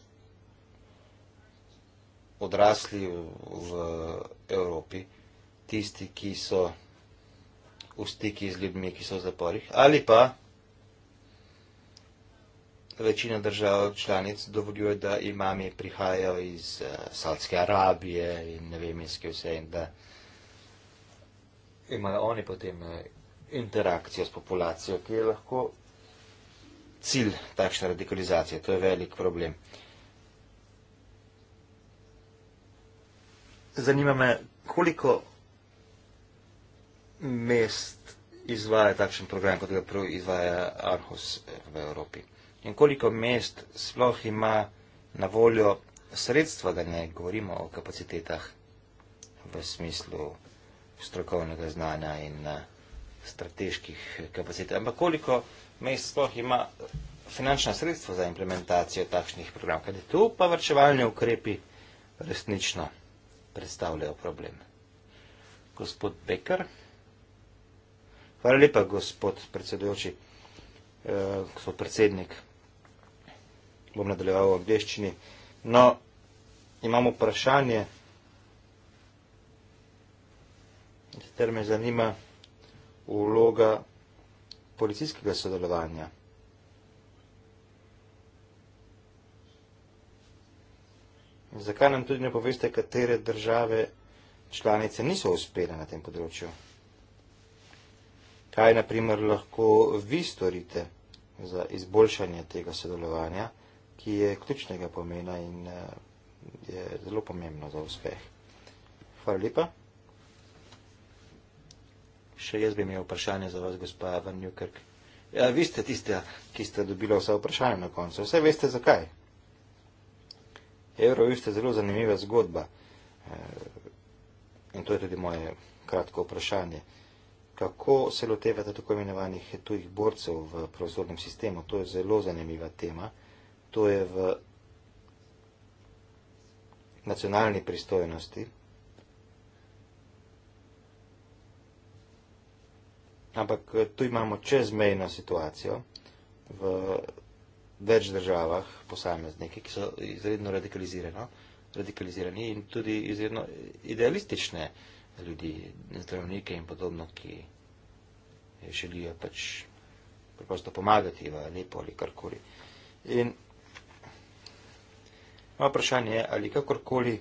odrasli v Evropi, tisti, ki so v stiki z ljudmi, ki so v zaporih, ali pa večina držav članic dovoljuje, da imami prihajajo iz uh, Saudske Arabije in ne vem, iz kje vse in da imajo oni potem eh, interakcijo s populacijo, ki je lahko cilj takšne radikalizacije. To je velik problem. Zanima me, koliko mest izvaja takšen program, kot ga prav izvaja Arhus v Evropi. In koliko mest sploh ima na voljo sredstva, da ne govorimo o kapacitetah v smislu strokovnega znanja in eh, strateških kapacitet. Ampak koliko mest sploh ima finančna sredstva za implementacijo takšnih programov. Kajde tu pa vrčevalni ukrepi resnično predstavljajo problem. Gospod Becker. Hvala lepa, gospod predsedujoči, eh, gospod predsednik. Bom nadaljeval v angliščini. No, imamo vprašanje, ter me zanima vloga policijskega sodelovanja. Zakaj nam tudi ne poveste, katere države članice niso uspele na tem področju? kaj naprimer lahko vi storite za izboljšanje tega sodelovanja, ki je ključnega pomena in eh, je zelo pomembno za uspeh. Hvala lepa. Še jaz bi imel vprašanje za vas, gospa Van Newkirk. Ja, vi ste tista, ki ste dobila vse vprašanje na koncu. Vse veste zakaj. Eurovist je zelo zanimiva zgodba. Eh, in to je tudi moje kratko vprašanje kako se lotevate tako imenovanih tujih borcev v proizvodnem sistemu. To je zelo zanimiva tema. To je v nacionalni pristojnosti. Ampak eh, tu imamo čezmejno situacijo v več državah posameznike, ki so izredno radikalizirani in tudi izredno idealistične ljudi, zdravnike in podobno, ki želijo pač preprosto pomagati v lepo ali karkoli. In moje vprašanje je, ali kakorkoli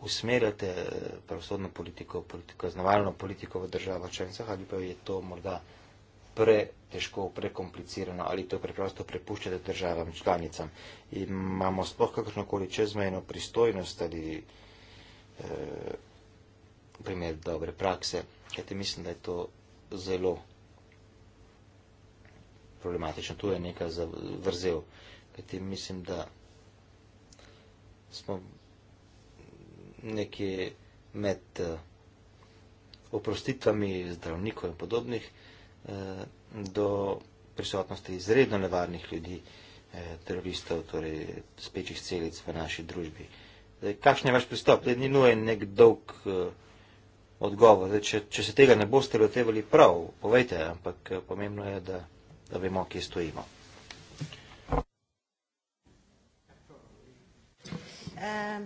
usmerjate eh, pravosodno politiko, kaznovalno politiko v državah članicah, ali pa je to morda pretežko, prekomplicirano, ali to preprosto prepuščate državam članicam. Imamo sploh kakršnokoli čezmejno pristojnost ali. Eh, primer dobre prakse, ker ti mislim, da je to zelo problematično. Tu je neka vrzel, ker ti mislim, da smo nekje med eh, oprostitvami zdravnikov in podobnih eh, do prisotnosti izredno nevarnih ljudi, teroristov, torej spečih celic v naši družbi. Kakšen je vaš pristop? Zdaj, ni nujen nek dolg uh, odgovor. Zdaj, če, če se tega ne boste lotevali prav, povejte, ampak eh, pomembno je, da, da vemo, kje stojimo. Um.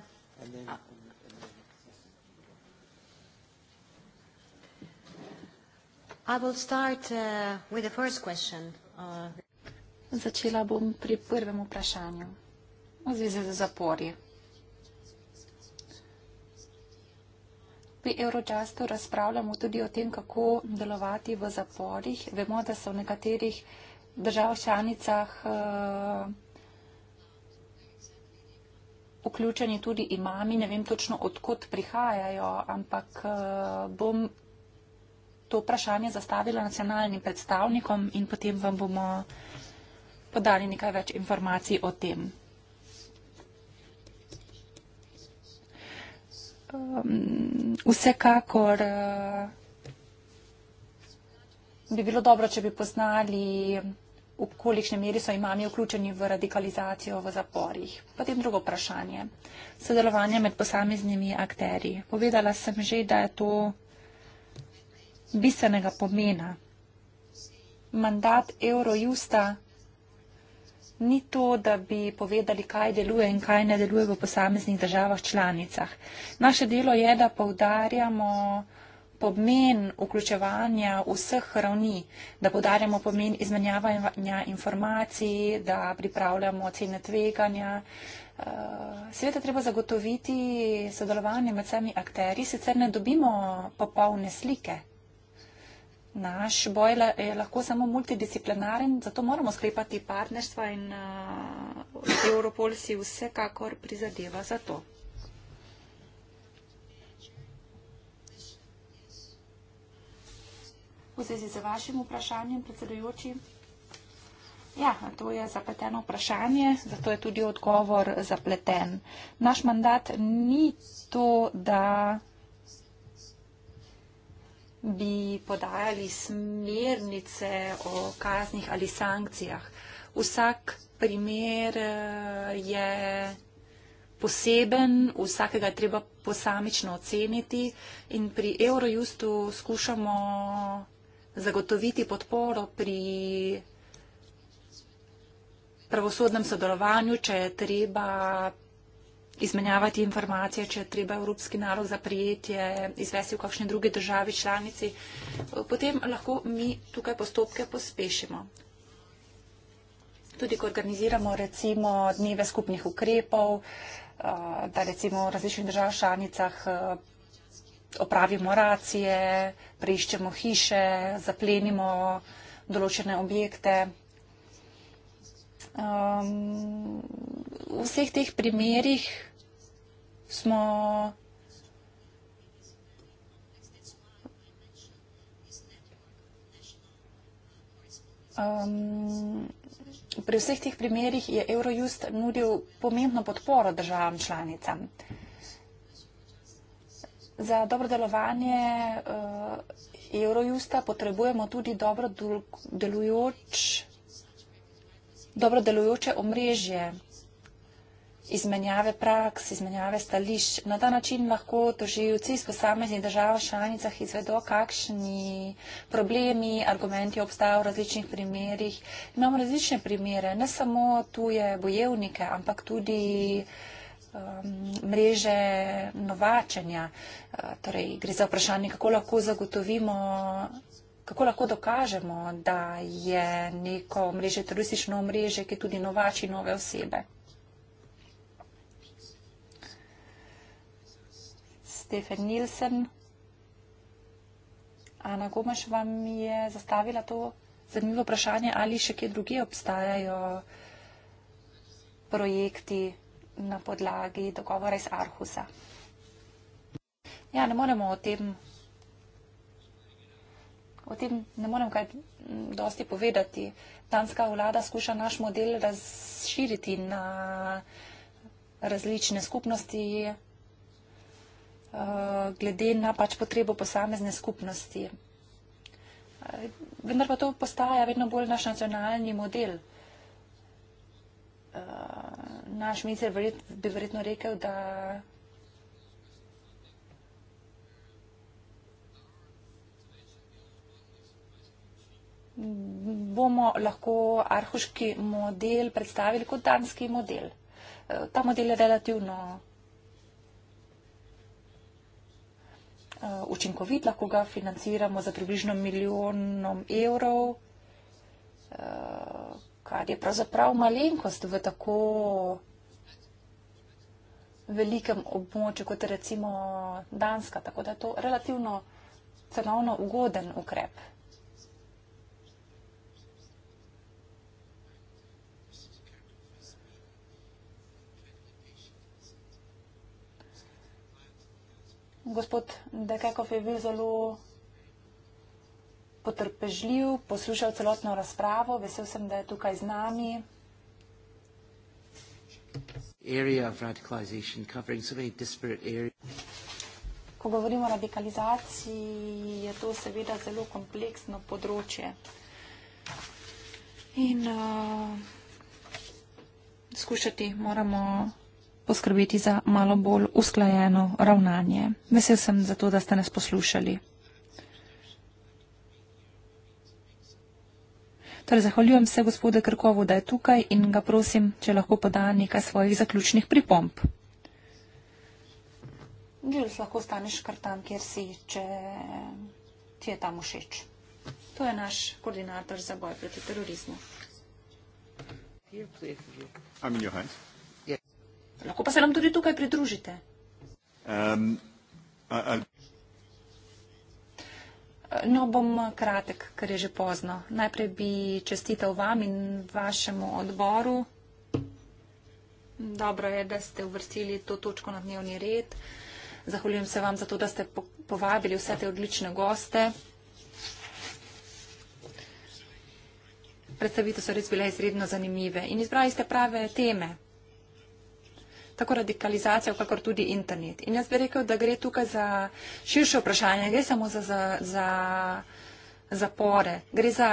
Start, uh, uh, Začela bom pri prvem vprašanju o zvezi z zaporje. Pri Eurojustu razpravljamo tudi o tem, kako delovati v zaporih. Vemo, da so v nekaterih držav članicah eh, vključeni tudi imami. Ne vem točno, odkot prihajajo, ampak eh, bom to vprašanje zastavila nacionalnim predstavnikom in potem vam bomo podali nekaj več informacij o tem. um, vsekakor uh, bi bilo dobro, če bi poznali, v kolikšni meri so imami vključeni v radikalizacijo v zaporih. Potem drugo vprašanje. Sodelovanje med posameznimi akteri. Povedala sem že, da je to bistvenega pomena. Mandat Eurojusta ni to, da bi povedali, kaj deluje in kaj ne deluje v posameznih državah članicah. Naše delo je, da povdarjamo pomen vključevanja vseh ravni, da podarjamo pomen izmenjavanja informacij, da pripravljamo ocene tveganja. Eh, Sveta treba zagotoviti sodelovanje med vsemi akteri, sicer ne dobimo popolne slike. Naš boj je lahko samo multidisciplinaren, zato moramo sklepati partnerstva in uh, Europol si vsekakor prizadeva za to. V zvezi z vašim vprašanjem, predsedujoči. Ja, to je zapleteno vprašanje, zato je tudi odgovor zapleten. Naš mandat ni to, da bi podajali smernice o kaznih ali sankcijah. Vsak primer eh, je poseben, vsakega treba posamično oceniti in pri Eurojustu skušamo zagotoviti podporo pri pravosodnem sodelovanju, če je treba izmenjavati informacije, če treba evropski nalog za prijetje izvesti v kakšni drugi državi članici, potem lahko mi tukaj postopke pospešimo. Tudi, ko organiziramo recimo dneve skupnih ukrepov, eh, da recimo v različnih državah članicah eh, opravimo racije, preiščemo hiše, zaplenimo določene objekte. Ehm, v vseh teh primerih smo um, pri vseh teh primerjih je Eurojust nudil pomembno podporo državam članicam. Za dobro delovanje uh, Eurojusta potrebujemo tudi dobro, delujoč, dobro delujoče omrežje izmenjave praks, izmenjave stališč. Na ta način lahko doživci iz posameznih držav članicah izvedo, kakšni problemi, argumenti obstajajo v različnih primerjih. Imamo različne primere, ne samo tuje bojevnike, ampak tudi um, mreže novačenja. Uh, torej, gre za vprašanje, kako lahko zagotovimo. Kako lahko dokažemo, da je neko mreže, turistično mreže, ki tudi novači nove osebe? Stefan Nilsen. Ana Gomaš vam je zastavila to zanimivo vprašanje, ali še kje druge obstajajo projekti na podlagi dogovora iz Arhusa. Ja, ne moremo o tem, o tem ne morem kaj dosti povedati. Danska vlada skuša naš model razširiti na različne skupnosti Eh, glede na pač potrebo posamezne skupnosti. Eh, vendar pa to postaja vedno bolj naš nacionalni model. Eh, naš minister bi verjetno rekel, da bomo lahko arhuški model predstavili kot danski model. Ta model je relativno Eh, učinkovit, lahko ga financiramo za približno milijonom evrov, eh, kar je pravzaprav malenkost v tako velikem območju kot recimo Danska. Tako da je to relativno cenovno ugoden ukrep. gospod Dekekov je bil zelo potrpežljiv, poslušal celotno razpravo, vesel sem, da je tukaj z nami. Ko govorimo o radikalizaciji, je to seveda zelo kompleksno področje. In uh, skušati moramo poskrbeti za malo bolj usklajeno ravnanje. Vesel sem zato, da ste nas poslušali. Torej, zahvaljujem se gospodu Krkovu, da je tukaj in ga prosim, če lahko poda nekaj svojih zaključnih pripomp. Jules, lahko staneš kar tam, kjer si, če ti je tam všeč. To je naš koordinator za boj proti terorizmu. Here, please, here. I'm in your hands. Lahko pa se nam tudi tukaj pridružite. Um, ali... No, bom kratek, ker je že pozno. Najprej bi čestital vam in vašemu odboru. Dobro je, da ste uvrstili to točko na dnevni red. Zahvaljujem se vam za to, da ste povabili vse te odlične goste. Predstavitev so res bile izredno zanimive in izbrali ste prave teme tako radikalizacijo, kakor tudi internet. In jaz bi rekel, da gre tukaj za širše vprašanje, ne gre samo za, za, za zapore, gre za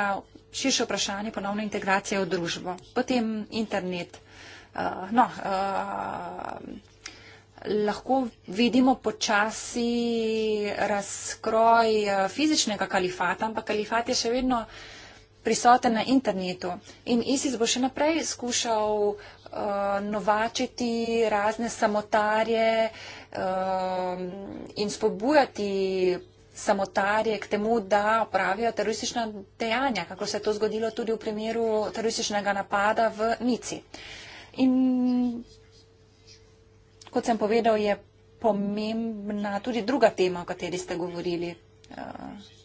širše vprašanje ponovne integracije v družbo. Potem internet. Uh, no, uh, Lahko vidimo počasi razkroj eh, fizičnega kalifata, ampak kalifat je še vedno prisoten na internetu. In ISIS bo še naprej skušal uh, novačiti razne samotarje uh, in spodbujati samotarje k temu, da pravijo teroristična dejanja, kako se je to zgodilo tudi v primeru terorističnega napada v Nici. In kot sem povedal, je pomembna tudi druga tema, o kateri ste govorili. Uh,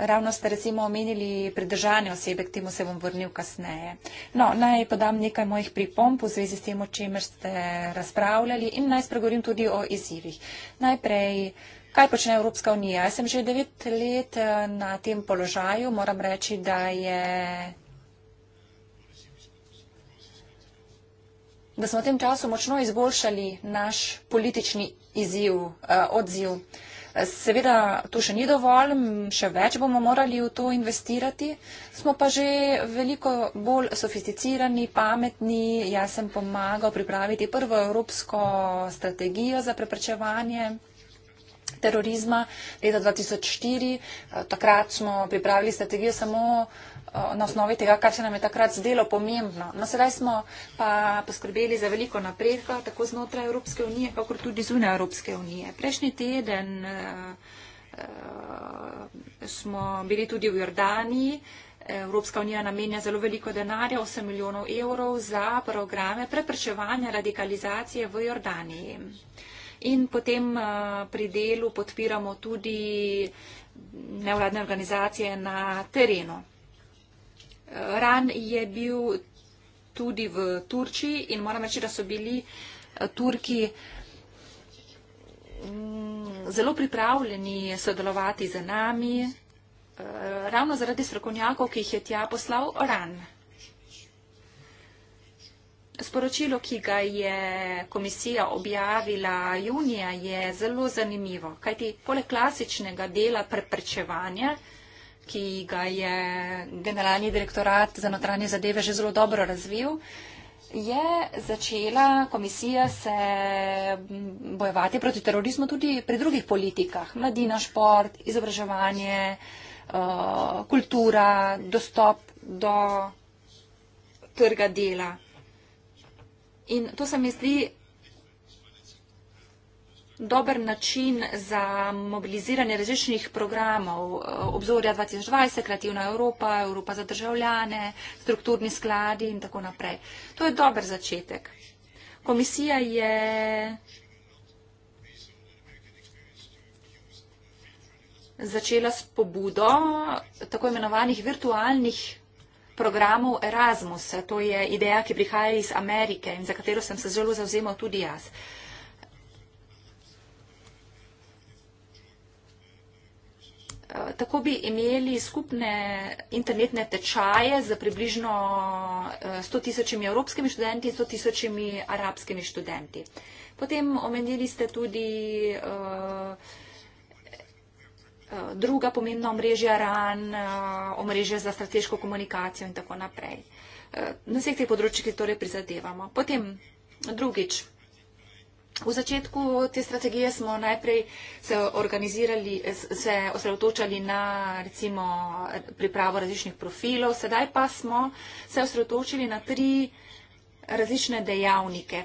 Ravno ste recimo omenili pridržanje osebe, k temu se bom vrnil kasneje. No, naj podam nekaj mojih pripomp v zvezi s tem, o čemer ste razpravljali in naj spregovorim tudi o izzivih. Najprej, kaj počne Evropska unija? Jaz sem že devet let eh, na tem položaju, moram reči, da je. da smo v tem času močno izboljšali naš politični izziv, eh, odziv. Seveda to še ni dovolj, še več bomo morali v to investirati. Smo pa že veliko bolj sofisticirani, pametni. Jaz sem pomagal pripraviti prvo evropsko strategijo za preprečevanje terorizma leta 2004. Takrat smo pripravili strategijo samo Eh, na osnovi tega, kar se nam je takrat zdelo pomembno. No, sedaj smo pa poskrbeli za veliko napredka, tako znotraj Evropske unije, kakor tudi zunaj Evropske unije. Prejšnji teden uh, smo bili tudi v Jordaniji. Evropska unija namenja zelo veliko denarja, 8 milijonov evrov, za programe preprečevanja radikalizacije v Jordaniji. In potem pri delu podpiramo tudi nevladne organizacije na terenu. Ran je bil tudi v Turčiji in moram reči, da so bili eh, Turki mm, zelo pripravljeni sodelovati z nami, eh, ravno zaradi strokovnjakov, ki jih je tja poslal Ran. Sporočilo, ki ga je komisija objavila junija, je zelo zanimivo, kajti poleg klasičnega dela preprečevanja, ki ga je generalni direktorat za notranje zadeve že zelo dobro razvil, je začela komisija se bojevati proti terorizmu tudi pri drugih politikah. Mladina, šport, izobraževanje, eh, kultura, dostop do trga dela. In to se mi zdi dober način za mobiliziranje različnih programov eh, obzorja 2020, Kreativna Evropa, Evropa za državljane, strukturni skladi in tako naprej. To je dober začetek. Komisija je začela s pobudo tako imenovanih virtualnih programov Erasmus. To je ideja, ki prihaja iz Amerike in za katero sem se zelo zauzemal tudi jaz. tako bi imeli skupne internetne tečaje za približno 100 eh, tisočimi evropskimi študenti in 100 tisočimi arabskimi študenti. Potem omenili ste tudi eh, eh, druga pomembna omrežja RAN, omrežja za strateško komunikacijo in tako naprej. Na vseh teh področjih torej prizadevamo. Potem drugič, V začetku te strategije smo najprej se organizirali, se osredotočali na recimo pripravo različnih profilov, sedaj pa smo se osredotočili na tri različne dejavnike.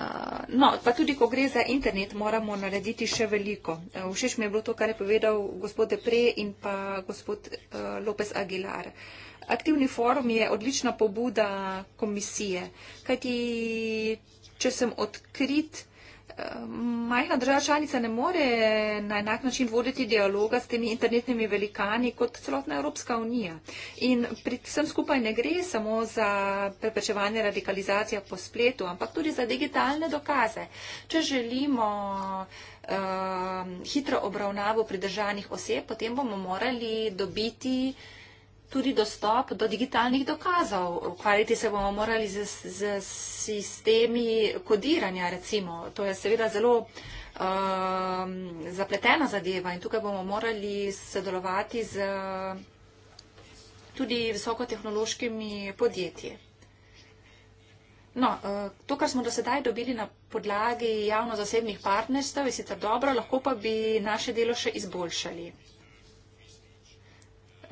Eh, no, pa tudi, ko gre za internet, moramo narediti še veliko. Eh, všeč mi je bilo to, kar je povedal gospod Depre in pa gospod eh, Lopez Aguilar. Aktivni forum je odlična pobuda komisije, kajti, če sem odkrit, majhna država članica ne more na enak način voditi dialoga s temi internetnimi velikani kot celotna Evropska unija. In pri vsem skupaj ne gre samo za preprečevanje radikalizacije po spletu, ampak tudi za digitalne dokaze. Če želimo um, hitro obravnavo pridržanih oseb, potem bomo morali dobiti tudi dostop do digitalnih dokazov. Ukvarjati se bomo morali z, z sistemi kodiranja, recimo. To je seveda zelo um, zapletena zadeva in tukaj bomo morali sodelovati z tudi visokotehnološkimi podjetji. No, uh, to, kar smo do sedaj dobili na podlagi javno-zasebnih partnerstv, je sicer dobro, lahko pa bi naše delo še izboljšali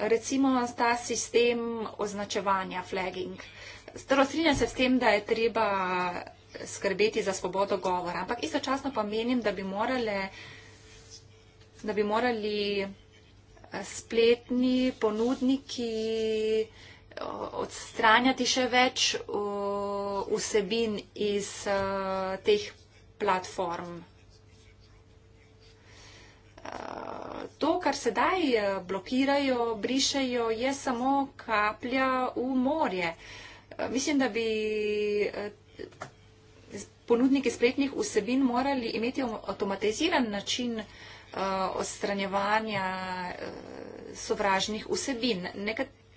recimo ta sistem označevanja flagging. Torej, strinjam se s tem, da je treba skrbeti za svobodo govora, ampak istočasno pa menim, da bi, morale, da bi morali eh, spletni ponudniki eh, odstranjati še več eh, vsebin iz teh platform to, kar sedaj eh, blokirajo, brišejo, je samo kaplja v morje. Eh, mislim, da bi eh, ponudniki spletnih vsebin morali imeti avtomatiziran način odstranjevanja sovražnih vsebin.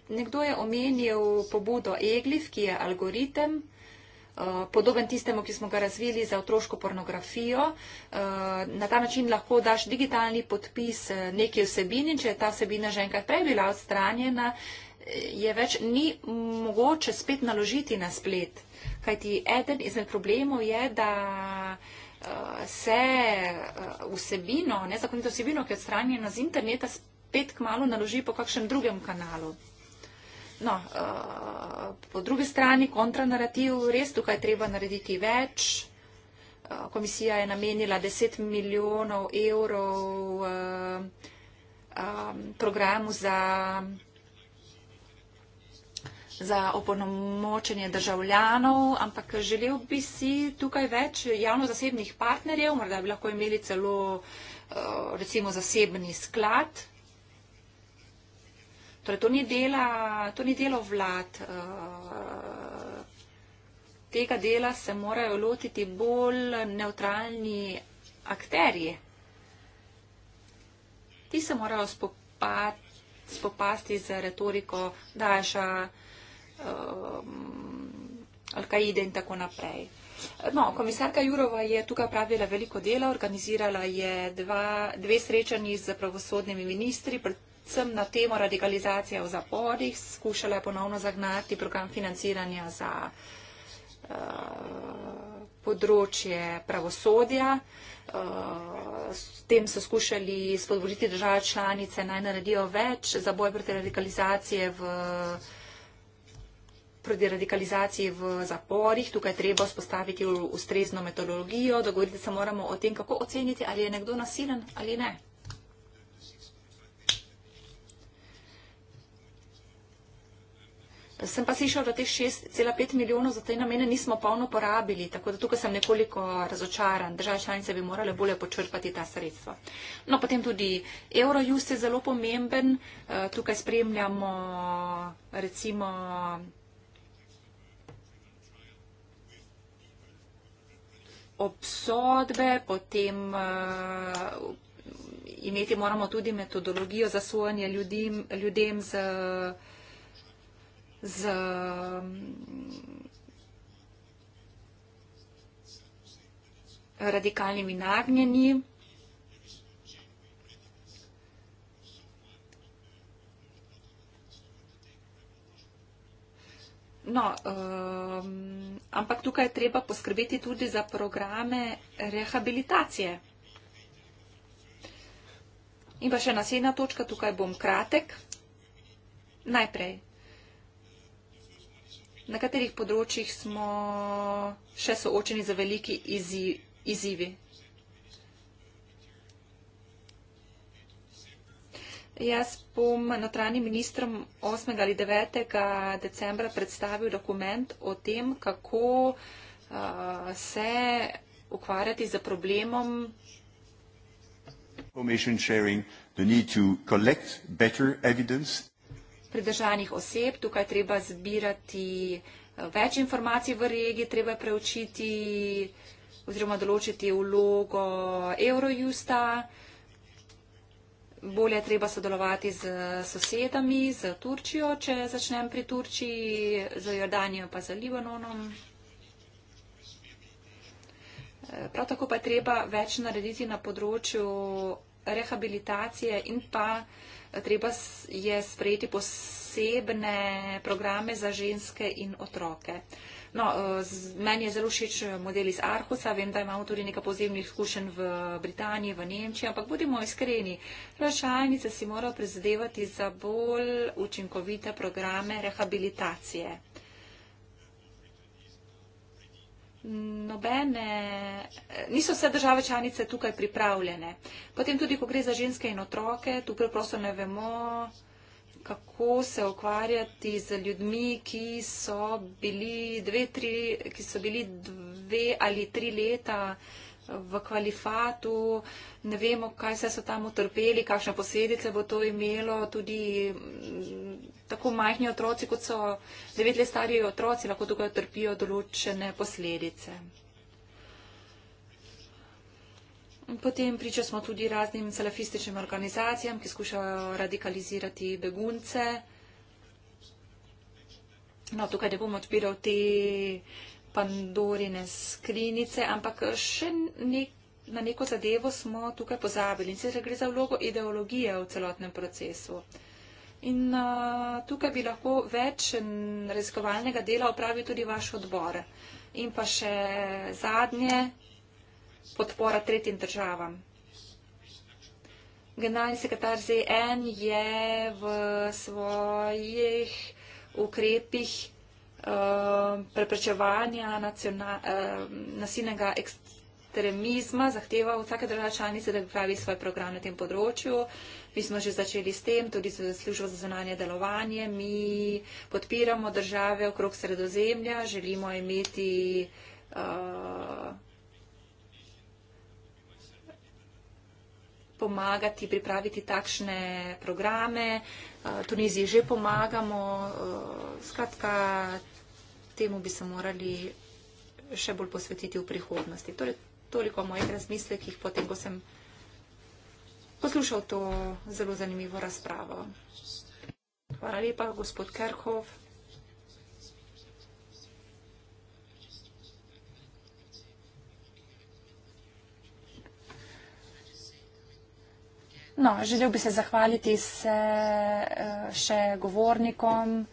Nekdo je omenil pobudo Eglif, ki je algoritem Eh, podoben tistemu, ki smo ga razvili za otroško pornografijo. Eh, na ta način lahko daš digitalni podpis eh, neki vsebini, če je ta vsebina že enkrat prej bila odstranjena, je več ni mogoče spet naložiti na splet. Kaj ti eden izmed problemov je, da se vsebino, nezakonito vsebino, ki je odstranjena z interneta, spet k malu naloži po kakšnem drugem kanalu. No, uh, po drugi strani kontranarativ, res tukaj treba narediti več. Uh, komisija je namenila 10 milijonov evrov uh, um, programu za, za oponomočenje državljanov, ampak želel bi si tukaj več javno-zasebnih partnerjev, morda bi lahko imeli celo uh, recimo zasebni sklad. Torej, to ni, dela, to ni delo vlad. Eh, tega dela se morajo lotiti bolj neutralni akterji. Ti se morajo spopati, spopasti z retoriko Daša, eh, Al-Kaide in tako naprej. No, komisarka Jurova je tukaj pravila veliko dela, organizirala je dva, dve srečanji z pravosodnimi ministri, predvsem na temo radikalizacije v zaporih, skušala je ponovno zagnati program financiranja za uh, področje pravosodja. Eh, s uh, tem so skušali spodbuditi države članice naj naredijo več za boj proti radikalizaciji v proti radikalizaciji v zaporih. Tukaj je treba spostaviti ustrezno metodologijo, dogovoriti se moramo o tem, kako oceniti, ali je nekdo nasilen ali ne. Sem pa slišal, da teh 6,5 milijonov za te namene nismo polno porabili, tako da tukaj sem nekoliko razočaran. Države članice bi morale bolje počrpati ta sredstva. No, potem tudi Eurojust je zelo pomemben. Eh, tukaj spremljamo recimo. obsodbe, potem uh, imeti moramo tudi metodologijo za svojanje ljudim, ljudem z uh, z mm, radikalnimi nagnjenji. No, um, ampak tukaj je treba poskrbeti tudi za programe rehabilitacije. In pa še naslednja točka, tukaj bom kratek. Najprej na katerih področjih smo še soočeni za veliki izzivi? Jaz bom notranjim ministrom 8. ali 9. decembra predstavil dokument o tem, kako uh, se ukvarjati z problemom. Information sharing, the need to collect better evidence pridržanih oseb, tukaj treba zbirati eh, več informacij v regiji, treba preučiti oziroma določiti vlogo Eurojusta, bolje treba sodelovati z sosedami, z Turčijo, če začnem pri Turčiji, z Jordanijo pa z Libanonom. Eh, prav tako pa je treba več narediti na področju rehabilitacije in pa uh, treba je sprejeti posebne programe za ženske in otroke. No, eh, meni je zelo všeč eh, model iz Arhusa, vem, da imamo tudi nekaj pozemnih izkušenj v Britaniji, v Nemčiji, ampak bodimo iskreni, vprašalnice si morajo prizadevati za bolj učinkovite programe rehabilitacije. nobene, niso vse države članice tukaj pripravljene. Potem tudi, ko gre za ženske in otroke, tu preprosto ne vemo, kako se ukvarjati z ljudmi, ki so bili dve, tri, ki so bili dve ali tri leta v kvalifatu, ne vemo, kaj se so tam utrpeli, kakšne posledice bo to imelo, tudi mm, tako majhni otroci, kot so devet let stari otroci, lahko tukaj utrpijo določene posledice. Potem priča smo tudi raznim salafističnim organizacijam, ki skušajo radikalizirati begunce. No, tukaj ne bom odpiral te Pandorine skrinice, ampak še nek, na neko zadevo smo tukaj pozabili in sicer gre za vlogo ideologije v celotnem procesu. In uh, tukaj bi lahko več raziskovalnega dela opravil tudi vaš odbor. In pa še zadnje, podpora tretjim državam. Generalni sekretar ZN je v svojih ukrepih Eh, preprečevanja eh, nasilnega ekstremizma zahteva od vsake države članice, da pripravi svoj program na tem področju. Mi smo že začeli s tem, tudi z službo za zunanje delovanje. Mi podpiramo države okrog sredozemlja, želimo imeti uh, pomagati, pripraviti takšne programe. Eh, Tuniziji že pomagamo. Eh, skratka, temu bi se morali še bolj posvetiti v prihodnosti. Torej, toliko o mojih razmislekih, potem, ko sem poslušal to zelo zanimivo razpravo. Hvala lepa, gospod Kerhov. No, želel bi se zahvaliti se eh, še govornikom.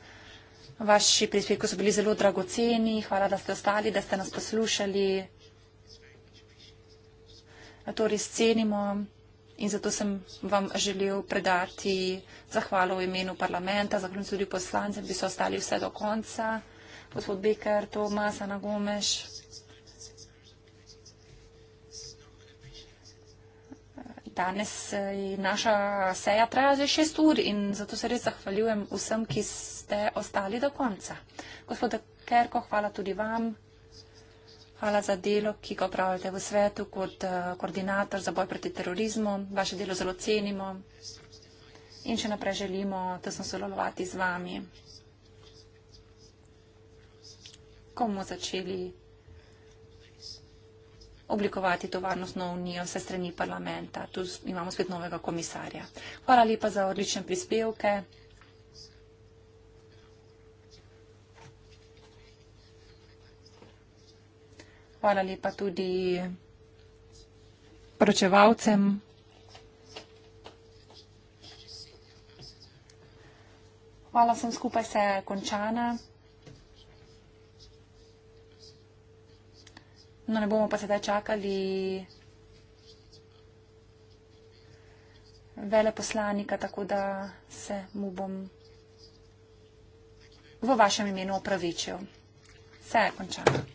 Vaši prispevki so bili zelo dragoceni. Hvala, da ste ostali, da ste nas poslušali. To res cenimo in zato sem vam želel predati zahvalo v imenu parlamenta, zahvalim tudi poslancem, ki so ostali vse do konca. Gospod Beker, Tomas, Ana Gomeš. danes je eh, naša seja traja že šest ur in zato se res zahvaljujem vsem, ki ste ostali do konca. Gospod Kerko, hvala tudi vam. Hvala za delo, ki ga opravljate v svetu kot eh, koordinator za boj proti terorizmu. Vaše delo zelo cenimo in še naprej želimo tesno sodelovati z vami. Komu začeli? oblikovati to varnostno unijo se strani parlamenta. Tu imamo spet novega komisarja. Hvala lepa za odlične prispevke. Hvala lepa tudi poročevalcem. Hvala, sem skupaj se končana. No, ne bomo pa sedaj čakali veleposlanika, tako da se mu bom v vašem imenu opravičil. Vse je končano.